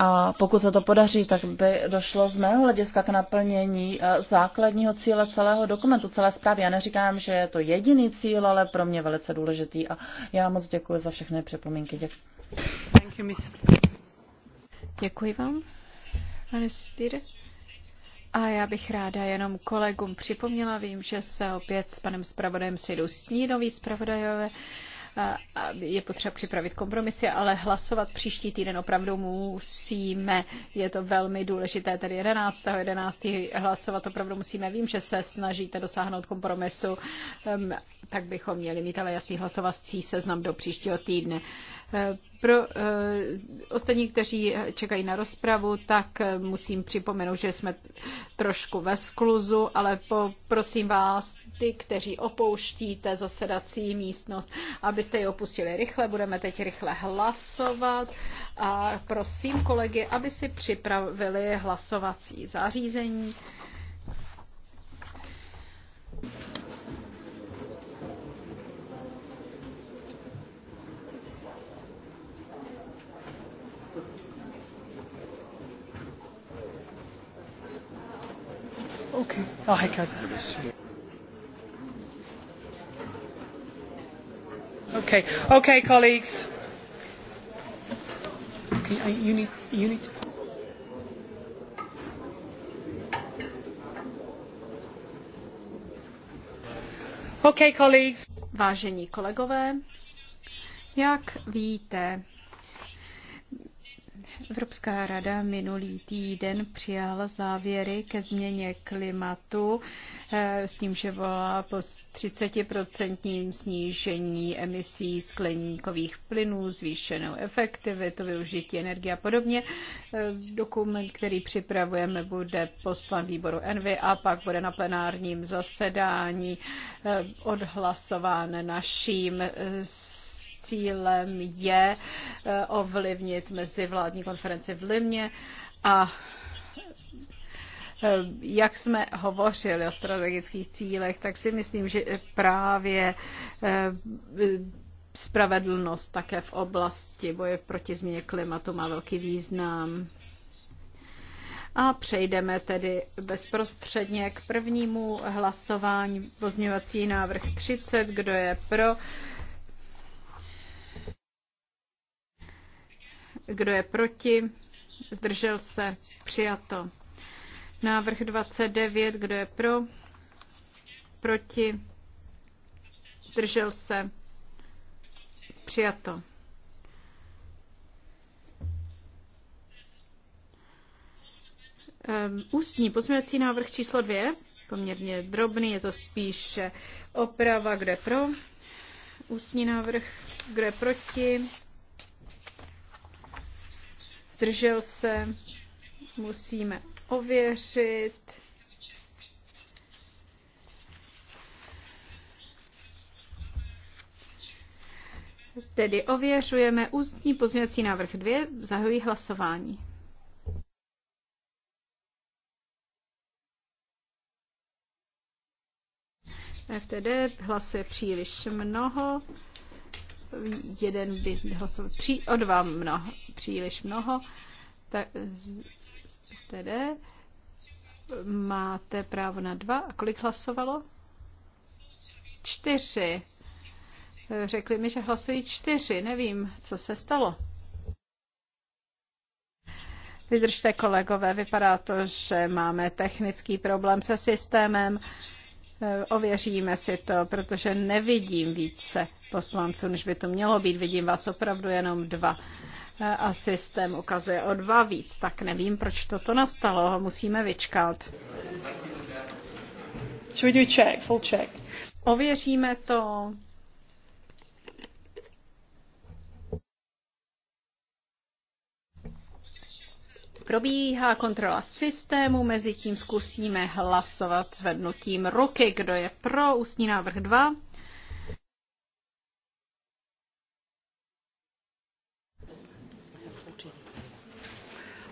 A pokud se to podaří, tak by došlo z mého hlediska k naplnění eh, základního cíle celého dokumentu, celé zprávy. Já neříkám, že je to jediný cíl, ale pro mě velice důležitý. A já moc děkuji za všechny připomínky. Děkuji. Děkuji vám. Pane Stýre. A já bych ráda jenom kolegům připomněla, vím, že se opět s panem zpravodajem sejdou snídoví zpravodajové, je potřeba připravit kompromisy, ale hlasovat příští týden opravdu musíme. Je to velmi důležité, tedy 11. 11. hlasovat opravdu musíme. Vím, že se snažíte dosáhnout kompromisu, tak bychom měli mít ale jasný hlasovací seznam do příštího týdne. Pro uh, ostatní, kteří čekají na rozpravu, tak eh, musím připomenout, že jsme trošku ve skluzu, ale poprosím vás, ty, kteří opouštíte zasedací místnost, abyste ji opustili rychle. Budeme teď rychle hlasovat a prosím kolegy, aby si připravili hlasovací zařízení. Oh, I could. Okay, okay, colleagues. Okay, you need, you need to. Okay, colleagues. Vážení kolegové, jak víte, Evropská rada minulý týden přijala závěry ke změně klimatu eh, s tím, že volá po 30% snížení emisí skleníkových plynů, zvýšenou efektivitu, využití energie a podobně. Eh, dokument, který připravujeme, bude poslan výboru Envy a pak bude na plenárním zasedání eh, odhlasován naším s cílem je eh, ovlivnit mezivládní konferenci v Limě a eh, jak jsme hovořili o strategických cílech, tak si myslím, že právě eh, spravedlnost také v oblasti boje proti změně klimatu má velký význam. A přejdeme tedy bezprostředně k prvnímu hlasování. Pozměňovací návrh 30, kdo je pro, Kdo je proti? Zdržel se? Přijato. Návrh 29. Kdo je pro? Proti? Zdržel se? Přijato. Ehm, ústní pozměňovací návrh číslo dvě, poměrně drobný, je to spíše oprava, kde pro, ústní návrh, kde proti, zdržel se, musíme ověřit. Tedy ověřujeme ústní pozměňovací návrh 2, zahojí hlasování. FTD hlasuje příliš mnoho jeden by hlasoval pří, o dva mnoho, příliš mnoho, tak tedy máte právo na dva. A kolik hlasovalo? Čtyři. Řekli mi, že hlasují čtyři. Nevím, co se stalo. Vydržte, kolegové, vypadá to, že máme technický problém se systémem. Eh, ověříme si to, protože nevidím více poslanců, než by to mělo být. Vidím vás opravdu jenom dva. Eh, a systém ukazuje o dva víc, tak nevím, proč toto nastalo. Ho musíme vyčkat. Should we do check, full check? Ověříme to. probíhá kontrola systému, mezi tím zkusíme hlasovat zvednutím ruky, kdo je pro ústní návrh 2.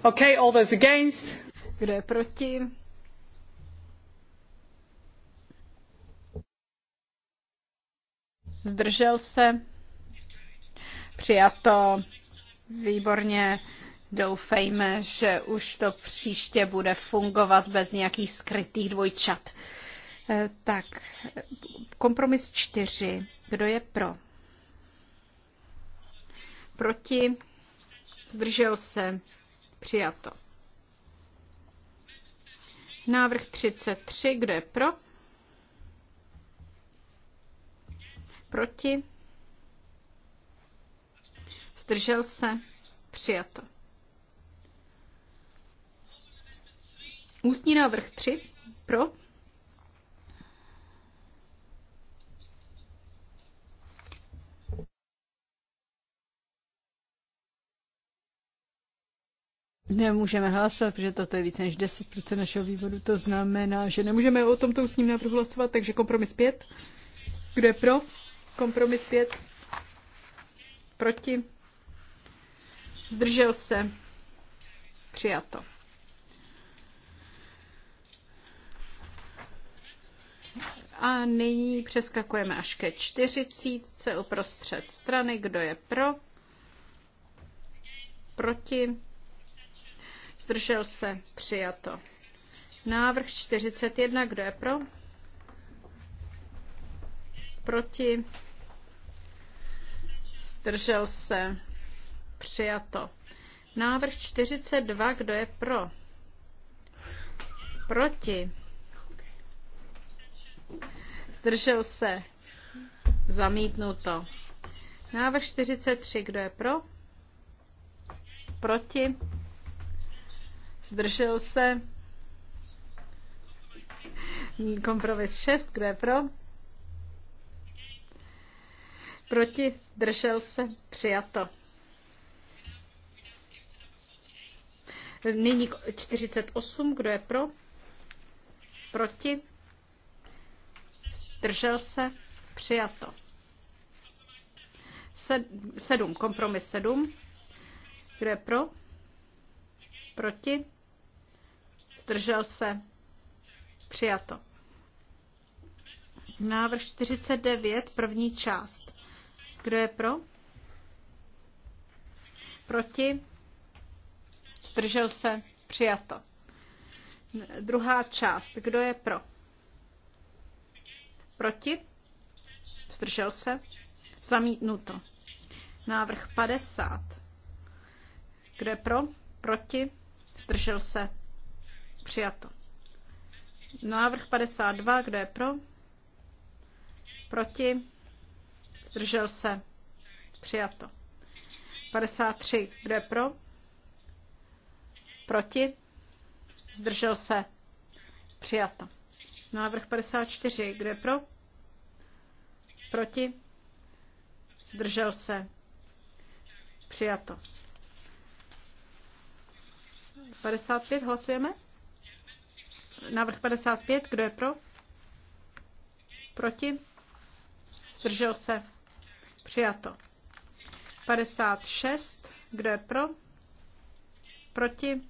Okay, all those against. Kdo je proti? Zdržel se? Přijato. Výborně. Doufejme, že už to příště bude fungovat bez nějakých skrytých dvojčat. Eh, tak, kompromis čtyři. Kdo je pro? Proti? Zdržel se? Přijato. Návrh 33. Kdo je pro? Proti? Zdržel se? Přijato. Ústní návrh 3 pro. Nemůžeme hlasovat, protože toto je více než 10% našeho výboru. To znamená, že nemůžeme o tomto s ním návrhu hlasovat, takže kompromis 5. Kdo je pro? Kompromis 5. Proti? Zdržel se? Přijato. A nyní přeskakujeme až ke čtyřicítce uprostřed strany. Kdo je pro? Proti? Zdržel se? Přijato. Návrh 41. Kdo je pro? Proti? Zdržel se? Přijato. Návrh 42. Kdo je pro? Proti? zdržel se, zamítnuto. Návrh 43, kdo je pro? Proti? Zdržel se? Kompromis 6, kdo je pro? Proti? Zdržel se? Přijato. Nyní 48, kdo je pro? Proti? zdržel se, přijato. Sedm kompromis sedm, kdo je pro, proti, zdržel se, přijato. Návrh 49, první část. Kdo je pro? Proti? Zdržel se? Přijato. Druhá část. Kdo je pro? Proti? Zdržel se? Zamítnuto. Návrh 50. Kdo je pro? Proti? Zdržel se? Přijato. Návrh 52. Kdo je pro? Proti? Zdržel se? Přijato. 53. Kdo je pro? Proti? Zdržel se? Přijato. Návrh 54. Kdo je pro? Proti? Zdržel se? Přijato. 55 hlasujeme? Návrh 55, kdo je pro? Proti? Zdržel se? Přijato. 56, kdo je pro? Proti?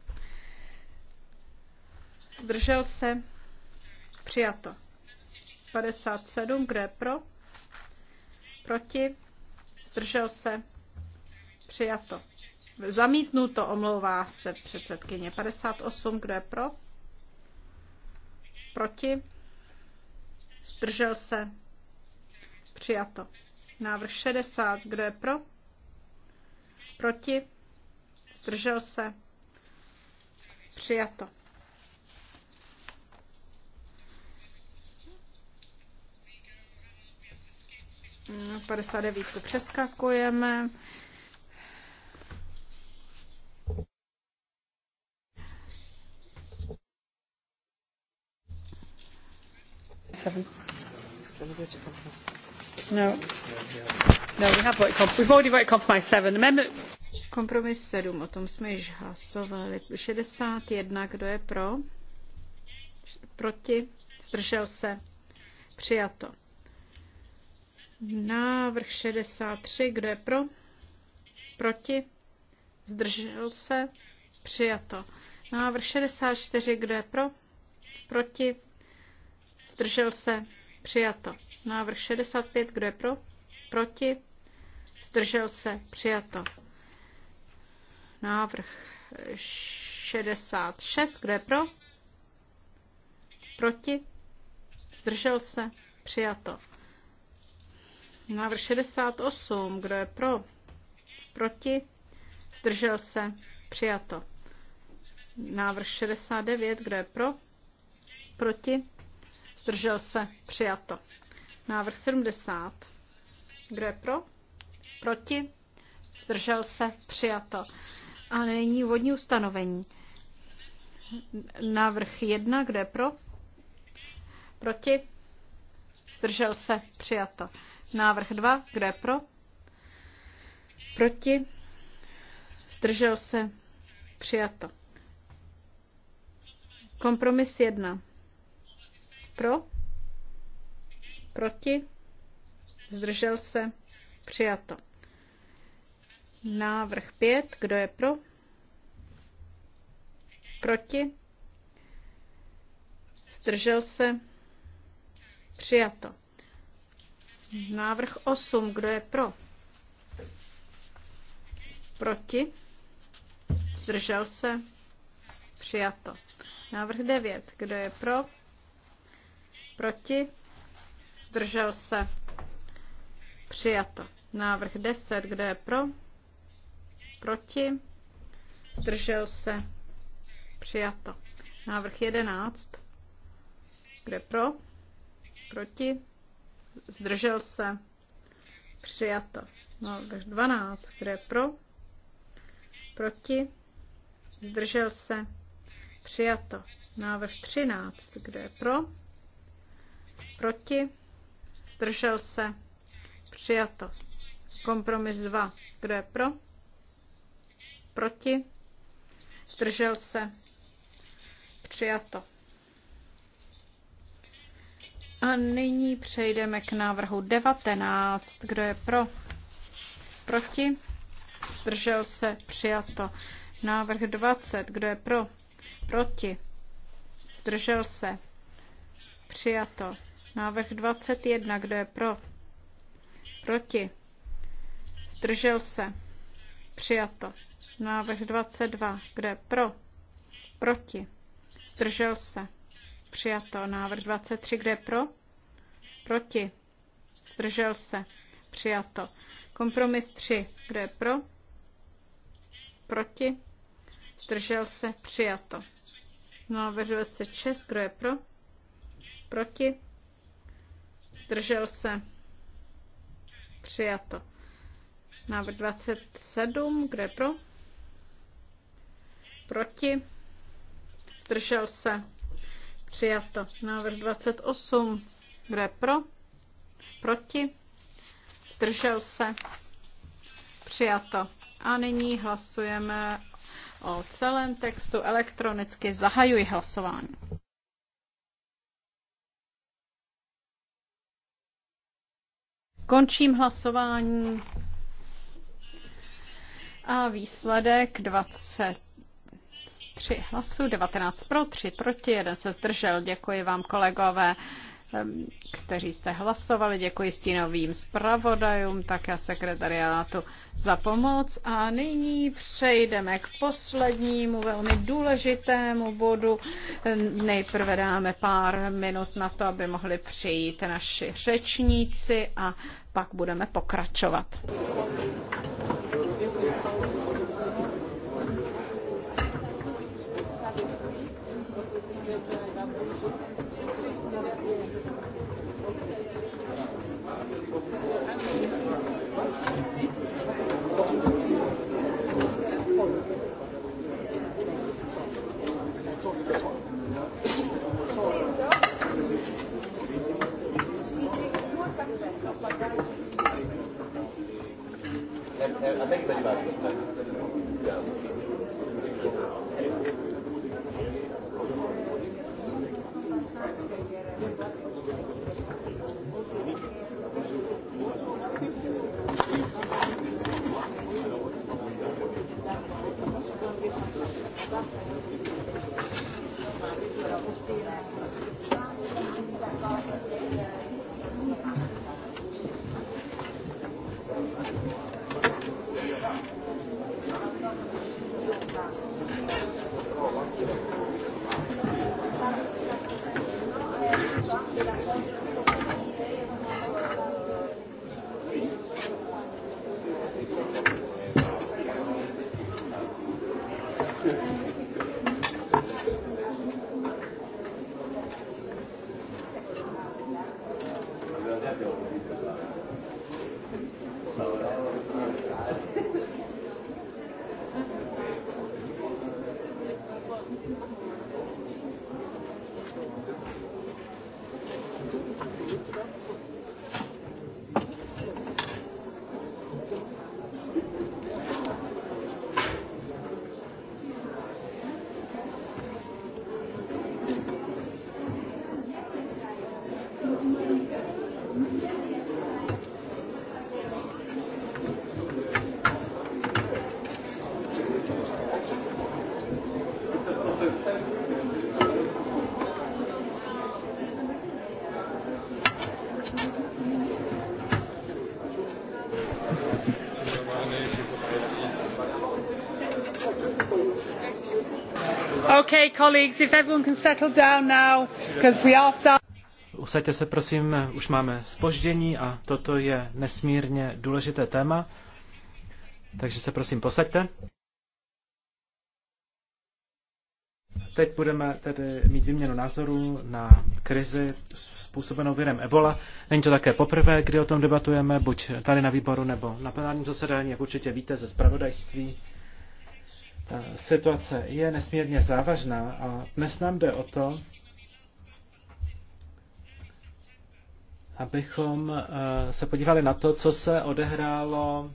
Zdržel se? Přijato. 57, kdo je pro? Proti? Zdržel se? Přijato. Zamítnuto, omlouvá se předsedkyně. 58, kdo je pro? Proti? Zdržel se? Přijato. Návrh 60, kdo je pro? Proti? Zdržel se? Přijato. 59 přeskakujeme. No. No, we have voted, we've already voted compromise seven. Amendment. Kompromis 7, o tom jsme již hlasovali. 61, kdo je pro? Proti? Zdržel se? Přijato. Návrh 63, kdo je pro? Proti? Zdržel se? Přijato. Návrh 64, kdo je pro? Proti? Zdržel se? Přijato. Návrh 65, kdo je pro? Proti? Zdržel se? Přijato. Návrh 66, kdo je pro? Proti? Zdržel se? Přijato. Návrh 68. Kdo je pro? Proti? Zdržel se? Přijato. Návrh 69. Kdo je pro? Proti? Zdržel se? Přijato. Návrh 70. Kdo je pro? Proti? Zdržel se? Přijato. A nyní vodní ustanovení. Návrh 1. Kdo je pro? Proti? Zdržel se? Přijato. Návrh 2, kdo je pro? Proti? Zdržel se? Přijato. Kompromis 1. Pro? Proti? Zdržel se? Přijato. Návrh 5. Kdo je pro? Proti? Zdržel se? Přijato. Návrh 8. Kdo je pro? Proti? Zdržel se? Přijato. Návrh 9. Kdo je pro? Proti? Zdržel se? Přijato. Návrh 10. Kdo je pro? Proti? Zdržel se? Přijato. Návrh 11. Kdo je pro? Proti? zdržel se, přijato. No, takže 12, kde je pro, proti, zdržel se, přijato. Návrh 13, kde je pro, proti, zdržel se, přijato. Kompromis 2, kdo je pro, proti, zdržel se, přijato. A nyní přejdeme k návrhu 19. Kdo je pro? Proti? Zdržel se? Přijato. Návrh 20. Kdo je pro? Proti? Zdržel se? Přijato. Návrh 21. Kdo je pro? Proti? Zdržel se? Přijato. Návrh 22. Kdo je pro? Proti? Zdržel se? Přijato. Návrh 23, kde pro? Proti. Zdržel se. Přijato. Kompromis 3, kde je pro? Proti. Zdržel se. Přijato. Návrh 26, kdo je pro? Proti. Zdržel se. Přijato. Návrh 27, kde pro? Proti. Zdržel se. Přijato. Návrh 28. Kdo je pro? Proti? Zdržel se? Přijato. A nyní hlasujeme o celém textu elektronicky. Zahajuji hlasování. Končím hlasování. A výsledek 20 3 hlasů, 19 pro, 3 proti, jeden se zdržel. Děkuji vám, kolegové kteří jste hlasovali. Děkuji stínovým zpravodajům, také sekretariátu za pomoc. A nyní přejdeme k poslednímu velmi důležitému bodu. Nejprve dáme pár minut na to, aby mohli přijít naši řečníci a pak budeme pokračovat. Thank you. Thank eh, you. Usaďte se prosím, už máme spoždění a toto je nesmírně důležité téma, takže se prosím posaďte. Teď budeme tedy mít výměnu názorů na krizi způsobenou virem Ebola. Není to také poprvé, kdy o tom debatujeme, buď tady na výboru nebo na plenárním zasedání, jak určitě víte ze zpravodajství ta situace je nesmírně závažná a dnes nám jde o to, abychom eh, se podívali na to, co se odehrálo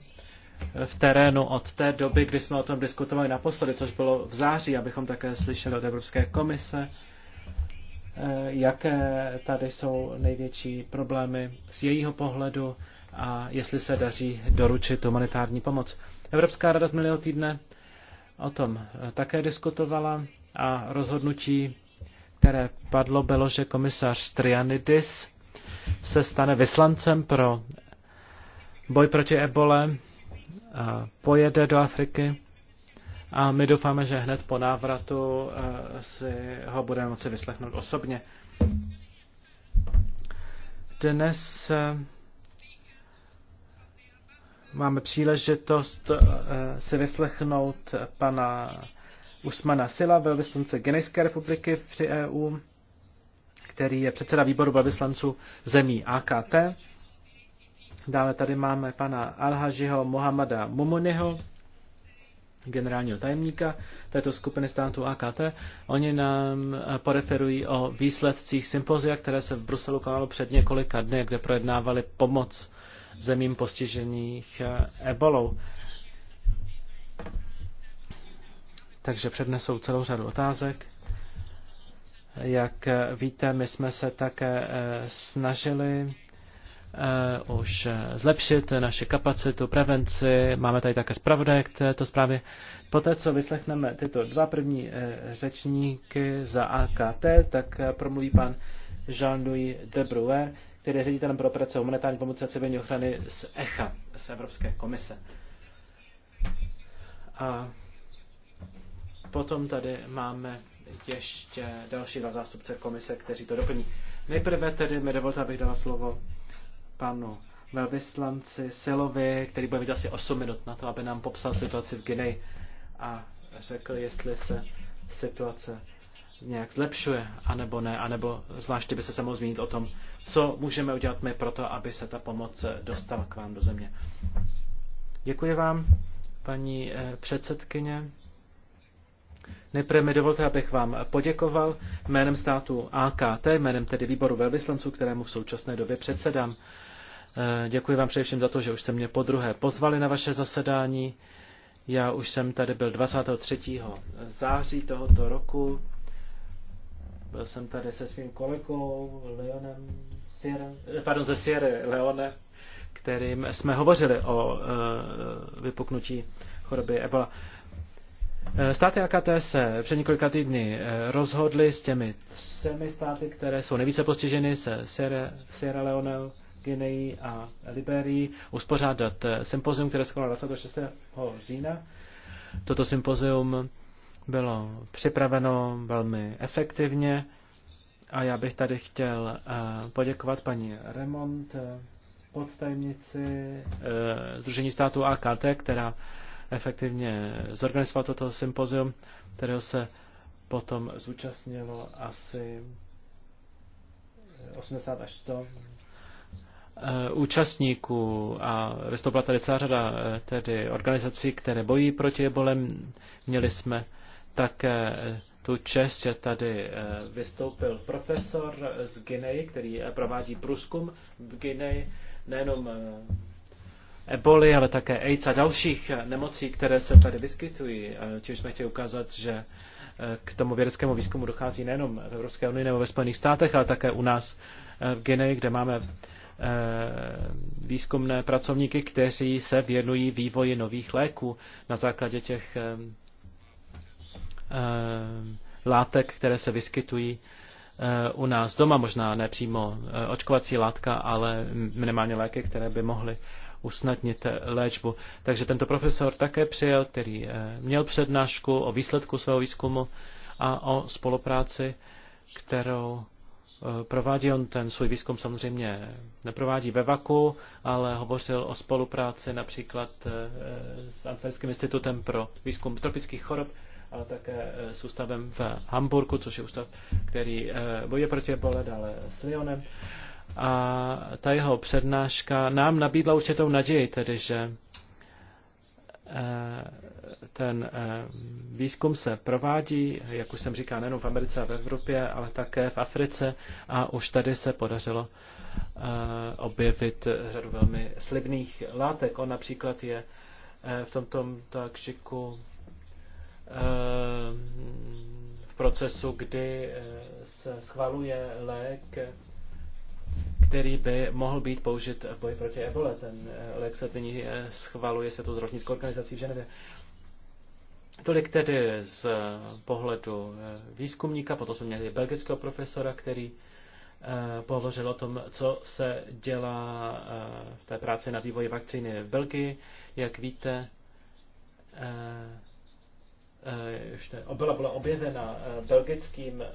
v terénu od té doby, kdy jsme o tom diskutovali naposledy, což bylo v září, abychom také slyšeli od Evropské komise, eh, jaké tady jsou největší problémy z jejího pohledu a jestli se daří doručit humanitární pomoc. Evropská rada z minulého týdne o tom eh, také diskutovala a rozhodnutí, které padlo, bylo, že komisař Strianidis se stane vyslancem pro boj proti ebole, a pojede do Afriky a my doufáme, že hned po návratu eh, si ho budeme moci vyslechnout osobně. Dnes eh, máme příležitost eh, si vyslechnout pana Usmana Sila, velvyslance Genejské republiky při EU, který je předseda výboru velvyslanců zemí AKT. Dále tady máme pana Alhažiho Mohamada Mumuniho, generálního tajemníka této skupiny států AKT. Oni nám eh, poreferují o výsledcích sympozia, které se v Bruselu konalo před několika dny, kde projednávali pomoc zemím postižených eh, ebolou. Takže přednesou celou řadu otázek. Jak eh, víte, my jsme se také eh, snažili už zlepšit naše kapacitu, prevenci. Máme tady také zpravodaj k této zprávě. Poté, co vyslechneme tyto dva první řečníky za AKT, tak promluví pan Jean-Louis de který je ředitelem pro operace humanitární pomoci a civilní ochrany z ECHA, z Evropské komise. A potom tady máme ještě další dva zástupce komise, kteří to doplní. Nejprve tedy mi dovolte, abych dala slovo panu velvyslanci Silovi, který bude mít asi 8 minut na to, aby nám popsal situaci v Gineji a řekl, jestli se situace nějak zlepšuje, anebo ne, anebo zvláště by se se mohl zmínit o tom, co můžeme udělat my pro to, aby se ta pomoc dostala k vám do země. Děkuji vám, paní eh, předsedkyně. Nejprve mi dovolte, abych vám poděkoval jménem státu AKT, jménem tedy výboru velvyslanců, kterému v současné době předsedám. Eh, děkuji vám především za to, že už jste mě po druhé pozvali na vaše zasedání. Já už jsem tady byl 23. září tohoto roku byl jsem tady se svým kolegou Leonem Sierra, eh, pardon, ze Sierra Leone, kterým jsme hovořili o eh, vypuknutí choroby Ebola. Eh, státy AKT se před několika týdny rozhodly s těmi třemi státy, které jsou nejvíce postiženy, se Sierra, Sierra Leone, Guinea a Liberii, uspořádat sympozium, které se 26. října. Toto sympozium bylo připraveno velmi efektivně a já bych tady chtěl eh, poděkovat paní Remont, eh, podtajemnici eh, Združení států AKT, která efektivně zorganizovala toto sympozium, kterého se potom zúčastnilo asi 80 až 100 účastníků a vystoupila tady celá řada tedy organizací, které bojí proti ebolem. Měli jsme tak eh, tu čest, že tady eh, vystoupil profesor eh, z Guinea, který provádí průzkum v Guinea, nejenom eboli, ale také AIDS a dalších nemocí, které se tady vyskytují. Čímž jsme chtěli ukázat, že k tomu vědeckému výzkumu dochází nejenom v Evropské unii nebo ve Spojených státech, ale také u nás v Guinea, kde máme výzkumné pracovníky, kteří se věnují vývoji nových léků na základě těch Eh, látek, které se vyskytují eh, u nás doma, možná ne přímo eh, očkovací látka, ale minimálně léky, které by mohly usnadnit léčbu. Takže tento profesor také přijel, který měl přednášku o výsledku svého výzkumu a o spolupráci, kterou provádí on ten svůj výzkum samozřejmě neprovádí ve vaku, ale hovořil o spolupráci například s Anferským institutem pro výzkum tropických chorob, ale také eh, s ústavem v Hamburgu, což je ústav, který eh, bojuje proti ebole, dále s Lyonem. A ta jeho přednáška nám nabídla určitou naději, tedy že eh, ten výzkum se provádí, jak už jsem říkal, nejenom v Americe a v Evropě, ale také v Africe a už tady se podařilo objevit řadu velmi slibných látek. On například je v tomto takšiku Eh, v procesu, kdy eh, se schvaluje lék, který by mohl být použit v boji proti ebole. Ten eh, lék se nyní schvaluje to zdravotnickou organizací v Ženevě. Tolik tedy z pohledu výzkumníka, potom jsme měli belgického profesora, který pohovořil o tom, co se dělá v té práci na vývoji vakcíny v Belgii. Jak víte, Eh, ještě byla, byla objevena eh, belgickým eh,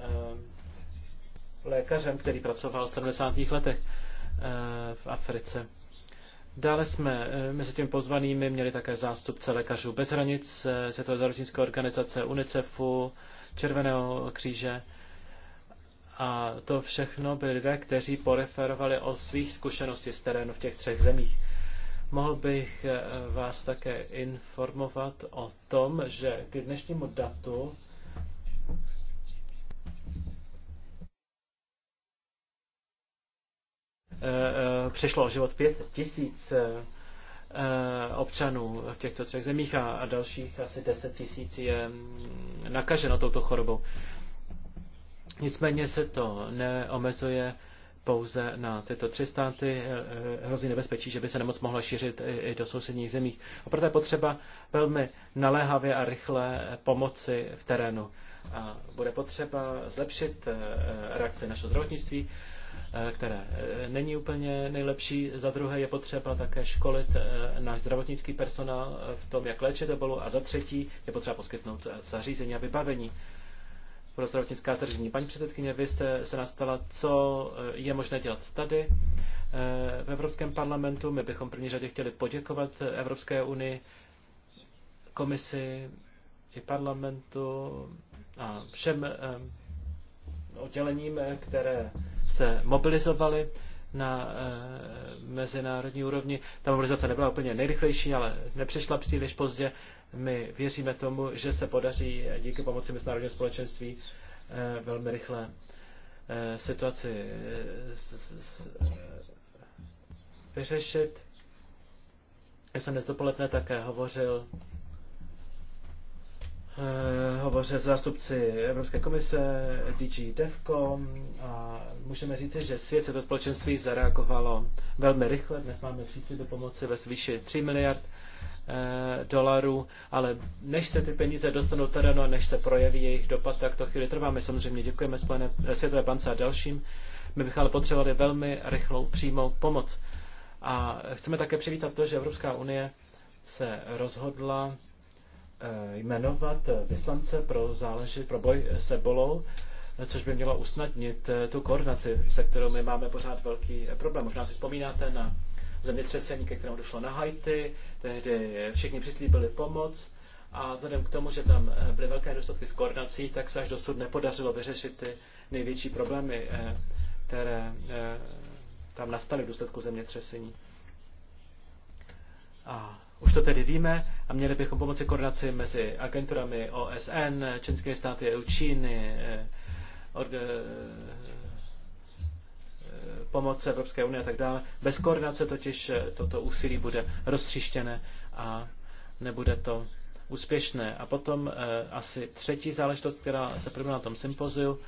lékařem, který pracoval v 70. letech v Africe. Dále jsme mezi těmi pozvanými měli také zástupce lékařů bez hranic, Světové zdravotnické organizace, UNICEFu, Červeného kříže. A to všechno byli lidé, kteří poreferovali o svých zkušenosti z terénu v těch třech zemích. Mohl bych eh, vás také informovat o tom, že k dnešnímu datu eh, eh, přišlo o život pět tisíc občanů v těchto třech zemích a dalších asi deset tisíc je mm, nakaženo touto chorobou. Nicméně se to neomezuje pouze na tyto tři státy, eh, eh, hrozí nebezpečí, že by se nemoc mohla šířit i do sousedních zemí. A proto je potřeba velmi naléhavě a rychle pomoci v terénu. A bude potřeba zlepšit eh, reakci našeho zdravotnictví, které není úplně nejlepší. Za druhé je potřeba také školit náš zdravotnický personál v tom, jak léčit dobolu. A za třetí je potřeba poskytnout zařízení a vybavení pro zdravotnická zařízení. Paní předsedkyně, vy jste se nás ptala, co eh, je možné dělat tady eh, v Evropském parlamentu. My bychom první řadě chtěli poděkovat Evropské unii, komisi i parlamentu a všem eh, oddělením, které se mobilizovaly na mezinárodní úrovni. Ta mobilizace nebyla úplně nejrychlejší, ale nepřišla příliš pozdě. My věříme tomu, že se podaří díky pomoci mezinárodního společenství eh, velmi rychle eh, situaci eh, vyřešit. Já jsem dnes dopoledne také hovořil Eh, hovořil zástupci Evropské komise, DG DEVCO a můžeme říci, že svět se to společenství zareagovalo velmi rychle. Dnes máme příslip do pomoci ve svýši 3 miliard eh, dolarů, ale než se ty peníze dostanou terénu a než se projeví jejich dopad, tak to chvíli trvá. My samozřejmě děkujeme Spojené eh, světové bance a dalším. My bychom ale potřebovali velmi rychlou přímou pomoc. A chceme také přivítat to, že Evropská unie se rozhodla Eh, jmenovat eh, vyslance pro, boj s ebolou, eh, což by mělo usnadnit tu koordinaci, se kterou my máme pořád velký problém. Možná si vzpomínáte na zemětřesení, ke kterému došlo na Haiti, tehdy všichni přislíbili pomoc a vzhledem k tomu, že tam byly velké nedostatky s koordinací, tak se až dosud nepodařilo vyřešit ty největší problémy, které tam nastaly v důsledku zemětřesení. A už to tedy víme a měli bychom pomoci koordinaci mezi agenturami OSN, Čínské státy EU, Číny, eh, eh, eh, pomoc Evropské unie a tak dále. Bez koordinace totiž toto úsilí bude roztříštěné a nebude to úspěšné. A potom asi třetí záležitost, která se první na tom sympoziu,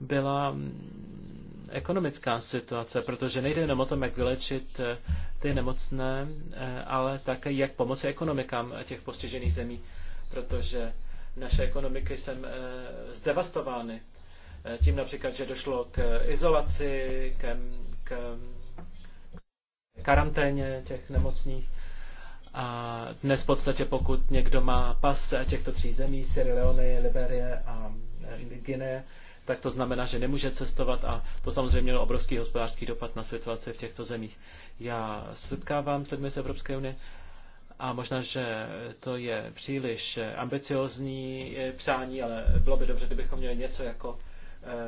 byla mm, ekonomická situace, protože nejde jenom o tom, jak vylečit eh, ty nemocné, eh, ale také jak pomoci ekonomikám těch postižených zemí, protože naše ekonomiky jsou eh, zdevastovány. Tím například, že došlo k izolaci, k, k karanténě těch nemocných. A dnes v podstatě, pokud někdo má pas těchto tří zemí, Sierra Leone, Liberie a Guinea, tak to znamená, že nemůže cestovat a to samozřejmě mělo obrovský hospodářský dopad na situaci v těchto zemích. Já setkávám s lidmi z Evropské unie a možná, že to je příliš ambiciozní přání, ale bylo by dobře, kdybychom měli něco jako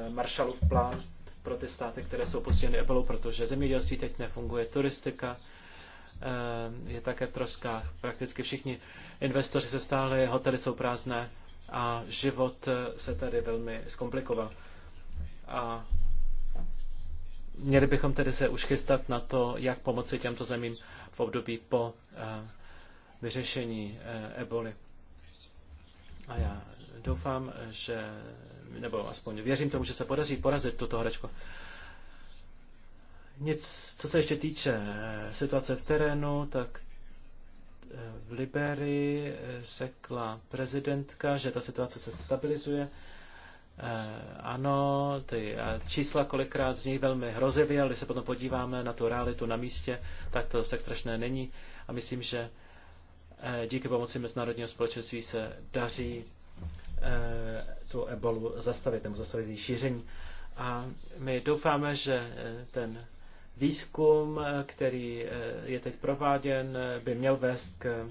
eh, Marshallův plán pro ty státy, které jsou postiženy ebolou, protože zemědělství teď nefunguje, turistika eh, je také v troskách. Prakticky všichni investoři se stále, hotely jsou prázdné a život se tady velmi zkomplikoval. A měli bychom tedy se už chystat na to, jak pomoci těmto zemím v období po eh, vyřešení eh, eboli. A já doufám, že, nebo aspoň věřím tomu, že se podaří porazit tuto horečku. Nic, co se ještě týče eh, situace v terénu, tak v Liberii eh, řekla prezidentka, že ta situace se stabilizuje. Eh, ano, ty eh, čísla kolikrát z něj velmi hrozivě, ale když se potom podíváme na tu realitu na místě, tak to tak strašné není. A myslím, že díky pomoci mezinárodního společenství se daří tu ebolu zastavit nebo zastavit její šíření. A my doufáme, že ten Výzkum, eh, který eh, je teď prováděn, eh, by měl vést k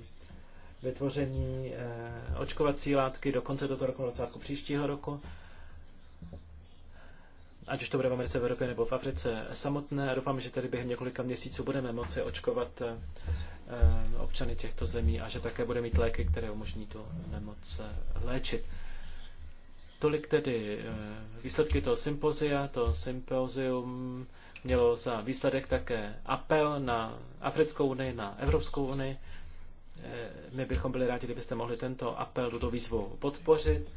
vytvoření očkovací látky do konce tohoto roku, nebo začátku příštího roku. Ať už to bude v Americe, v Evropě nebo v Africe samotné. Doufám, že tady během několika měsíců budeme moci očkovat občany těchto zemí a že také bude mít léky, které umožní tu nemoc léčit. Tolik tedy výsledky toho sympozia. To sympozium mělo za výsledek také apel na Africkou unii, na Evropskou unii. Eh, my bychom byli rádi, kdybyste mohli tento apel, do výzvu podpořit,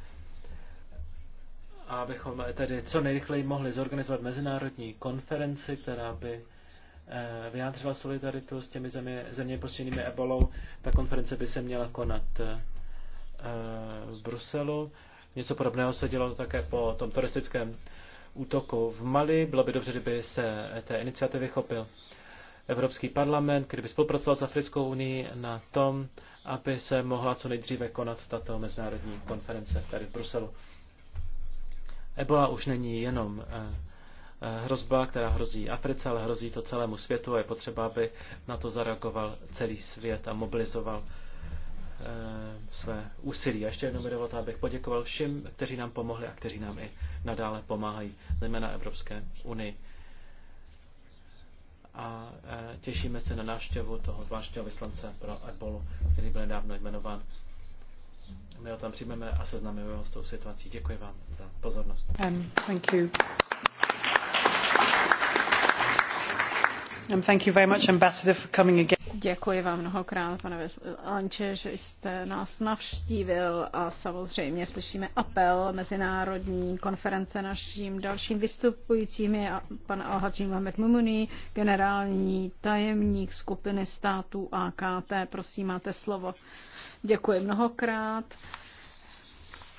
abychom tedy co nejrychleji mohli zorganizovat mezinárodní konferenci, která by eh, vyjádřila solidaritu s těmi země, země postiženými ebolou. Ta konference by se měla konat eh, v Bruselu. Něco podobného se dělo také po tom turistickém útoku v Mali. Bylo by dobře, kdyby se té iniciativy chopil Evropský parlament, kdyby spolupracoval s Africkou unii na tom, aby se mohla co nejdříve konat tato mezinárodní konference tady v Bruselu. Ebola už není jenom eh, eh, hrozba, která hrozí Africe, ale hrozí to celému světu a je potřeba, aby na to zareagoval celý svět a mobilizoval Eh, své úsilí. A ještě jednou mi dovolte, abych poděkoval všem, kteří nám pomohli a kteří nám i nadále pomáhají, zejména Evropské unii. A eh, těšíme se na návštěvu toho zvláštního vyslance pro Ebolu, který byl nedávno jmenován. My ho tam přijmeme a seznámíme ho s tou situací. Děkuji vám za pozornost. Um, thank you. And thank you very much, Ambassador, for coming again. Děkuji vám mnohokrát, pane Anče, že jste nás navštívil a samozřejmě slyšíme apel Mezinárodní konference naším dalším vystupujícím je pan Alhaji Mohamed Mumuni, generální tajemník skupiny států AKT. Prosím, máte slovo. Děkuji mnohokrát.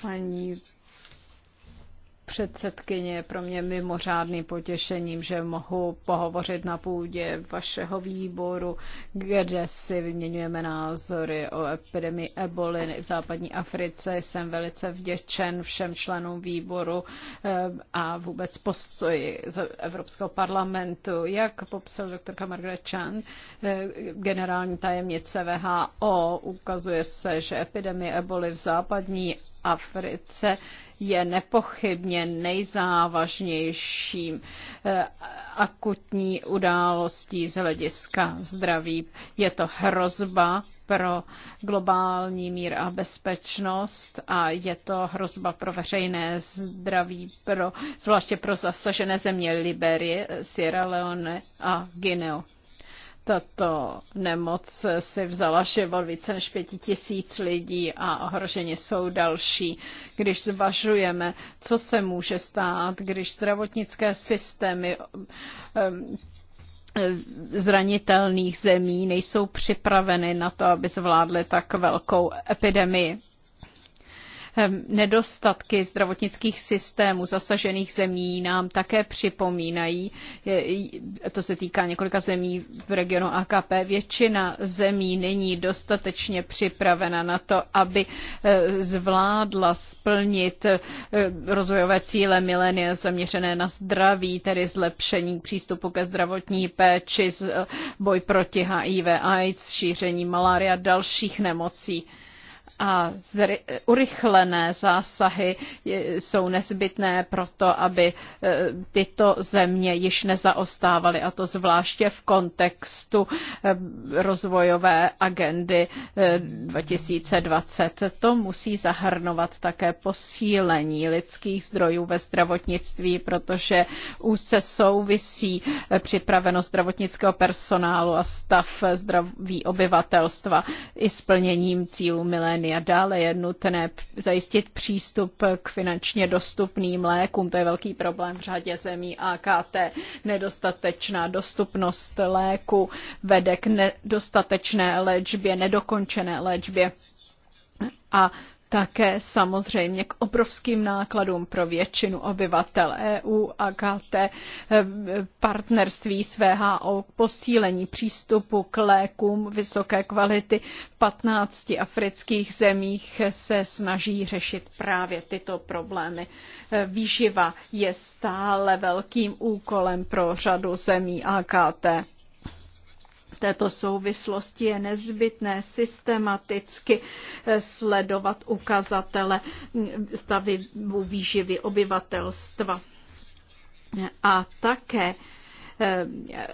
Paní předsedkyně, pro mě mimořádným potěšením, že mohu pohovořit na půdě vašeho výboru, kde si vyměňujeme názory o epidemii eboli v západní Africe. Jsem velice vděčen všem členům výboru eh, a vůbec postoji z Evropského parlamentu. Jak popsal doktorka Margaret Chan, eh, generální tajemnice VHO, ukazuje se, že epidemie eboli v západní Africe je nepochybně nejzávažnějším eh, akutní událostí z hlediska zdraví. Je to hrozba pro globální mír a bezpečnost a je to hrozba pro veřejné zdraví, pro, zvláště pro zasažené země Liberie, Sierra Leone a Guinea. Tato nemoc si vzala život více než pěti tisíc lidí a ohroženi jsou další. Když zvažujeme, co se může stát, když zdravotnické systémy zranitelných zemí nejsou připraveny na to, aby zvládly tak velkou epidemii. Ehm, nedostatky zdravotnických systémů zasažených zemí nám také připomínají, to se týká několika zemí v regionu AKP, většina zemí není dostatečně připravena na to, aby eh, zvládla splnit eh, rozvojové cíle milénia zaměřené na zdraví, tedy zlepšení přístupu ke zdravotní péči, eh, boj proti HIV, AIDS, šíření malária a dalších nemocí a urychlené zásahy jsou nezbytné proto, aby e, tyto země již nezaostávaly, a to zvláště v kontextu e, rozvojové agendy 2020. E, to musí zahrnovat také posílení lidských zdrojů ve zdravotnictví, protože úzce souvisí připravenost zdravotnického personálu a stav zdraví obyvatelstva i splněním cílů milénia a dále je nutné zajistit přístup k finančně dostupným lékům. To je velký problém v řadě zemí AKT. Nedostatečná dostupnost léku vede k nedostatečné léčbě, nedokončené léčbě. A také samozřejmě k obrovským nákladům pro většinu obyvatel EU, AKT, e, partnerství s VHO, posílení přístupu k lékům vysoké kvality. V 15 afrických zemích se snaží řešit právě tyto problémy. Výživa je stále velkým úkolem pro řadu zemí AKT této souvislosti je nezbytné systematicky eh, sledovat ukazatele mm, stavu výživy obyvatelstva. A také eh,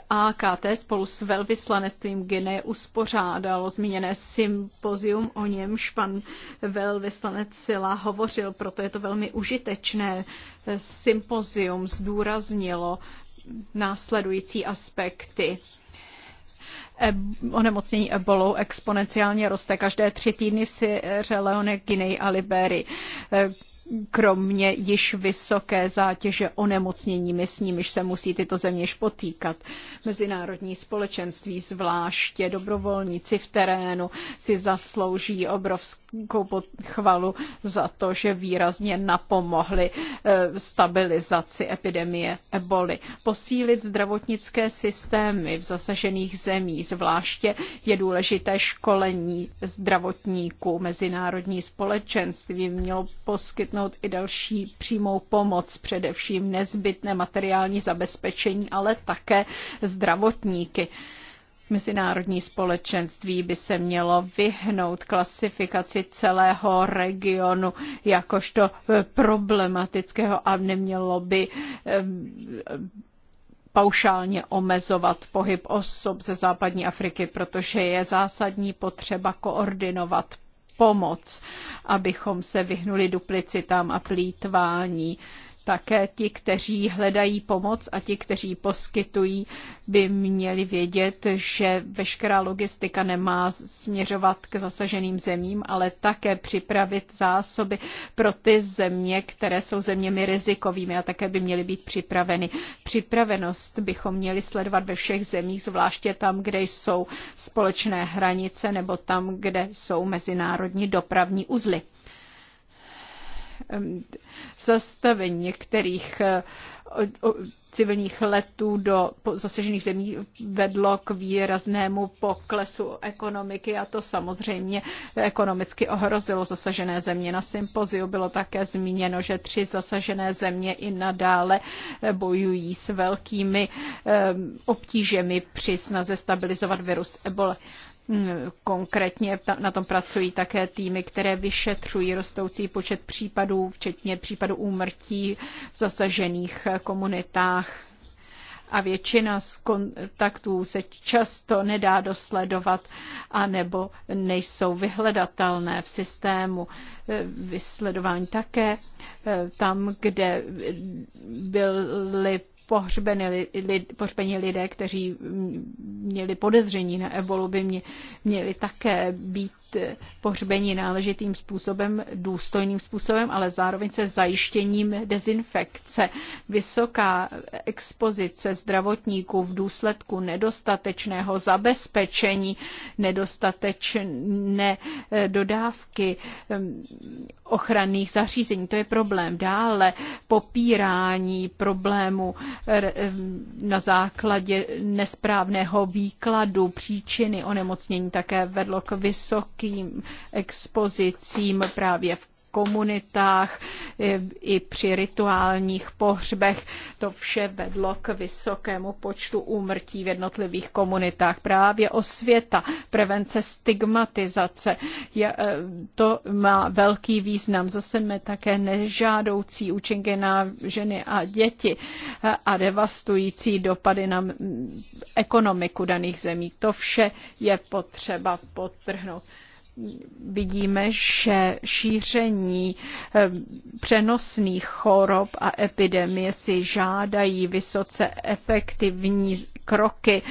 AKT spolu s velvyslanectvím Gine uspořádalo zmíněné sympozium, o němž pan velvyslanec Sila hovořil, proto je to velmi užitečné. Eh, sympozium zdůraznilo následující aspekty Eh, onemocnění ebolou exponenciálně roste každé tři týdny v Sierra Leone, Guinea a Liberii. Eh, kromě již vysoké zátěže onemocněními, s nimiž se musí tyto země potýkat. Mezinárodní společenství, zvláště dobrovolníci v terénu, si zaslouží obrovskou chvalu za to, že výrazně napomohli eh, stabilizaci epidemie eboli. Posílit zdravotnické systémy v zasažených zemích zvláště je důležité školení zdravotníků. Mezinárodní společenství mělo poskytnout poskytnout i další přímou pomoc, především nezbytné materiální zabezpečení, ale také zdravotníky. Mezinárodní společenství by se mělo vyhnout klasifikaci celého regionu jakožto eh, problematického a nemělo by eh, paušálně omezovat pohyb osob ze západní Afriky, protože je zásadní potřeba koordinovat pomoc, abychom se vyhnuli duplicitám a plýtvání. Také ti, kteří hledají pomoc a ti, kteří poskytují, by měli vědět, že veškerá logistika nemá směřovat k zasaženým zemím, ale také připravit zásoby pro ty země, které jsou zeměmi rizikovými a také by měly být připraveny. Připravenost bychom měli sledovat ve všech zemích, zvláště tam, kde jsou společné hranice nebo tam, kde jsou mezinárodní dopravní uzly zastavení některých eh, civilních letů do zasažených zemí vedlo k výraznému poklesu ekonomiky a to samozřejmě ekonomicky ohrozilo zasažené země. Na sympoziu bylo také zmíněno, že tři zasažené země i nadále eh, bojují s velkými obtížemi při snaze stabilizovat virus Ebola. Mm, konkrétně na tom pracují také týmy, které vyšetřují rostoucí počet případů, včetně případů úmrtí v zasažených komunitách. A většina z kontaktů se často nedá dosledovat anebo nejsou vyhledatelné v systému vysledování také eh, tam, kde byly pohřbeni, lid, pohřbeni lidé, kteří měli podezření na ebolu, by mě, měli také být eh, pohřbeni náležitým způsobem, důstojným způsobem, ale zároveň se zajištěním dezinfekce. Vysoká expozice zdravotníků v důsledku nedostatečného zabezpečení, nedostatečné eh, dodávky eh, ochranných zařízení. To je problém. Dále popírání problému eh, eh, na základě nesprávného výkladu příčiny onemocnění také vedlo k vysokým expozicím právě v komunitách i při rituálních pohřbech. To vše vedlo k vysokému počtu úmrtí v jednotlivých komunitách. Právě osvěta, prevence stigmatizace, je, e, to má velký význam. Zase jsme také nežádoucí účinky na ženy a děti e, a devastující dopady na ekonomiku daných zemí. To vše je potřeba podtrhnout vidíme, že šíření eh, přenosných chorob a epidemie si žádají vysoce efektivní kroky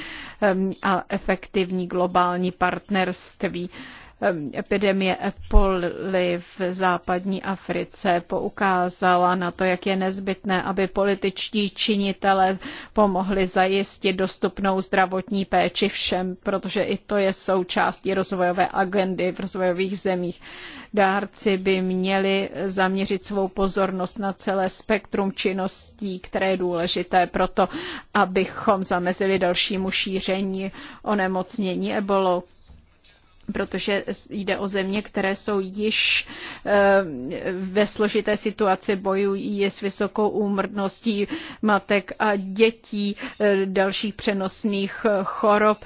eh, a efektivní globální partnerství. Ehm, epidemie epoly v západní Africe poukázala na to, jak je nezbytné, aby političtí činitele pomohli zajistit dostupnou zdravotní péči všem, protože i to je součástí rozvojové agendy v rozvojových zemích. Dárci by měli zaměřit svou pozornost na celé spektrum činností, které je důležité proto, abychom zamezili dalšímu šíření onemocnění ebolou protože jde o země, které jsou již eh, ve složité situaci, bojují s vysokou úmrtností matek a dětí, eh, dalších přenosných eh, chorob,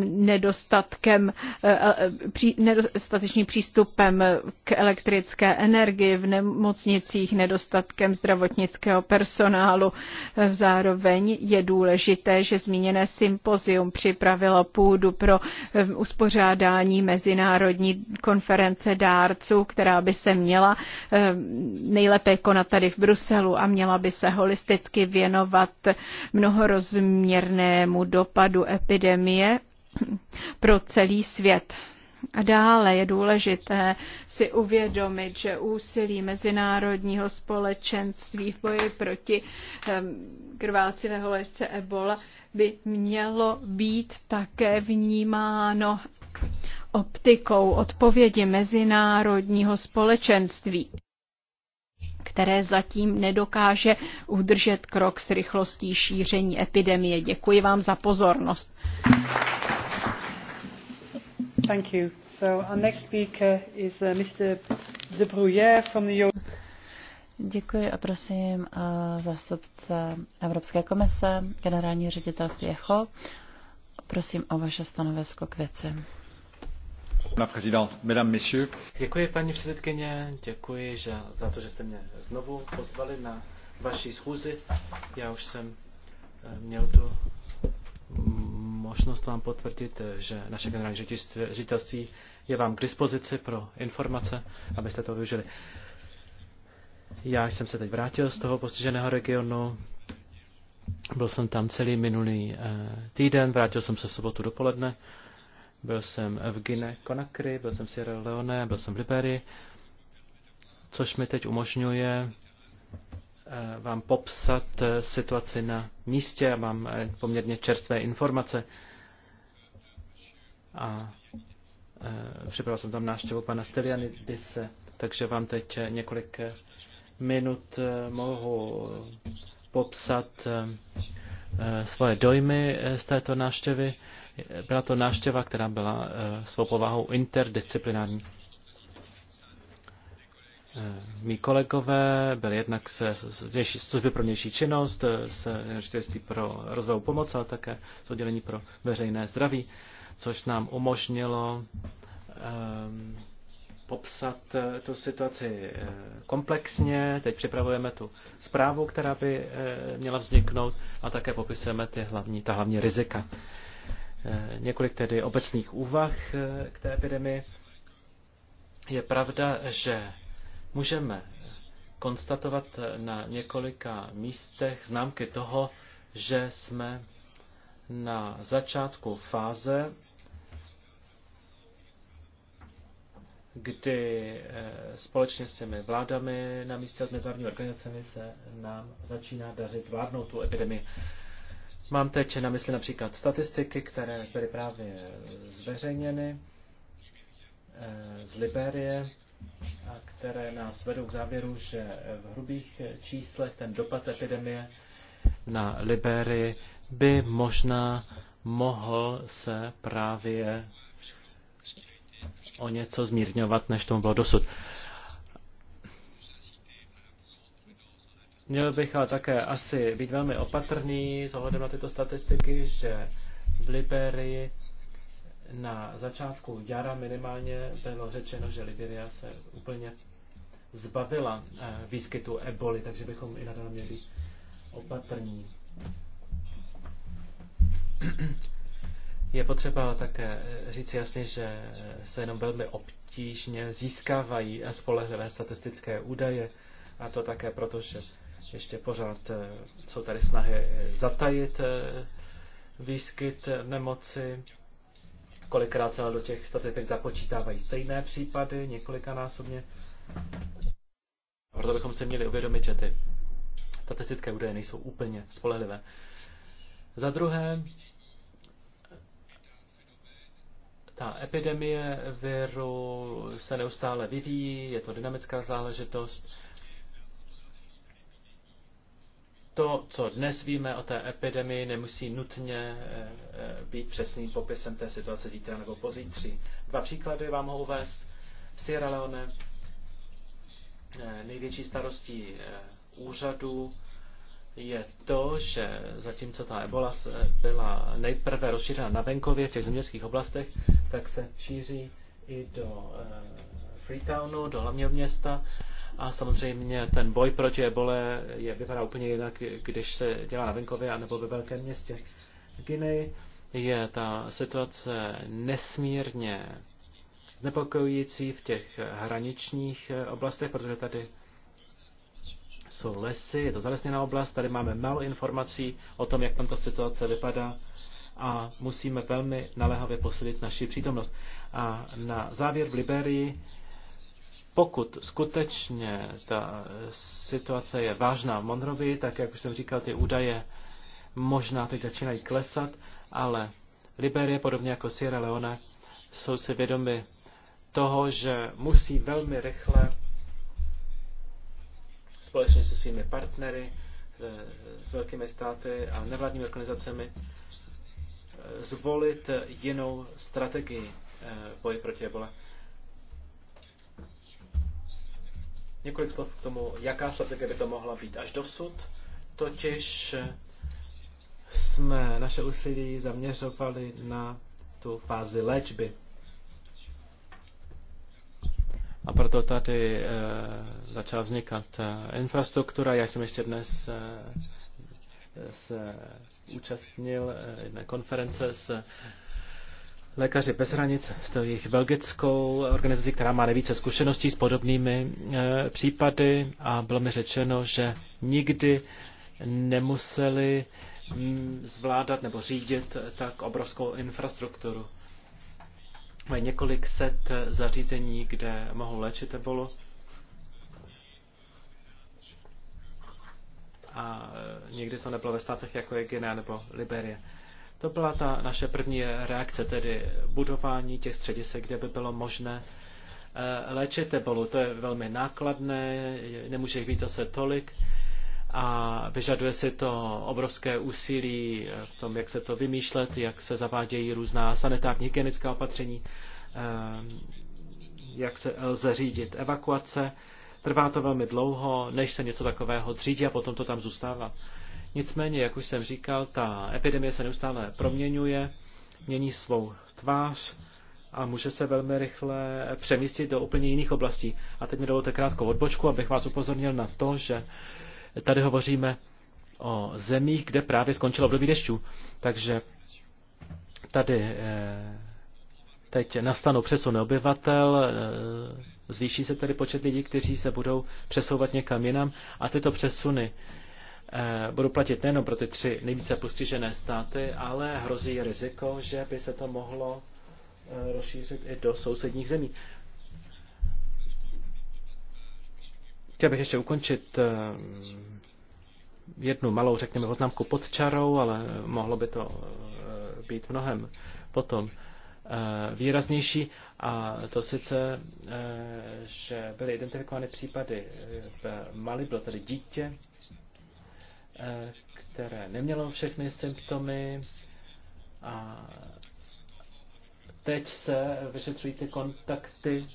nedostatkem, nedostatečným přístupem k elektrické energii v nemocnicích, nedostatkem zdravotnického personálu. Zároveň je důležité, že zmíněné sympozium připravilo půdu pro uspořádání konání mezinárodní konference dárců, která by se měla eh, nejlépe konat tady v Bruselu a měla by se holisticky věnovat mnohorozměrnému dopadu epidemie pro celý svět. A dále je důležité si uvědomit, že úsilí mezinárodního společenství v boji proti ehm, krvácivé horečce Ebola by mělo být také vnímáno optikou odpovědi mezinárodního společenství které zatím nedokáže udržet krok s rychlostí šíření epidemie. Děkuji vám za pozornost. Thank you. So our next speaker is uh, Mr. De Bruyere from the Děkuji a prosím uh, zástupce Evropské komise, generální ředitelství ECHO. Prosím o vaše stanovisko k věci. Děkuji, paní předsedkyně, děkuji že, za to, že jste mě znovu pozvali na vaší schůzi. Já už jsem eh, měl tu možnost vám potvrdit, eh, že naše generální ředitelství je vám k dispozici pro informace, abyste to využili. Já jsem se teď vrátil z toho postiženého regionu. Byl jsem tam celý minulý eh, týden, vrátil jsem se v sobotu dopoledne byl jsem v Gine Konakry, byl jsem v Sierra Leone, byl jsem v Liberii, což mi teď umožňuje eh, vám popsat eh, situaci na místě a mám eh, poměrně čerstvé informace. A připravil jsem tam návštěvu pana Dise, takže vám teď několik minut mohu popsat svoje dojmy z této návštěvy. Byla to návštěva, která byla eh, svou povahou interdisciplinární. Eh, Mí kolegové byli jednak se služby pro mější činnost, eh, se Ředitelství pro rozvoj pomoc, ale také z oddělení pro veřejné zdraví, což nám umožnilo um, popsat tu situaci komplexně. Teď připravujeme tu zprávu, která by měla vzniknout a také popisujeme ty hlavní, ta hlavní rizika, Eh, několik tedy obecných úvah eh, k té epidemii. Je pravda, že můžeme konstatovat na několika místech známky toho, že jsme na začátku fáze, kdy eh, společně s těmi vládami na místě a organizacemi se nám začíná dařit zvládnout tu epidemii. Mám teď na mysli například statistiky, které byly právě zveřejněny eh, z Liberie, a které nás vedou k závěru, že v hrubých číslech ten dopad epidemie na Liberii by možná mohl se právě o něco zmírňovat, než tomu bylo dosud. Měl bych ale také asi být velmi opatrný s ohledem na tyto statistiky, že v Liberii na začátku jara minimálně bylo řečeno, že Liberia se úplně zbavila eh, výskytu eboli, takže bychom i nadále měli být opatrní. Je potřeba také eh, říct jasně, že eh, se jenom velmi obtížně získávají spolehlivé statistické údaje, a to také proto, že ještě pořád eh, jsou tady snahy eh, zatajit eh, výskyt nemoci. Kolikrát se do těch statistik započítávají stejné případy, několikanásobně. Proto bychom si měli uvědomit, že ty statistické údaje nejsou úplně spolehlivé. Za druhé, ta epidemie viru se neustále vyvíjí, je to dynamická záležitost to, co dnes víme o té epidemii, nemusí nutně eh, eh, být přesným popisem té situace zítra nebo pozítří. Dva příklady vám mohu uvést. V Sierra Leone eh, největší starostí úřadu je to, že zatímco ta ebola byla nejprve rozšířena na venkově v těch zemědělských oblastech, tak se šíří i do Freetownu, do hlavního města a samozřejmě ten boj proti ebole je vypadá úplně jinak, když se dělá na venkově anebo ve velkém městě. V je ta situace nesmírně znepokojující v těch hraničních oblastech, protože tady jsou lesy, je to zalesněná oblast, tady máme málo informací o tom, jak tam ta situace vypadá a musíme velmi naléhavě posilit naši přítomnost. A na závěr v Liberii pokud skutečně ta situace je vážná v Monrovi, tak jak už jsem říkal, ty údaje možná teď začínají klesat, ale Liberie, podobně jako Sierra Leone, jsou si vědomi toho, že musí velmi rychle společně se svými partnery, eh, s velkými státy a nevládními organizacemi eh, zvolit jinou strategii eh, boje proti ebole. Několik slov k tomu, jaká strategie by to mohla být až dosud. Totiž eh, jsme naše úsilí zaměřovali na tu fázi léčby. A proto tady e, začala vznikat e, infrastruktura. Já jsem ještě dnes e, se účastnil jedné konference s Lékaři bez hranic stojí jejich belgickou organizací, která má nejvíce zkušeností s podobnými e, případy a bylo mi řečeno, že nikdy nemuseli m, zvládat nebo řídit tak obrovskou infrastrukturu. Mají několik set e, zařízení, kde mohou léčit ebolu. A e, někdy to nebylo ve státech jako je Guinea nebo Liberie. To byla ta naše první reakce, tedy budování těch středisek, kde by bylo možné eh, léčit ebolu. To je velmi nákladné, nemůže jich být zase tolik a vyžaduje si to obrovské úsilí eh, v tom, jak se to vymýšlet, jak se zavádějí různá sanitární hygienická opatření, eh, jak se lze řídit evakuace. Trvá to velmi dlouho, než se něco takového zřídí a potom to tam zůstává. Nicméně, jak už jsem říkal, ta epidemie se neustále proměňuje, mění svou tvář a může se velmi rychle přemístit do úplně jiných oblastí. A teď mi dovolte krátkou odbočku, abych vás upozornil na to, že tady hovoříme o zemích, kde právě skončilo období dešťů. Takže tady eh, teď nastanou přesuny obyvatel, eh, zvýší se tedy počet lidí, kteří se budou přesouvat někam jinam a tyto přesuny Eh, budou platit nejenom pro ty tři nejvíce postižené státy, ale hrozí riziko, že by se to mohlo eh, rozšířit i do sousedních zemí. Chtěl bych ještě ukončit eh, jednu malou, řekněme, oznámku pod čarou, ale mohlo by to být mnohem potom výraznější a to sice, že byly identifikovány případy v Mali, bylo tady dítě, Eh, které nemělo všechny symptomy a teď se vyšetřují ty kontakty,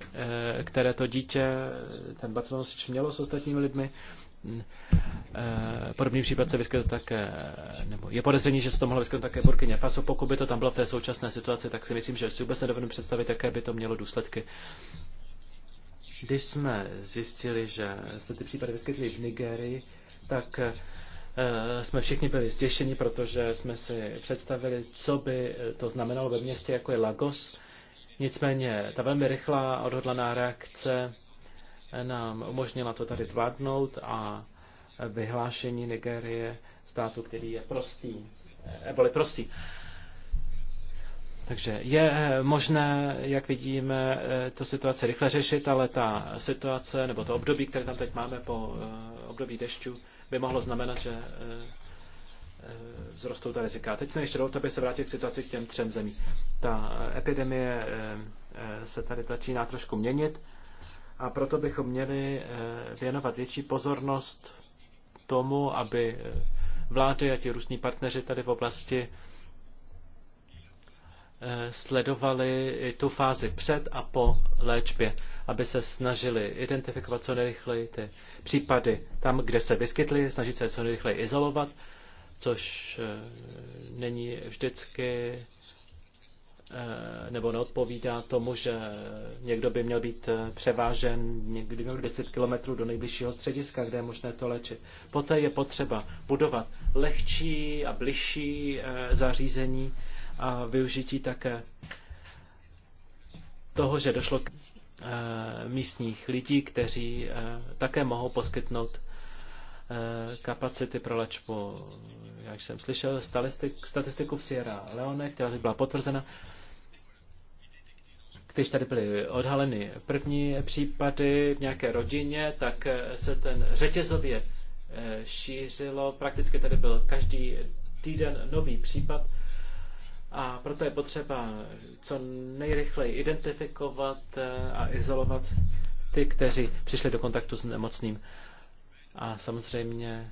eh, které to dítě, ten bacilonosič mělo s ostatními lidmi. Mm, eh, podobný případ se vyskytl také, nebo je podezření, že se to mohlo vyskytnout také Burkině Faso. Pokud by to tam bylo v té současné situaci, tak si myslím, že si vůbec nedovedu představit, jaké by to mělo důsledky. Když jsme zjistili, že se ty případy vyskytly v Nigerii, tak Eh, jsme všichni byli zděšeni, protože jsme si představili, co by eh, to znamenalo ve městě, jako je Lagos. Nicméně ta velmi rychlá odhodlaná reakce eh, nám umožnila to tady zvládnout a vyhlášení Nigérie státu, který je prostý, eboli prostý. Takže je možné, jak vidíme, tu situaci rychle řešit, ale ta situace, nebo to období, které tam teď máme po období dešťů, by mohlo znamenat, že eh, eh, vzrostou ta rizika. Teď ještě dovolte, aby se vrátil k situaci k těm třem zemím. Ta eh, epidemie se tady začíná trošku měnit a proto bychom měli věnovat větší pozornost tomu, aby vlády a ti různí partneři tady v oblasti Eh, sledovali tu fázi před a po léčbě, aby se snažili identifikovat co nejrychleji ty případy tam, kde se vyskytly, snažit se co nejrychleji izolovat, což eh, není vždycky eh, nebo neodpovídá tomu, že někdo by měl být převážen někdy 10 kilometrů do nejbližšího střediska, kde je možné to léčit. Poté je potřeba budovat lehčí a bližší zařízení, a využití také toho, že došlo k e, místních lidí, kteří e, také mohou poskytnout e, kapacity pro léčbu. Jak jsem slyšel, statistiku v Sierra Leone, která byla potvrzena, když tady byly odhaleny první případy v nějaké rodině, tak se ten řetězově šířilo. Prakticky tady byl každý týden nový případ a proto je potřeba co nejrychleji identifikovat eh, a izolovat ty, kteří přišli do kontaktu s nemocným. A samozřejmě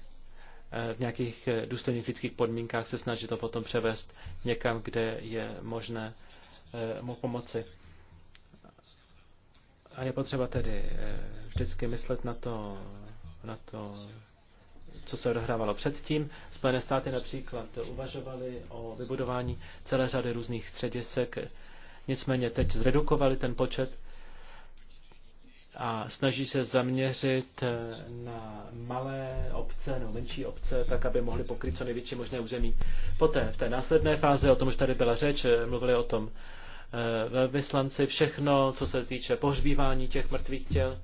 eh, v nějakých eh, důstojných lidských podmínkách se snaží to potom převést někam, kde je možné mu pomoci. A je potřeba tedy vždycky myslet na to, na to co se odehrávalo předtím. Spojené státy například uvažovaly o vybudování celé řady různých středisek, nicméně teď zredukovali ten počet a snaží se zaměřit na malé obce nebo menší obce, tak aby mohli pokryt co největší možné území. Poté v té následné fázi, o tom už tady byla řeč, mluvili o tom eh, velvyslanci, všechno, co se týče pohřbívání těch mrtvých těl,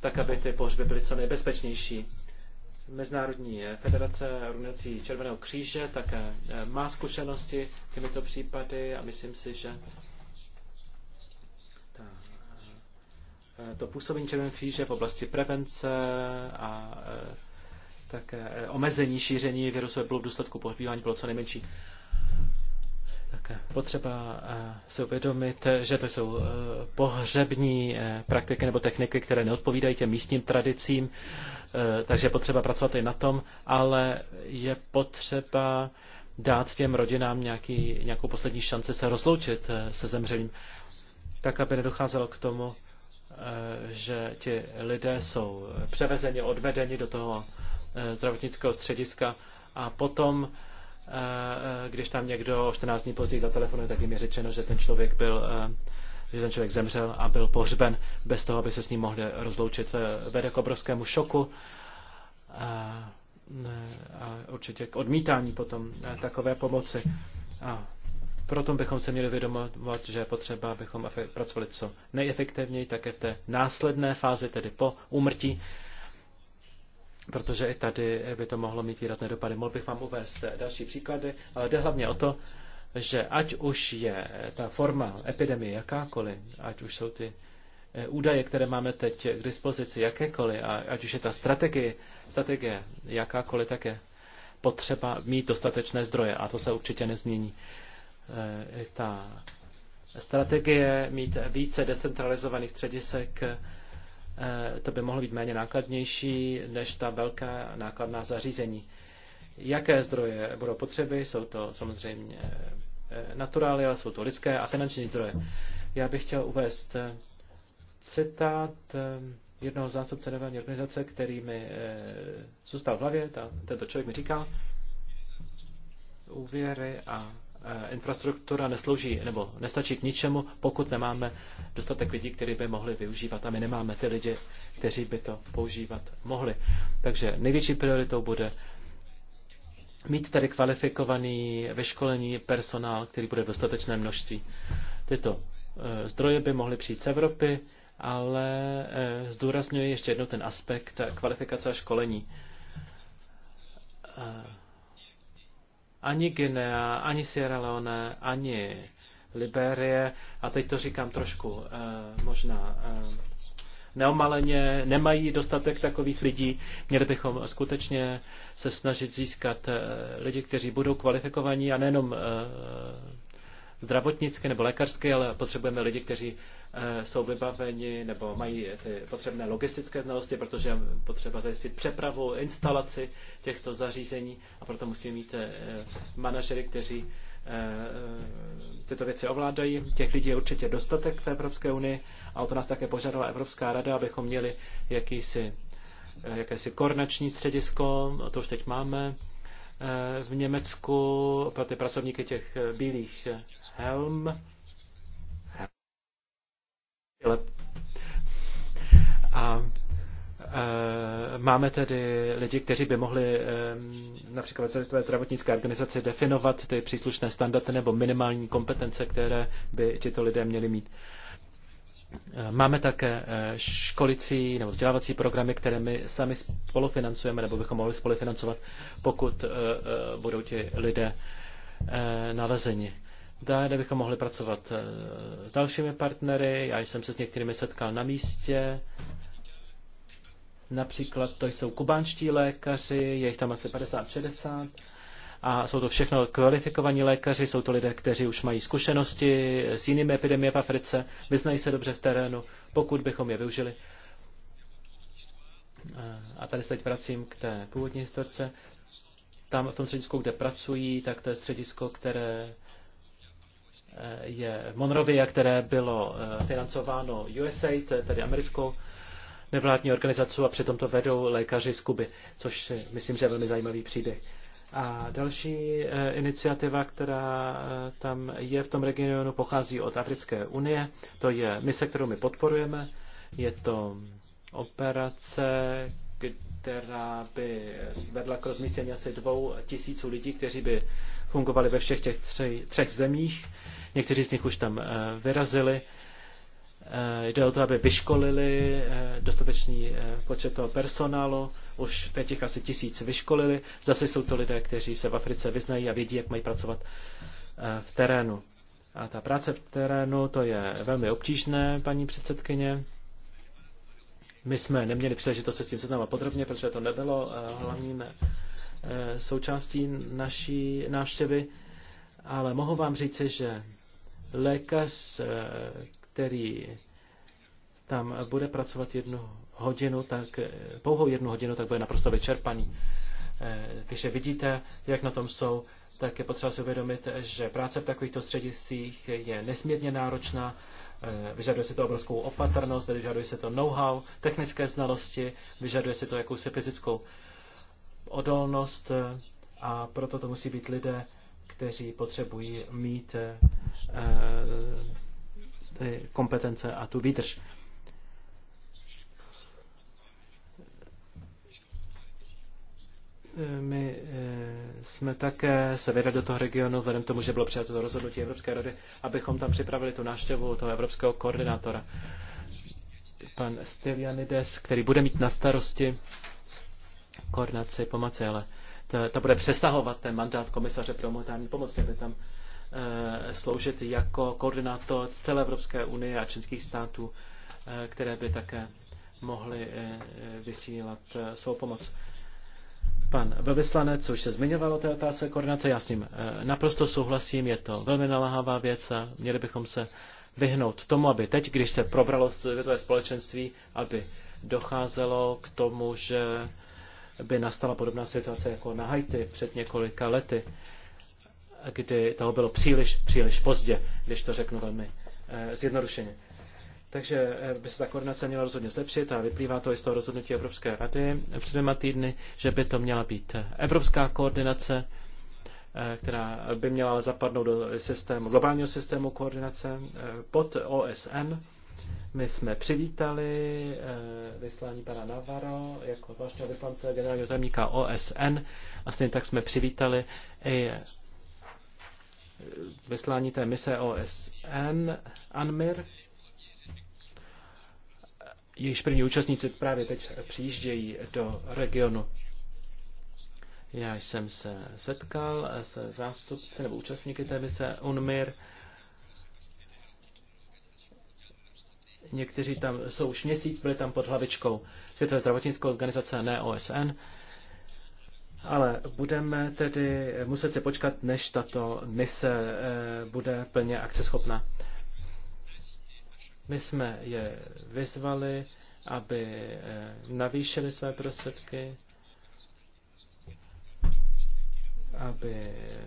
tak aby ty pohřby byly co nejbezpečnější. Mezinárodní eh, federace organizací Červeného kříže také eh, má zkušenosti s těmito případy a myslím si, že ta, eh, to působení Červeného kříže v oblasti prevence a také omezení šíření virusové bylo v důsledku pohybování bylo co nejmenší potřeba eh, se uvědomit, že to jsou eh, pohřební eh, praktiky nebo techniky, které neodpovídají těm místním tradicím, takže je potřeba pracovat i na tom, ale je potřeba dát těm rodinám nějaký, nějakou poslední šanci se rozloučit se zemřelým, tak aby nedocházelo k tomu, že ti lidé jsou převezeni, odvedeni do toho zdravotnického střediska a potom Eh, když tam někdo 14 dní později zatelefonuje, tak jim je řečeno, že ten člověk byl eh, že ten člověk zemřel a byl pohřben bez toho, aby se s ním mohli rozloučit. Eh, vede k obrovskému šoku a, a určitě k odmítání potom takové pomoci. A proto bychom se měli vědomovat, že je potřeba, abychom pracovali co nejefektivněji, také v té následné fázi, tedy po úmrtí, protože i tady by to mohlo mít výrazné dopady. Mohl bych vám uvést další příklady, ale jde hlavně o to, že ať už je ta forma epidemie jakákoliv, ať už jsou ty eh, údaje, které máme teď k dispozici jakékoliv, a ať už je ta strategie, strategie jakákoliv, tak je potřeba mít dostatečné zdroje a to se určitě nezmění. Eh, ta strategie mít více decentralizovaných středisek Eh, to by mohlo být méně nákladnější než ta velká nákladná zařízení. Jaké zdroje budou potřeby? Jsou to samozřejmě eh, naturály, ale jsou to lidské a finanční zdroje. Já bych chtěl uvést eh, citát jednoho zástupce nevládní organizace, který mi zůstal v hlavě. Ta, tento člověk mi říkal, úvěry a Eh, infrastruktura neslouží nebo nestačí k ničemu, pokud nemáme dostatek lidí, kteří by mohli využívat a my nemáme ty lidi, kteří by to používat mohli. Takže největší prioritou bude mít tady kvalifikovaný, vyškolený personál, který bude v dostatečné množství. Tyto eh, zdroje by mohly přijít z Evropy, ale eh, zdůrazňuji ještě jednou ten aspekt kvalifikace a školení ani Guinea, ani Sierra Leone, ani Liberie, a teď to říkám trošku eh, možná eh, neomaleně, nemají dostatek takových lidí. Měli bychom skutečně se snažit získat eh, lidi, kteří budou kvalifikovaní a nejenom eh, zdravotnické nebo lékařské, ale potřebujeme lidi, kteří Eh, jsou vybaveni nebo mají ty potřebné logistické znalosti, protože je potřeba zajistit přepravu, instalaci těchto zařízení a proto musí mít eh, manažery, kteří eh, tyto věci ovládají. Těch lidí je určitě dostatek v Evropské unii a o to nás také požádala Evropská rada, abychom měli jakýsi, jakési koordinační středisko, to už teď máme v Německu pro ty pracovníky těch bílých helm, a e, máme tedy lidi, kteří by mohli e, například Světové zdravotnické organizaci definovat ty příslušné standardy nebo minimální kompetence, které by tito lidé měli mít. E, máme také školicí nebo vzdělávací programy, které my sami spolufinancujeme, nebo bychom mohli spolufinancovat, pokud budou ti lidé nalezeni. Dále bychom mohli pracovat eh, s dalšími partnery, já jsem se s některými setkal na místě, například to jsou kubánští lékaři, je jich tam asi 50-60 a jsou to všechno kvalifikovaní lékaři, jsou to lidé, kteří už mají zkušenosti s jinými epidemie v Africe, vyznají se dobře v terénu, pokud bychom je využili. Eh, a tady se teď vracím k té původní historce. Tam v tom středisku, kde pracují, tak to je středisko, které Eh, je Monrovia, které bylo eh, financováno USAID, tedy americkou nevládní organizaci, a přitom to vedou lékaři z Kuby, což myslím, že je velmi zajímavý příběh. A další eh, iniciativa, která tam je v tom regionu, pochází od Africké unie. To je mise, kterou my podporujeme. Je to operace, která by vedla k rozmístění asi dvou tisíců lidí, kteří by fungovali ve všech těch třech zemích. Někteří z nich už tam eh, vyrazili. Eh, jde o to, aby vyškolili eh, dostatečný počet toho personálu. Už teď těch asi tisíc vyškolili. Zase jsou to lidé, kteří se v Africe vyznají a vědí, jak mají pracovat v terénu. A ta práce v terénu, to je velmi obtížné, paní předsedkyně. My jsme neměli příležitost se s tím seznámit podrobně, protože to nebylo hlavním součástí naší návštěvy, ale mohu vám říci, že lékař, který tam bude pracovat jednu hodinu, tak pouhou jednu hodinu, tak bude naprosto vyčerpaný. Takže vidíte, jak na tom jsou, tak je potřeba si uvědomit, že práce v takovýchto střediscích je nesmírně náročná, vyžaduje si to obrovskou opatrnost, vyžaduje se to know-how, technické znalosti, vyžaduje si to jakousi fyzickou odolnost a proto to musí být lidé, kteří potřebují mít Eh, ty kompetence a tu výdrž. My eh, jsme také se vydali do toho regionu, vzhledem tomu, že bylo přijato to rozhodnutí Evropské rady, abychom tam připravili tu návštěvu toho evropského koordinátora. Pan Stylianides, který bude mít na starosti koordinaci pomoci, ale ta, ta bude přesahovat ten mandát komisaře pro humanitární pomoc, aby by tam Eh, sloužit jako koordinátor celé Evropské unie a členských států, eh, které by také mohly eh, vysílat svou pomoc. Pan velvyslanec, což se zmiňovalo té otázce koordinace, já s ním naprosto souhlasím, je to velmi naláhavá věc a měli bychom se vyhnout tomu, aby teď, když se probralo světové společenství, aby docházelo k tomu, že by nastala podobná situace jako na Haiti před několika lety, kdy toho bylo příliš, příliš pozdě, když to řeknu velmi eh, zjednodušeně. Takže eh, by se ta koordinace měla rozhodně zlepšit a vyplývá to i z toho rozhodnutí Evropské rady před dvěma týdny, že by to měla být eh, evropská koordinace, která by měla zapadnout do systému, globálního systému koordinace pod OSN. My jsme přivítali vyslání pana Navarro jako zvláštního vyslance generálního tajemníka OSN a stejně tak jsme přivítali i vyslání té mise OSN ANMIR. Jejíž první účastníci právě teď přijíždějí do regionu. Já jsem se setkal se zástupci nebo účastníky té mise UNMIR. Někteří tam jsou už měsíc, byli tam pod hlavičkou Světové zdravotnické organizace, ne OSN. Ale budeme tedy muset si počkat, než tato mise eh, bude plně akceschopná. My jsme je vyzvali, aby eh, navýšili své prostředky, aby eh,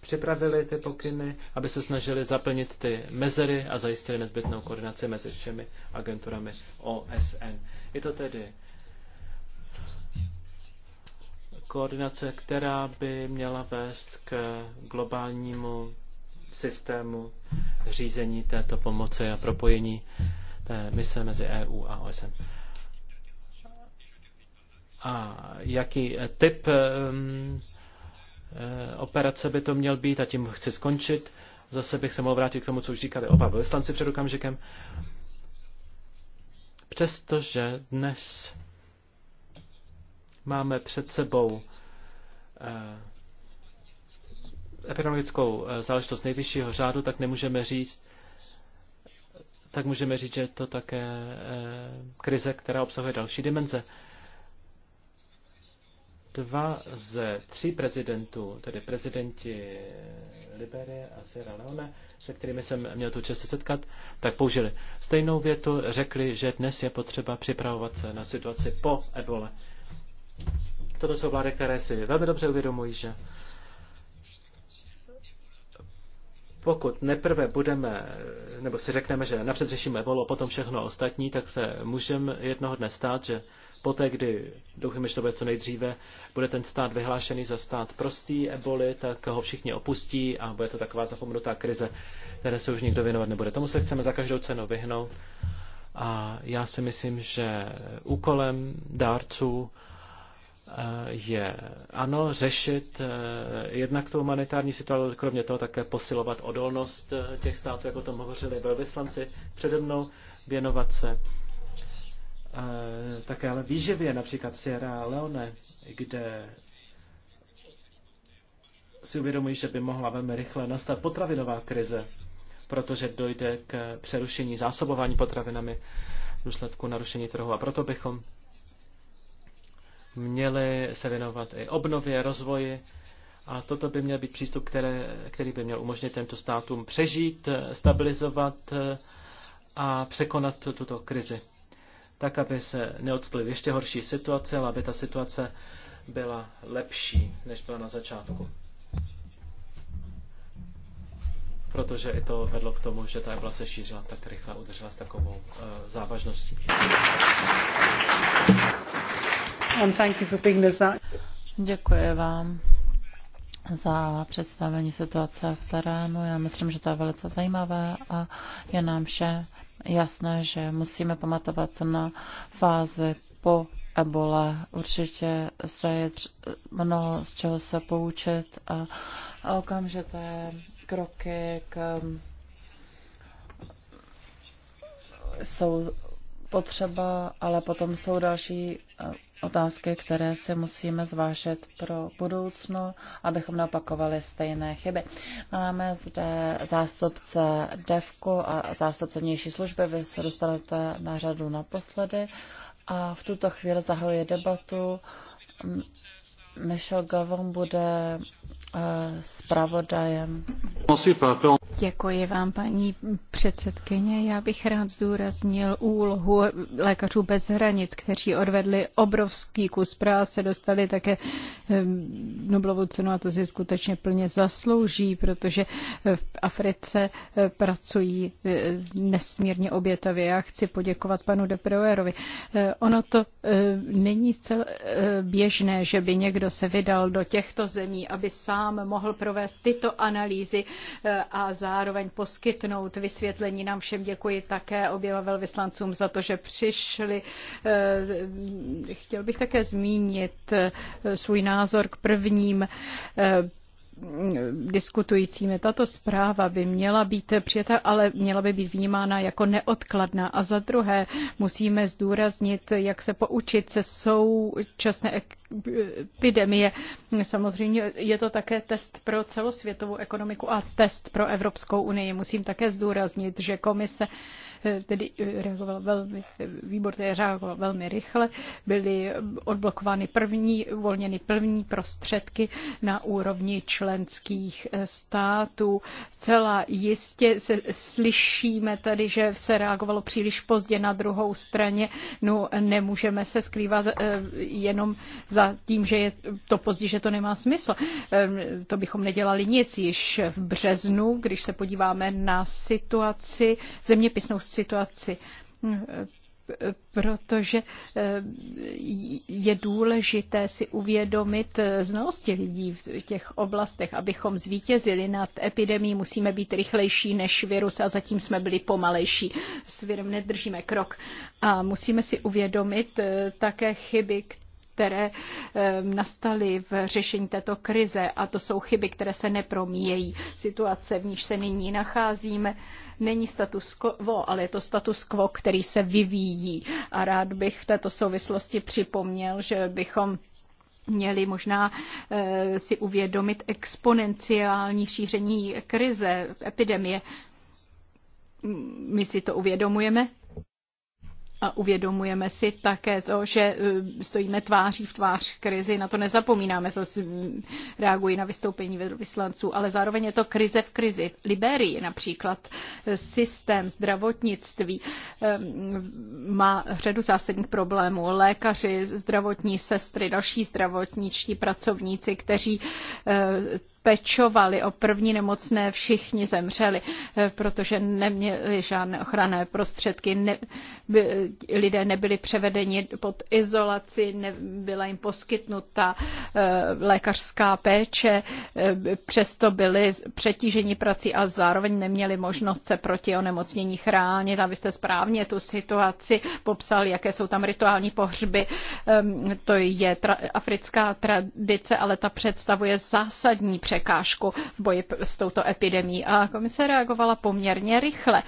připravili ty pokyny, aby se snažili zaplnit ty mezery a zajistili nezbytnou koordinaci mezi všemi agenturami OSN. Je to tedy koordinace, která by měla vést k globálnímu systému řízení této pomoci a propojení té mise mezi EU a OSN. A jaký typ eh, operace by to měl být, a tím chci skončit. Zase bych se mohl vrátit k tomu, co už říkali oba velvyslanci před okamžikem. Přestože dnes Máme před sebou eh, epidemiologickou eh, záležitost nejvyššího řádu, tak nemůžeme říct, tak můžeme říct, že je to také eh, krize, která obsahuje další dimenze. Dva ze tří prezidentů, tedy prezidenti Liberie a Sierra Leone, se kterými jsem měl tu čest se setkat, tak použili stejnou větu, řekli, že dnes je potřeba připravovat se na situaci po ebole. Toto jsou vlády, které si velmi dobře uvědomují, že pokud neprve budeme, nebo si řekneme, že napřed řešíme volo, a potom všechno ostatní, tak se můžeme jednoho dne stát, že poté, kdy, doufujeme, že to bude co nejdříve, bude ten stát vyhlášený za stát prostý eboli, tak ho všichni opustí a bude to taková zapomenutá krize, které se už nikdo věnovat nebude. Tomu se chceme za každou cenu vyhnout. A já si myslím, že úkolem dárců Eh, je ano, řešit eh, jednak tu humanitární situaci, kromě toho také posilovat odolnost eh, těch států, jak o tom hovořili velvyslanci přede mnou, věnovat se také ale výživě, například Sierra Leone, kde si uvědomují, že by mohla velmi rychle nastat potravinová krize, protože dojde k přerušení zásobování potravinami v důsledku narušení trhu. A proto bychom měli se věnovat i obnově, rozvoji a toto by měl být přístup, které, který by měl umožnit těmto státům přežít, stabilizovat eh, a překonat tuto krizi. Tak, aby se neodstly ještě horší situace, ale aby ta situace byla lepší, než byla na začátku. Protože i to vedlo k tomu, že ta ebla se šířila tak rychle, udržela s takovou uh, závažností. Děkuji vám za představení situace v terénu. Já myslím, že to je velice zajímavé a je nám vše jasné, že musíme pamatovat na fázi po ebole. Určitě zde je mnoho z čeho se poučit a, a okamžité kroky k, jsou potřeba, ale potom jsou další otázky, které si musíme zvážit pro budoucnu, abychom neopakovali stejné chyby. Máme zde zástupce DEVKu a zástupce vnější služby. Vy se dostanete na řadu naposledy a v tuto chvíli zahajuje debatu Michel Gavon bude eh, zpravodajem. Děkuji vám, paní předsedkyně. Já bych rád zdůraznil úlohu lékařů bez hranic, kteří odvedli obrovský kus práce, dostali také eh, Nobelovu cenu a to si skutečně plně zaslouží, protože v Africe eh, pracují nesmírně obětavě. Já chci poděkovat panu Depreuerovi. Ono to není zcela běžné, že by někdo kdo se vydal do těchto zemí, aby sám mohl provést tyto analýzy eh, a zároveň poskytnout vysvětlení nám všem. Děkuji také oběma velvyslancům za to, že přišli. Eh, chtěl bych také zmínit eh, svůj názor k prvním diskutujícími. Tato zpráva by měla být přijata, ale měla by být vnímána jako neodkladná. A za druhé musíme zdůraznit, jak se poučit se současné epidemie. Samozřejmě je to také test pro celosvětovou ekonomiku a test pro Evropskou unii. Musím také zdůraznit, že komise eh, tedy eh, reagoval velmi, eh, výbor tedy reagoval velmi rychle, byly odblokovány první, uvolněny první prostředky na úrovni členských států. Celá jistě se, slyšíme tady, že se reagovalo příliš pozdě na druhou straně, no nemůžeme se skrývat jenom za za tím, že je to pozdě, že to nemá smysl. Ehm, to bychom nedělali nic již v březnu, když se podíváme na situaci, zeměpisnou situaci ehm, protože ehm, je důležité si uvědomit eh, znalosti lidí v těch oblastech. Abychom zvítězili nad epidemí, musíme být rychlejší než virus a zatím jsme byli pomalejší. S virem nedržíme krok. A musíme si uvědomit eh, také chyby, které které eh, nastaly v řešení této krize a to jsou chyby, které se nepromíjejí. Situace, v níž se nyní nacházíme, není status quo, ale je to status quo, který se vyvíjí. A rád bych v této souvislosti připomněl, že bychom měli možná eh, si uvědomit exponenciální šíření krize, epidemie. My si to uvědomujeme, a uvědomujeme si také to, že e, stojíme tváří v tvář krizi, na to nezapomínáme, to reagují na vystoupení vyslanců, ale zároveň je to krize v krizi. V Liberii například e, systém zdravotnictví e, má řadu zásadních problémů. Lékaři, zdravotní sestry, další zdravotničtí pracovníci, kteří pečovali o první nemocné, všichni zemřeli, eh, protože neměli žádné ochranné prostředky, ne, by, lidé nebyli převedeni pod izolaci, nebyla jim poskytnuta eh, lékařská péče, eh, přesto byli přetíženi prací a zároveň neměli možnost se proti onemocnění chránit. A vy jste správně tu situaci popsal, jaké jsou tam rituální pohřby. Ehm, to je tra- africká tradice, ale ta představuje zásadní překážku v boji s touto epidemí. A komise reagovala poměrně rychle.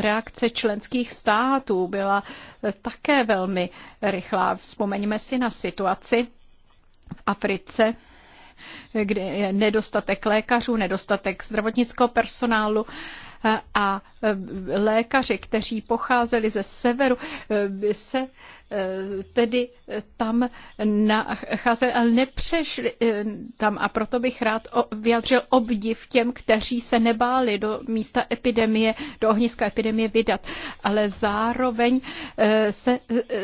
Reakce členských států byla eh, také velmi rychlá. Vzpomeňme si na situaci v Africe, kde je nedostatek lékařů, nedostatek zdravotnického personálu eh, a eh, lékaři, kteří pocházeli ze severu, se Eh, tedy eh, tam nacházeli, ale nepřešli eh, tam. A proto bych rád vyjadřil obdiv těm, kteří se nebáli do místa epidemie, do ohniska epidemie vydat. Ale zároveň se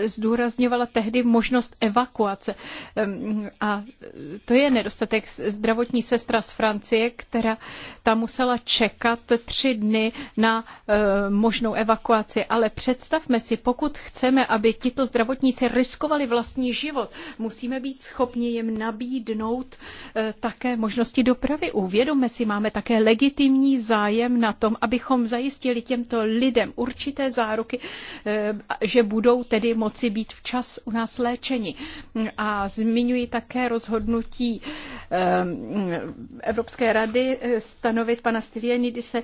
zdůrazňovala tehdy možnost evakuace. Ehm, a to je nedostatek. Zdravotní sestra z Francie, která tam musela čekat tři dny na možnou evakuaci. Ale představme si, pokud chceme, aby tito zdravotníci riskovali vlastní život. Musíme být schopni jim nabídnout eh, také možnosti dopravy. Uvědomme si, máme také legitimní zájem na tom, abychom zajistili těmto lidem určité záruky, eh, že budou tedy moci být včas u nás léčeni. A zmiňuji také rozhodnutí eh, Evropské rady stanovit pana Stylianidise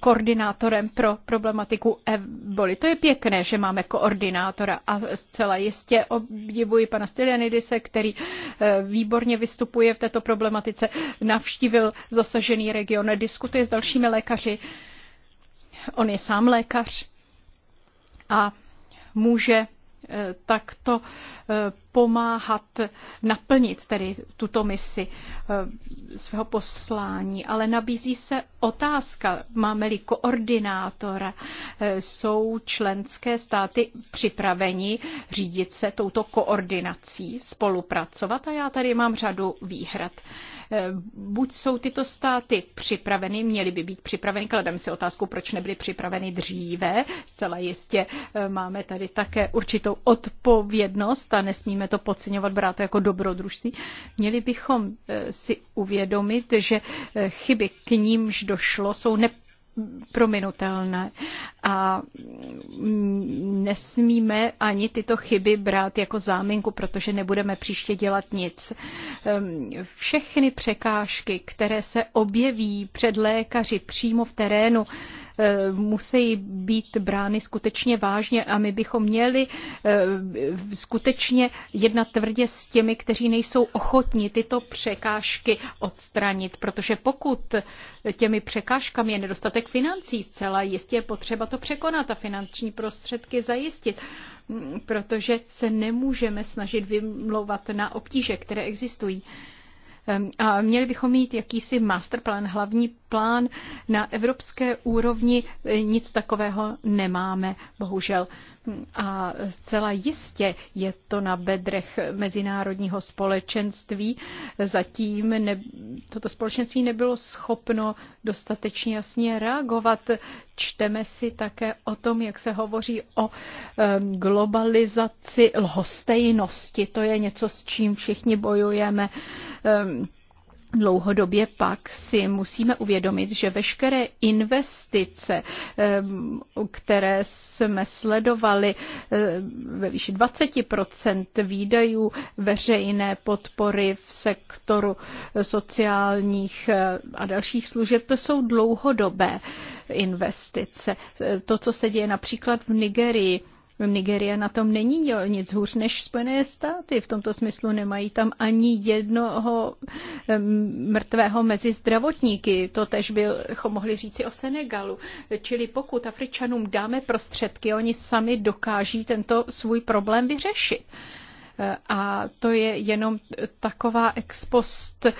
koordinátorem pro problematiku eboli. To je pěkné, že máme koordinátor senátora. A zcela jistě obdivuji pana Stylianidise, který eh, výborně vystupuje v této problematice, navštívil zasažený region, diskutuje s dalšími lékaři. On je sám lékař a může takto eh, pomáhat naplnit tedy tuto misi eh, svého poslání. Ale nabízí se otázka, máme-li koordinátora, eh, jsou členské státy připraveni řídit se touto koordinací, spolupracovat a já tady mám řadu výhrad. Eh, buď jsou tyto státy připraveny, měly by být připraveny, klademe si otázku, proč nebyly připraveny dříve. Zcela jistě eh, máme tady také určitou odpovědnost a nesmíme to podceňovat, brát to jako dobrodružství. Měli bychom eh, si uvědomit, že chyby k nímž došlo jsou nepřipravené prominutelné. A nesmíme ani tyto chyby brát jako záminku, protože nebudeme příště dělat nic. Ehm, všechny překážky, které se objeví před lékaři přímo v terénu, Eh, musí být brány skutečně vážně a my bychom měli eh, skutečně jednat tvrdě s těmi, kteří nejsou ochotní tyto překážky odstranit, protože pokud těmi překážkami je nedostatek financí, zcela jistě je potřeba to překonat a finanční prostředky zajistit protože se nemůžeme snažit vymlouvat na obtíže, které existují. Ehm, a měli bychom mít jakýsi masterplan, hlavní plán na evropské úrovni. E, nic takového nemáme, bohužel. A zcela jistě je to na bedrech mezinárodního společenství. Zatím ne, toto společenství nebylo schopno dostatečně jasně reagovat. Čteme si také o tom, jak se hovoří o globalizaci lhostejnosti. To je něco, s čím všichni bojujeme. Dlouhodobě pak si musíme uvědomit, že veškeré investice, které jsme sledovali ve výši 20 výdajů veřejné podpory v sektoru eh, sociálních eh, a dalších služeb, to jsou dlouhodobé investice. Eh, to, co se děje například v Nigerii, Nigerie na tom není nic hůř než Spojené státy. V tomto smyslu nemají tam ani jednoho mrtvého mezi zdravotníky. To tež bychom mohli říci o Senegalu. Čili pokud Afričanům dáme prostředky, oni sami dokáží tento svůj problém vyřešit. Eh, a to je jenom taková ex post eh,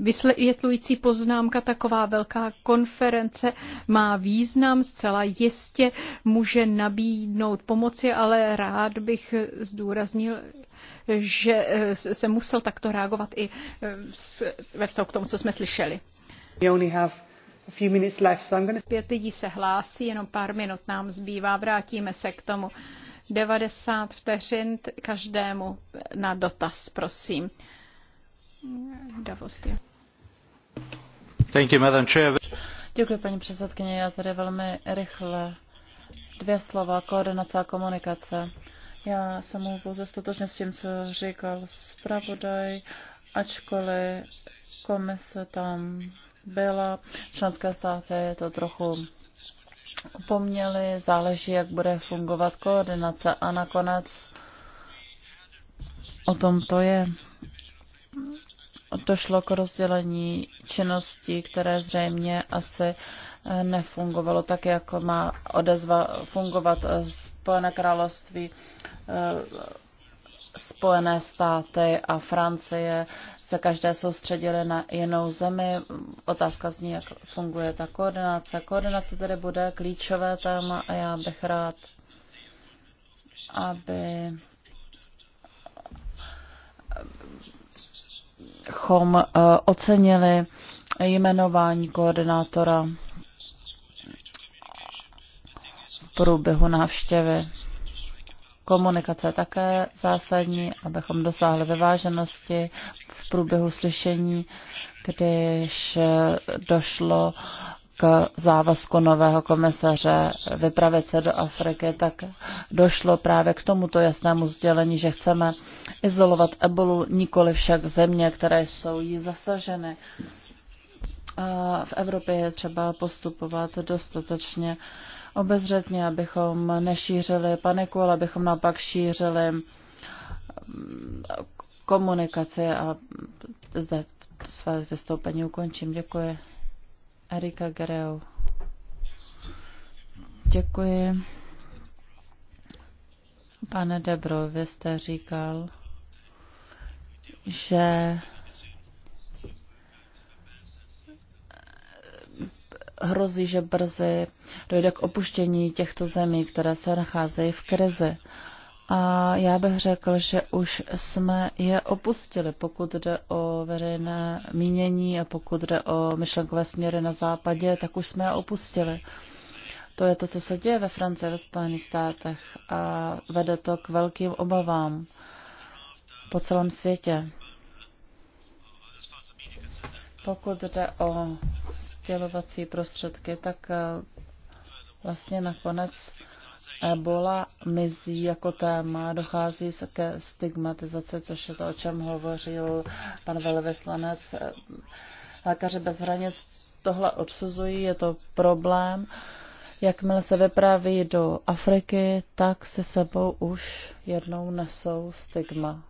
vysvětlující poznámka, taková velká konference má význam, zcela jistě může nabídnout pomoci, ale rád bych zdůraznil, že eh, se musel takto reagovat i ve vztahu k tomu, co jsme slyšeli. Pět lidí se hlásí, jenom pár minut nám zbývá, vrátíme se k tomu. 90 vteřin každému na dotaz, prosím. Davosti. Thank you, Madam Chair. Děkuji, paní předsedkyně. Já tady velmi rychle dvě slova, koordinace a komunikace. Já se mohu pouze stotožně s tím, co říkal zpravodaj, ačkoliv komise tam byla, členské státy to trochu opomněli, záleží, jak bude fungovat koordinace a nakonec o tom to je. Došlo k rozdělení činností, které zřejmě asi eh, nefungovalo tak, jak má odezva fungovat. z eh, Pojené království eh, Spojené státy a Francie se každé soustředily na jinou zemi. Otázka zní, jak funguje ta koordinace. Koordinace tedy bude klíčové téma a já bych rád, aby chom eh, ocenili jmenování koordinátora v průběhu návštěvy. Komunikace je také zásadní, abychom dosáhli vyváženosti v průběhu slyšení, když došlo k závazku nového komisaře vypravit se do Afriky, tak došlo právě k tomuto jasnému sdělení, že chceme izolovat ebolu, nikoli však země, které jsou jí zasaženy. V Evropě je třeba postupovat dostatečně uh, obezřetně, abychom nešířili paniku, ale abychom naopak šířili mm, komunikaci a zde své vystoupení ukončím. Děkuji. Erika Gereu. Děkuji. Pane Debro, vy jste říkal, že hrozí, že brzy dojde k opuštění těchto zemí, které se nacházejí v krizi. A já bych řekl, že už jsme je opustili, pokud jde o veřejné mínění a pokud jde o myšlenkové směry na západě, tak už jsme je opustili. To je to, co se děje ve Francii, ve Spojených státech a vede to k velkým obavám po celém světě. Pokud jde o sdělovací prostředky, tak eh, vlastně nakonec Ebola mizí jako téma, dochází ke stigmatizaci, což je to, o čem hovořil pan velvyslanec. Eh, lékaři bez hranic tohle odsuzují, je to problém. Jakmile se vypráví do Afriky, tak se sebou už jednou nesou stigma.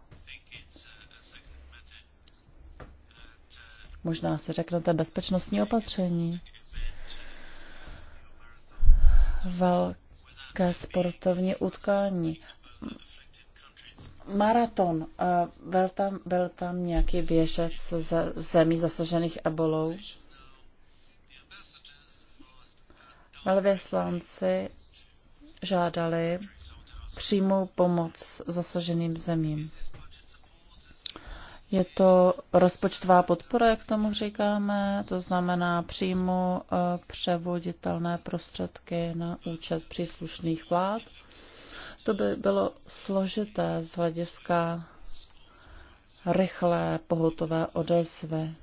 Možná si řeknete bezpečnostní opatření. Velké sportovní utkání. Maraton. Byl tam, byl tam nějaký běžec ze zemí zasažených ebolou. Velvyslanci žádali přímou pomoc zasaženým zemím. Je to rozpočtová podpora, jak tomu říkáme, to znamená přímo eh, převoditelné prostředky na účet příslušných vlád. To by bylo složité z hlediska rychlé pohotové odezvy.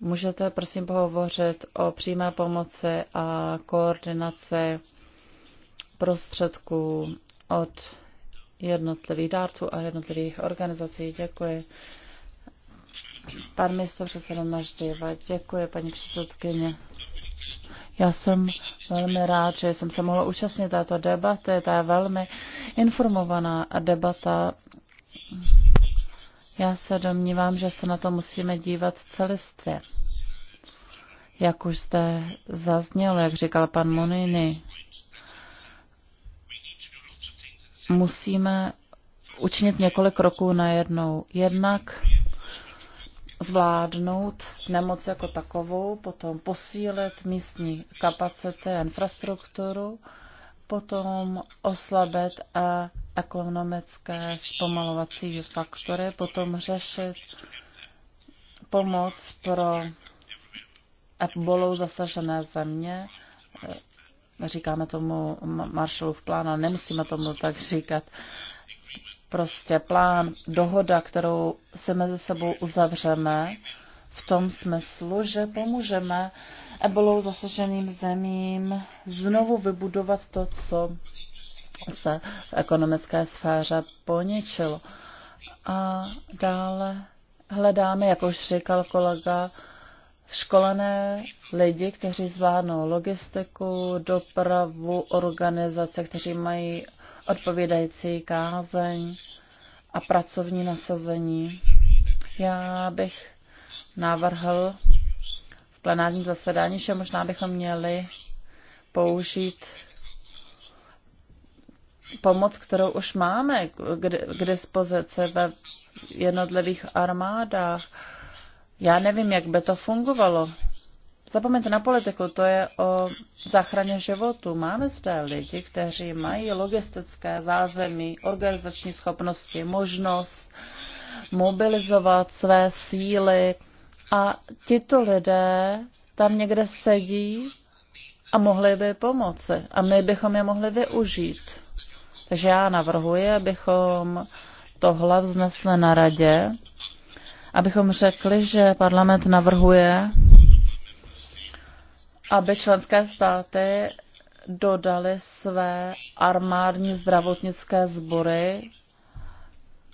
Můžete prosím pohovořit o přímé pomoci a koordinaci prostředků od jednotlivých dárců a jednotlivých organizací. Děkuji. Pan místo předseda Nažděva. Děkuji, paní předsedkyně. Já jsem velmi rád, že jsem se mohla účastnit této debaty. To je velmi informovaná debata. Já se domnívám, že se na to musíme dívat celistvě. Jak už zde zaznělo, jak říkal pan Monini, musíme učinit několik kroků najednou. Jednak zvládnout nemoc jako takovou, potom posílit místní kapacity a infrastrukturu, potom oslabit a ekonomické zpomalovací faktory, potom řešit pomoc pro ebolou zasažené země, Říkáme tomu Marshallův plán, ale nemusíme tomu tak říkat. Prostě plán, dohoda, kterou se mezi sebou uzavřeme, v tom smyslu, že pomůžeme ebolou zasaženým zemím znovu vybudovat to, co se v ekonomické sféře poničilo. A dále hledáme, jak už říkal kolega, školené lidi, kteří zvládnou logistiku, dopravu, organizace, kteří mají odpovídající kázeň a pracovní nasazení. Já bych navrhl v plenárním zasedání, že možná bychom měli použít pomoc, kterou už máme k, k dispozici ve jednotlivých armádách já nevím, jak by to fungovalo. Zapomeňte na politiku, to je o záchraně životu. Máme zde lidi, kteří mají logistické zázemí, organizační schopnosti, možnost mobilizovat své síly a tito lidé tam někde sedí a mohli by pomoci a my bychom je mohli využít. Takže já navrhuji, abychom tohle vznesli na radě abychom řekli, že parlament navrhuje, aby členské státy dodali své armádní zdravotnické sbory,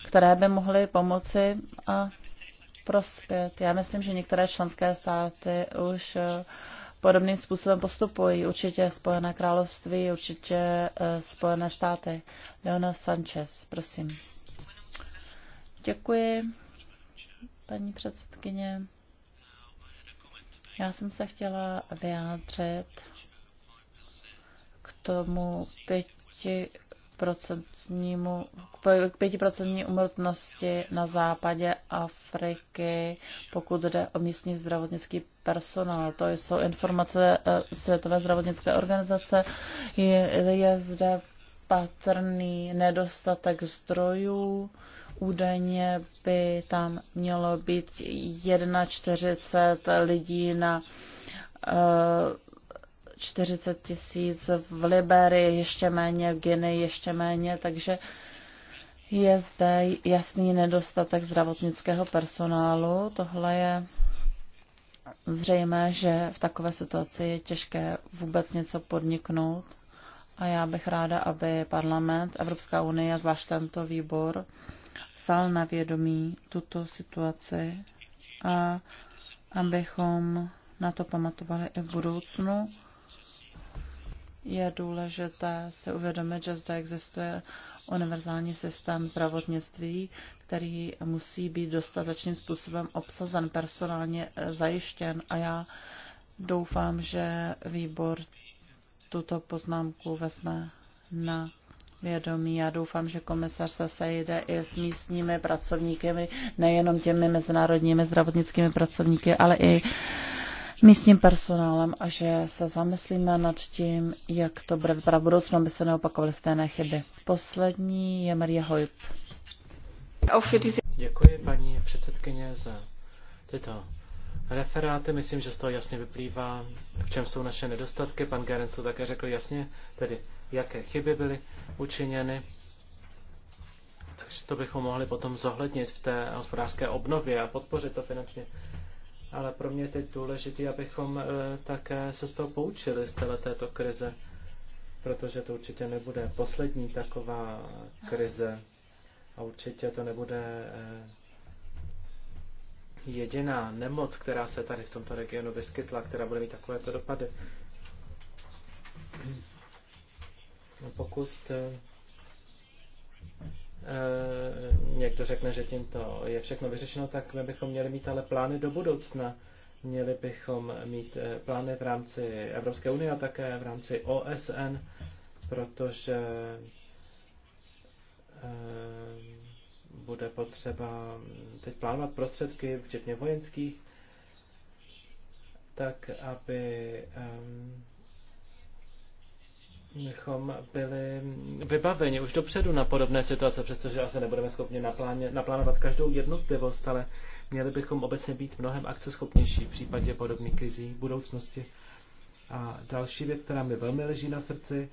které by mohly pomoci a prospět. Já myslím, že některé členské státy už eh, podobným způsobem postupují. Určitě Spojené království, určitě eh, Spojené státy. Leona Sanchez, prosím. Děkuji paní předsedkyně. Já jsem se chtěla vyjádřit k tomu k pětiprocentní umrtnosti na západě Afriky, pokud jde o místní zdravotnický personál. To jsou informace eh, Světové zdravotnické organizace. Je, je zde patrný nedostatek zdrojů, Údajně by tam mělo být 41 lidí na 40 eh, tisíc v Liberii, ještě méně v Guinea, ještě méně, takže je zde jasný nedostatek zdravotnického personálu. Tohle je zřejmé, že v takové situaci je těžké vůbec něco podniknout. A já bych ráda, aby parlament, Evropská unie, zvlášť tento výbor, vzal na vědomí tuto situaci a abychom na to pamatovali i v budoucnu. Je důležité si uvědomit, že zde existuje univerzální systém zdravotnictví, který musí být dostatečným způsobem obsazen, personálně zajištěn. A já doufám, že výbor tuto poznámku vezme na vědomí. Já doufám, že komisař se sejde i s místními pracovníky, nejenom těmi mezinárodními zdravotnickými pracovníky, ale i místním personálem a že se zamyslíme nad tím, jak to bude vypadat v budoucnu, aby se neopakovaly stejné chyby. Poslední je Maria Hojb. Děkuji paní předsedkyně za tyto referáty. Myslím, že z toho jasně vyplývá, v čem jsou naše nedostatky. Pan Gerenc? to také řekl jasně, tedy jaké chyby byly učiněny. Takže to bychom mohli potom zohlednit v té hospodářské obnově a podpořit to finančně. Ale pro mě je teď důležité, abychom eh, také se z toho poučili z celé této krize, protože to určitě nebude poslední taková krize a určitě to nebude eh, jediná nemoc, která se tady v tomto regionu vyskytla, která bude mít takovéto dopady. No pokud eh, eh, někdo řekne, že tímto je všechno vyřešeno, tak my bychom měli mít ale plány do budoucna. Měli bychom mít eh, plány v rámci Evropské unie a také v rámci OSN, protože bude potřeba teď plánovat prostředky, včetně vojenských, tak aby um, bychom byli vybaveni už dopředu na podobné situace, přestože asi nebudeme schopni naplánovat každou jednotlivost, ale měli bychom obecně být mnohem akceschopnější v případě podobných krizí v budoucnosti. A další věc, která mi velmi leží na srdci,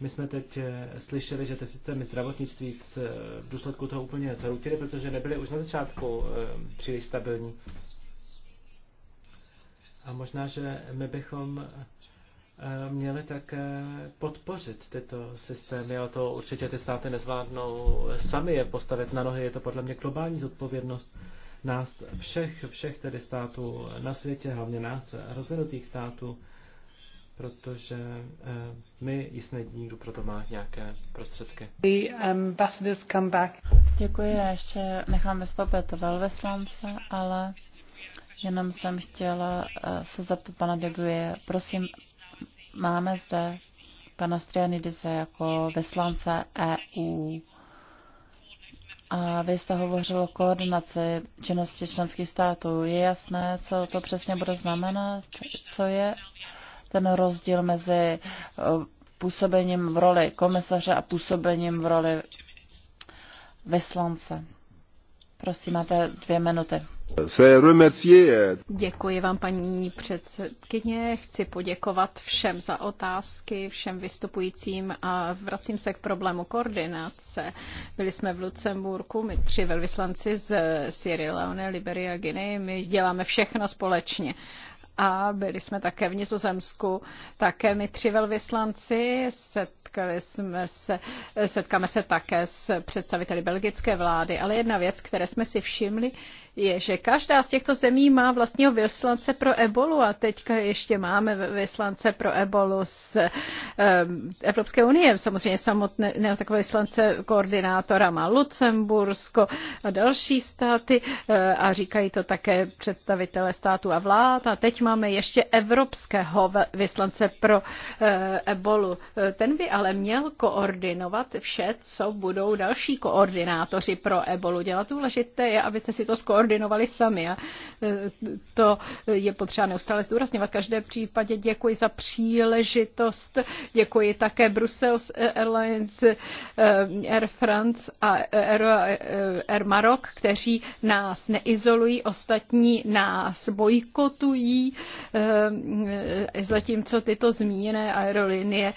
my jsme teď eh, slyšeli, že ty systémy zdravotnictví v důsledku toho úplně zarutily, protože nebyly už na začátku eh, příliš stabilní. A možná, že my bychom měli také podpořit tyto systémy, ale to určitě ty státy nezvládnou sami je postavit na nohy. Je to podle mě globální zodpovědnost nás všech, všech tedy států na světě, hlavně nás, rozvinutých států, protože eh, my jistě nikdo to má nějaké prostředky. The um, ambassadors come back. Děkuji, já ještě nechám vystoupit velvyslance, ale jenom jsem chtěla eh, se zeptat pana Debuje. Prosím, Máme zde pana Strianidise jako veslance EU. A vy jste hovořil o koordinaci činnosti členských států. Je jasné, co to přesně bude znamenat? Co je ten rozdíl mezi eh, působením v roli komisaře a působením v roli vyslance? Prosím, máte dvě minuty. Děkuji vám, paní předsedkyně. Chci poděkovat všem za otázky, všem vystupujícím a vracím se k problému koordinace. Byli jsme v Lucemburku, my tři velvyslanci z Sierra Leone, Liberia, Guinea, my děláme všechno společně a byli jsme také v Nizozemsku. Také my tři velvyslanci se setkali jsme se, setkáme se také s představiteli belgické vlády, ale jedna věc, které jsme si všimli, je, že každá z těchto zemí má vlastního vyslance pro ebolu a teďka ještě máme vyslance pro ebolu z Evropské unie. Samozřejmě samotného takové vyslance koordinátora má Lucembursko a další státy e, a říkají to také představitelé států a vlád. A teď máme ještě evropského vyslance pro e, ebolu. E, ten by ale ale měl koordinovat vše, co budou další koordinátoři pro ebolu dělat. Důležité je, abyste si to skoordinovali sami a e, to je potřeba neustále zdůrazněvat. V každém případě děkuji za příležitost, děkuji také Brussels Airlines, e, Air France a Air, e, Air Maroc, kteří nás neizolují, ostatní nás bojkotují, zatímco tyto zmíněné aerolinie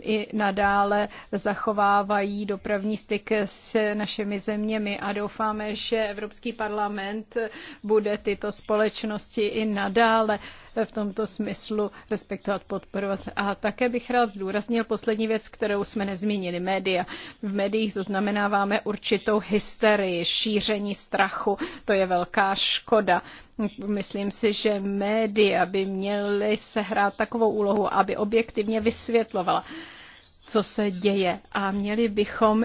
i nadále zachovávají dopravní styk s našimi zeměmi a doufáme, že Evropský parlament bude tyto společnosti i nadále v tomto smyslu respektovat, podporovat. A také bych rád zdůraznil poslední věc, kterou jsme nezmínili, média. V médiích zaznamenáváme určitou hysterii, šíření strachu, to je velká škoda. Myslím si, že média by měly sehrát takovou úlohu, aby objektivně vysvětlovala co se děje. A měli bychom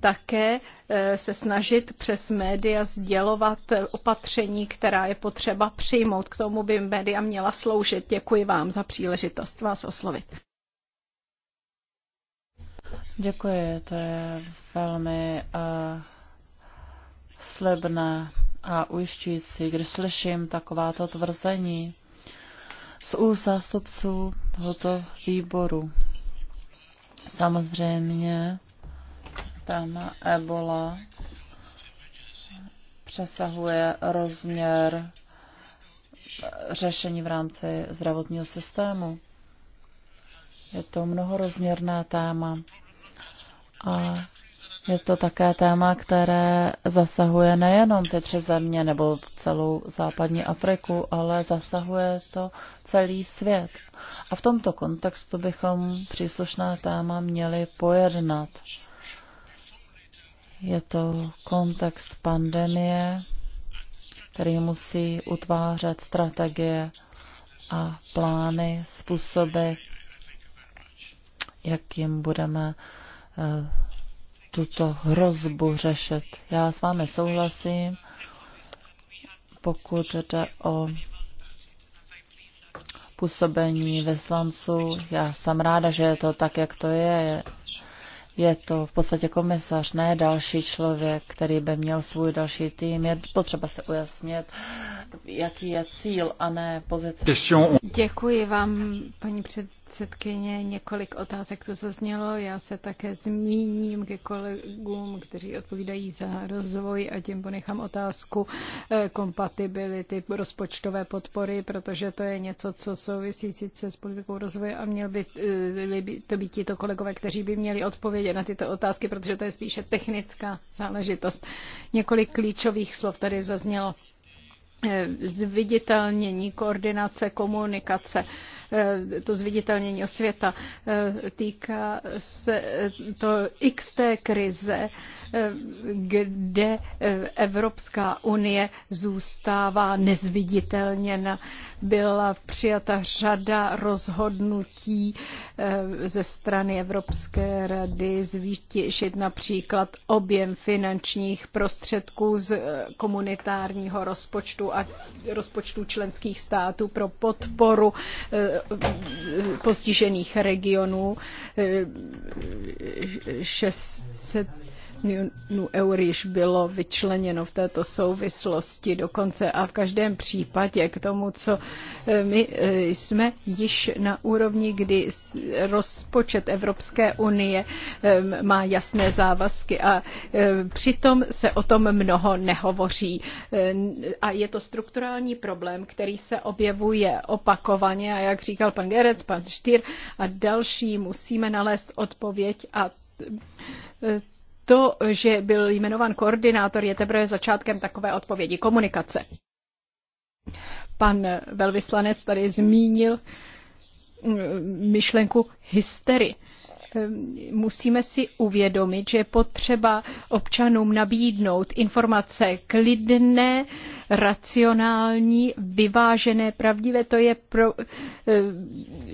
také e, se snažit přes média sdělovat e, opatření, která je potřeba přijmout. K tomu by média měla sloužit. Děkuji vám za příležitost vás oslovit. Děkuji, to je velmi uh, slibné a ujišťující, když slyším takováto tvrzení z úst zástupců tohoto výboru. Samozřejmě tam ebola přesahuje rozměr řešení v rámci zdravotního systému. Je to mnohorozměrné téma a je to také téma, které zasahuje nejenom ty tři země nebo celou západní Afriku, ale zasahuje to celý svět. A v tomto kontextu bychom příslušná téma měli pojednat. Je to kontext pandemie, který musí utvářet strategie a plány, způsoby, jak jim budeme eh, tuto hrozbu řešit. Já s vámi souhlasím, pokud jde o působení veslanců. Já jsem ráda, že je to tak, jak to je. Je to v podstatě komisař, ne další člověk, který by měl svůj další tým. Je potřeba se ujasnit, jaký je cíl a ne pozice. Děkuji vám, paní před předsedkyně, několik otázek tu zaznělo. Já se také zmíním ke kolegům, kteří odpovídají za rozvoj a tím ponechám otázku eh, kompatibility rozpočtové podpory, protože to je něco, co souvisí sice s politikou rozvoje a měl by, eh, by to být tito kolegové, kteří by měli odpovědět na tyto otázky, protože to je spíše technická záležitost. Několik klíčových slov tady zaznělo eh, zviditelnění, koordinace, komunikace. Eh, to zviditelnění osvěta. Eh, týká se eh, to té krize kde eh, Evropská unie zůstává nezviditelněna. Byla přijata řada rozhodnutí eh, ze strany Evropské rady zvýšit například objem finančních prostředků z eh, komunitárního rozpočtu a rozpočtu členských států pro podporu postižených regionů 600 milionů eur již bylo vyčleněno v této souvislosti dokonce a v každém případě k tomu, co eh, my eh, jsme již na úrovni, kdy rozpočet Evropské unie eh, má jasné závazky a přitom se o tom mnoho nehovoří. A je to strukturální problém, který se objevuje opakovaně a jak říkal pan Gerec, pan Štyr a další, musíme nalézt odpověď a to, že byl jmenovan koordinátor, je teprve začátkem takové odpovědi komunikace. Pan velvyslanec tady zmínil mm, myšlenku hystery ehm, musíme si uvědomit, že je potřeba občanům nabídnout informace klidné, racionální, vyvážené, pravdivé. To je pro, eh,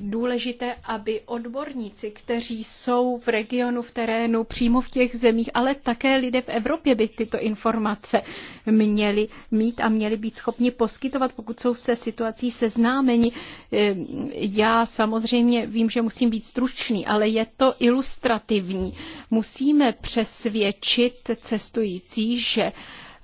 důležité, aby odborníci, kteří jsou v regionu, v terénu, přímo v těch zemích, ale také lidé v Evropě by tyto informace měli mít a měli být schopni poskytovat, pokud jsou se situací seznámeni. Eh, já samozřejmě vím, že musím být stručný, ale je to ilustrativní. Musíme přesvědčit cestující, že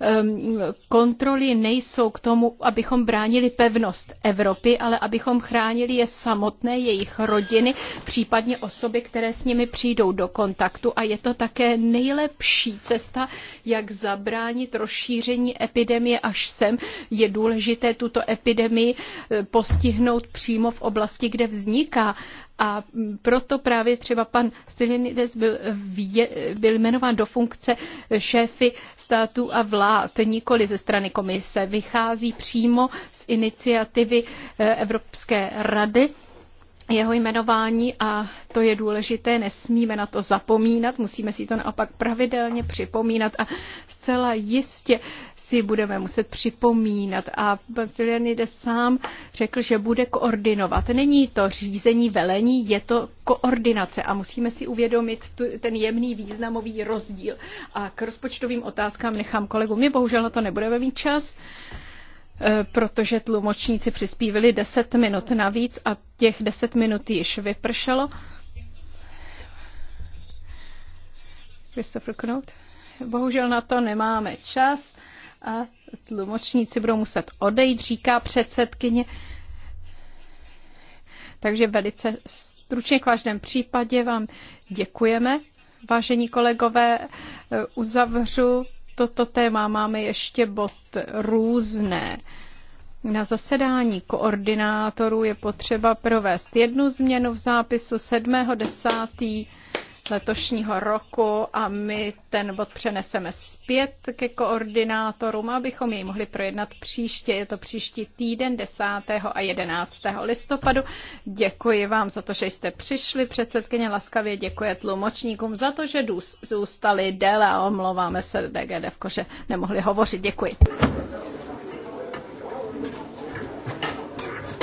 Ehm, kontroly nejsou k tomu, abychom bránili pevnost Evropy, ale abychom chránili je samotné, jejich rodiny, případně osoby, které s nimi přijdou do kontaktu. A je to také nejlepší cesta, jak zabránit rozšíření epidemie až sem. Je důležité tuto epidemii eh, postihnout přímo v oblasti, kde vzniká. A mm, proto právě třeba pan Stylinides byl, eh, byl jmenován do funkce šéfy států a vlád, nikoli ze strany komise. Vychází přímo z iniciativy eh, Evropské rady jeho jmenování a to je důležité, nesmíme na to zapomínat, musíme si to naopak pravidelně připomínat a zcela jistě si budeme muset připomínat. A Basilianides sám řekl, že bude koordinovat. Není to řízení, velení, je to koordinace a musíme si uvědomit tu, ten jemný významový rozdíl. A k rozpočtovým otázkám nechám kolegu. My bohužel na to nebudeme mít čas. Uh, Eh, protože tlumočníci přispívali 10 minut navíc a těch 10 minut již vypršelo. Christopher Knut. Bohužel na to nemáme čas a tlumočníci budou muset odejít, říká předsedkyně. Takže velice stručně k každém případě vám děkujeme. Vážení kolegové, eh, uzavřu toto téma máme ještě bod různé. Na zasedání koordinátorů je potřeba provést jednu změnu v zápisu 7.10 letošního roku a my ten bod přeneseme zpět ke koordinátorům, abychom jej mohli projednat příště. Je to příští týden 10. a 11. listopadu. Děkuji vám za to, že jste přišli. Předsedkyně laskavě děkuje tlumočníkům za to, že zůstali déle a omlouváme se DGD, že nemohli hovořit. Děkuji.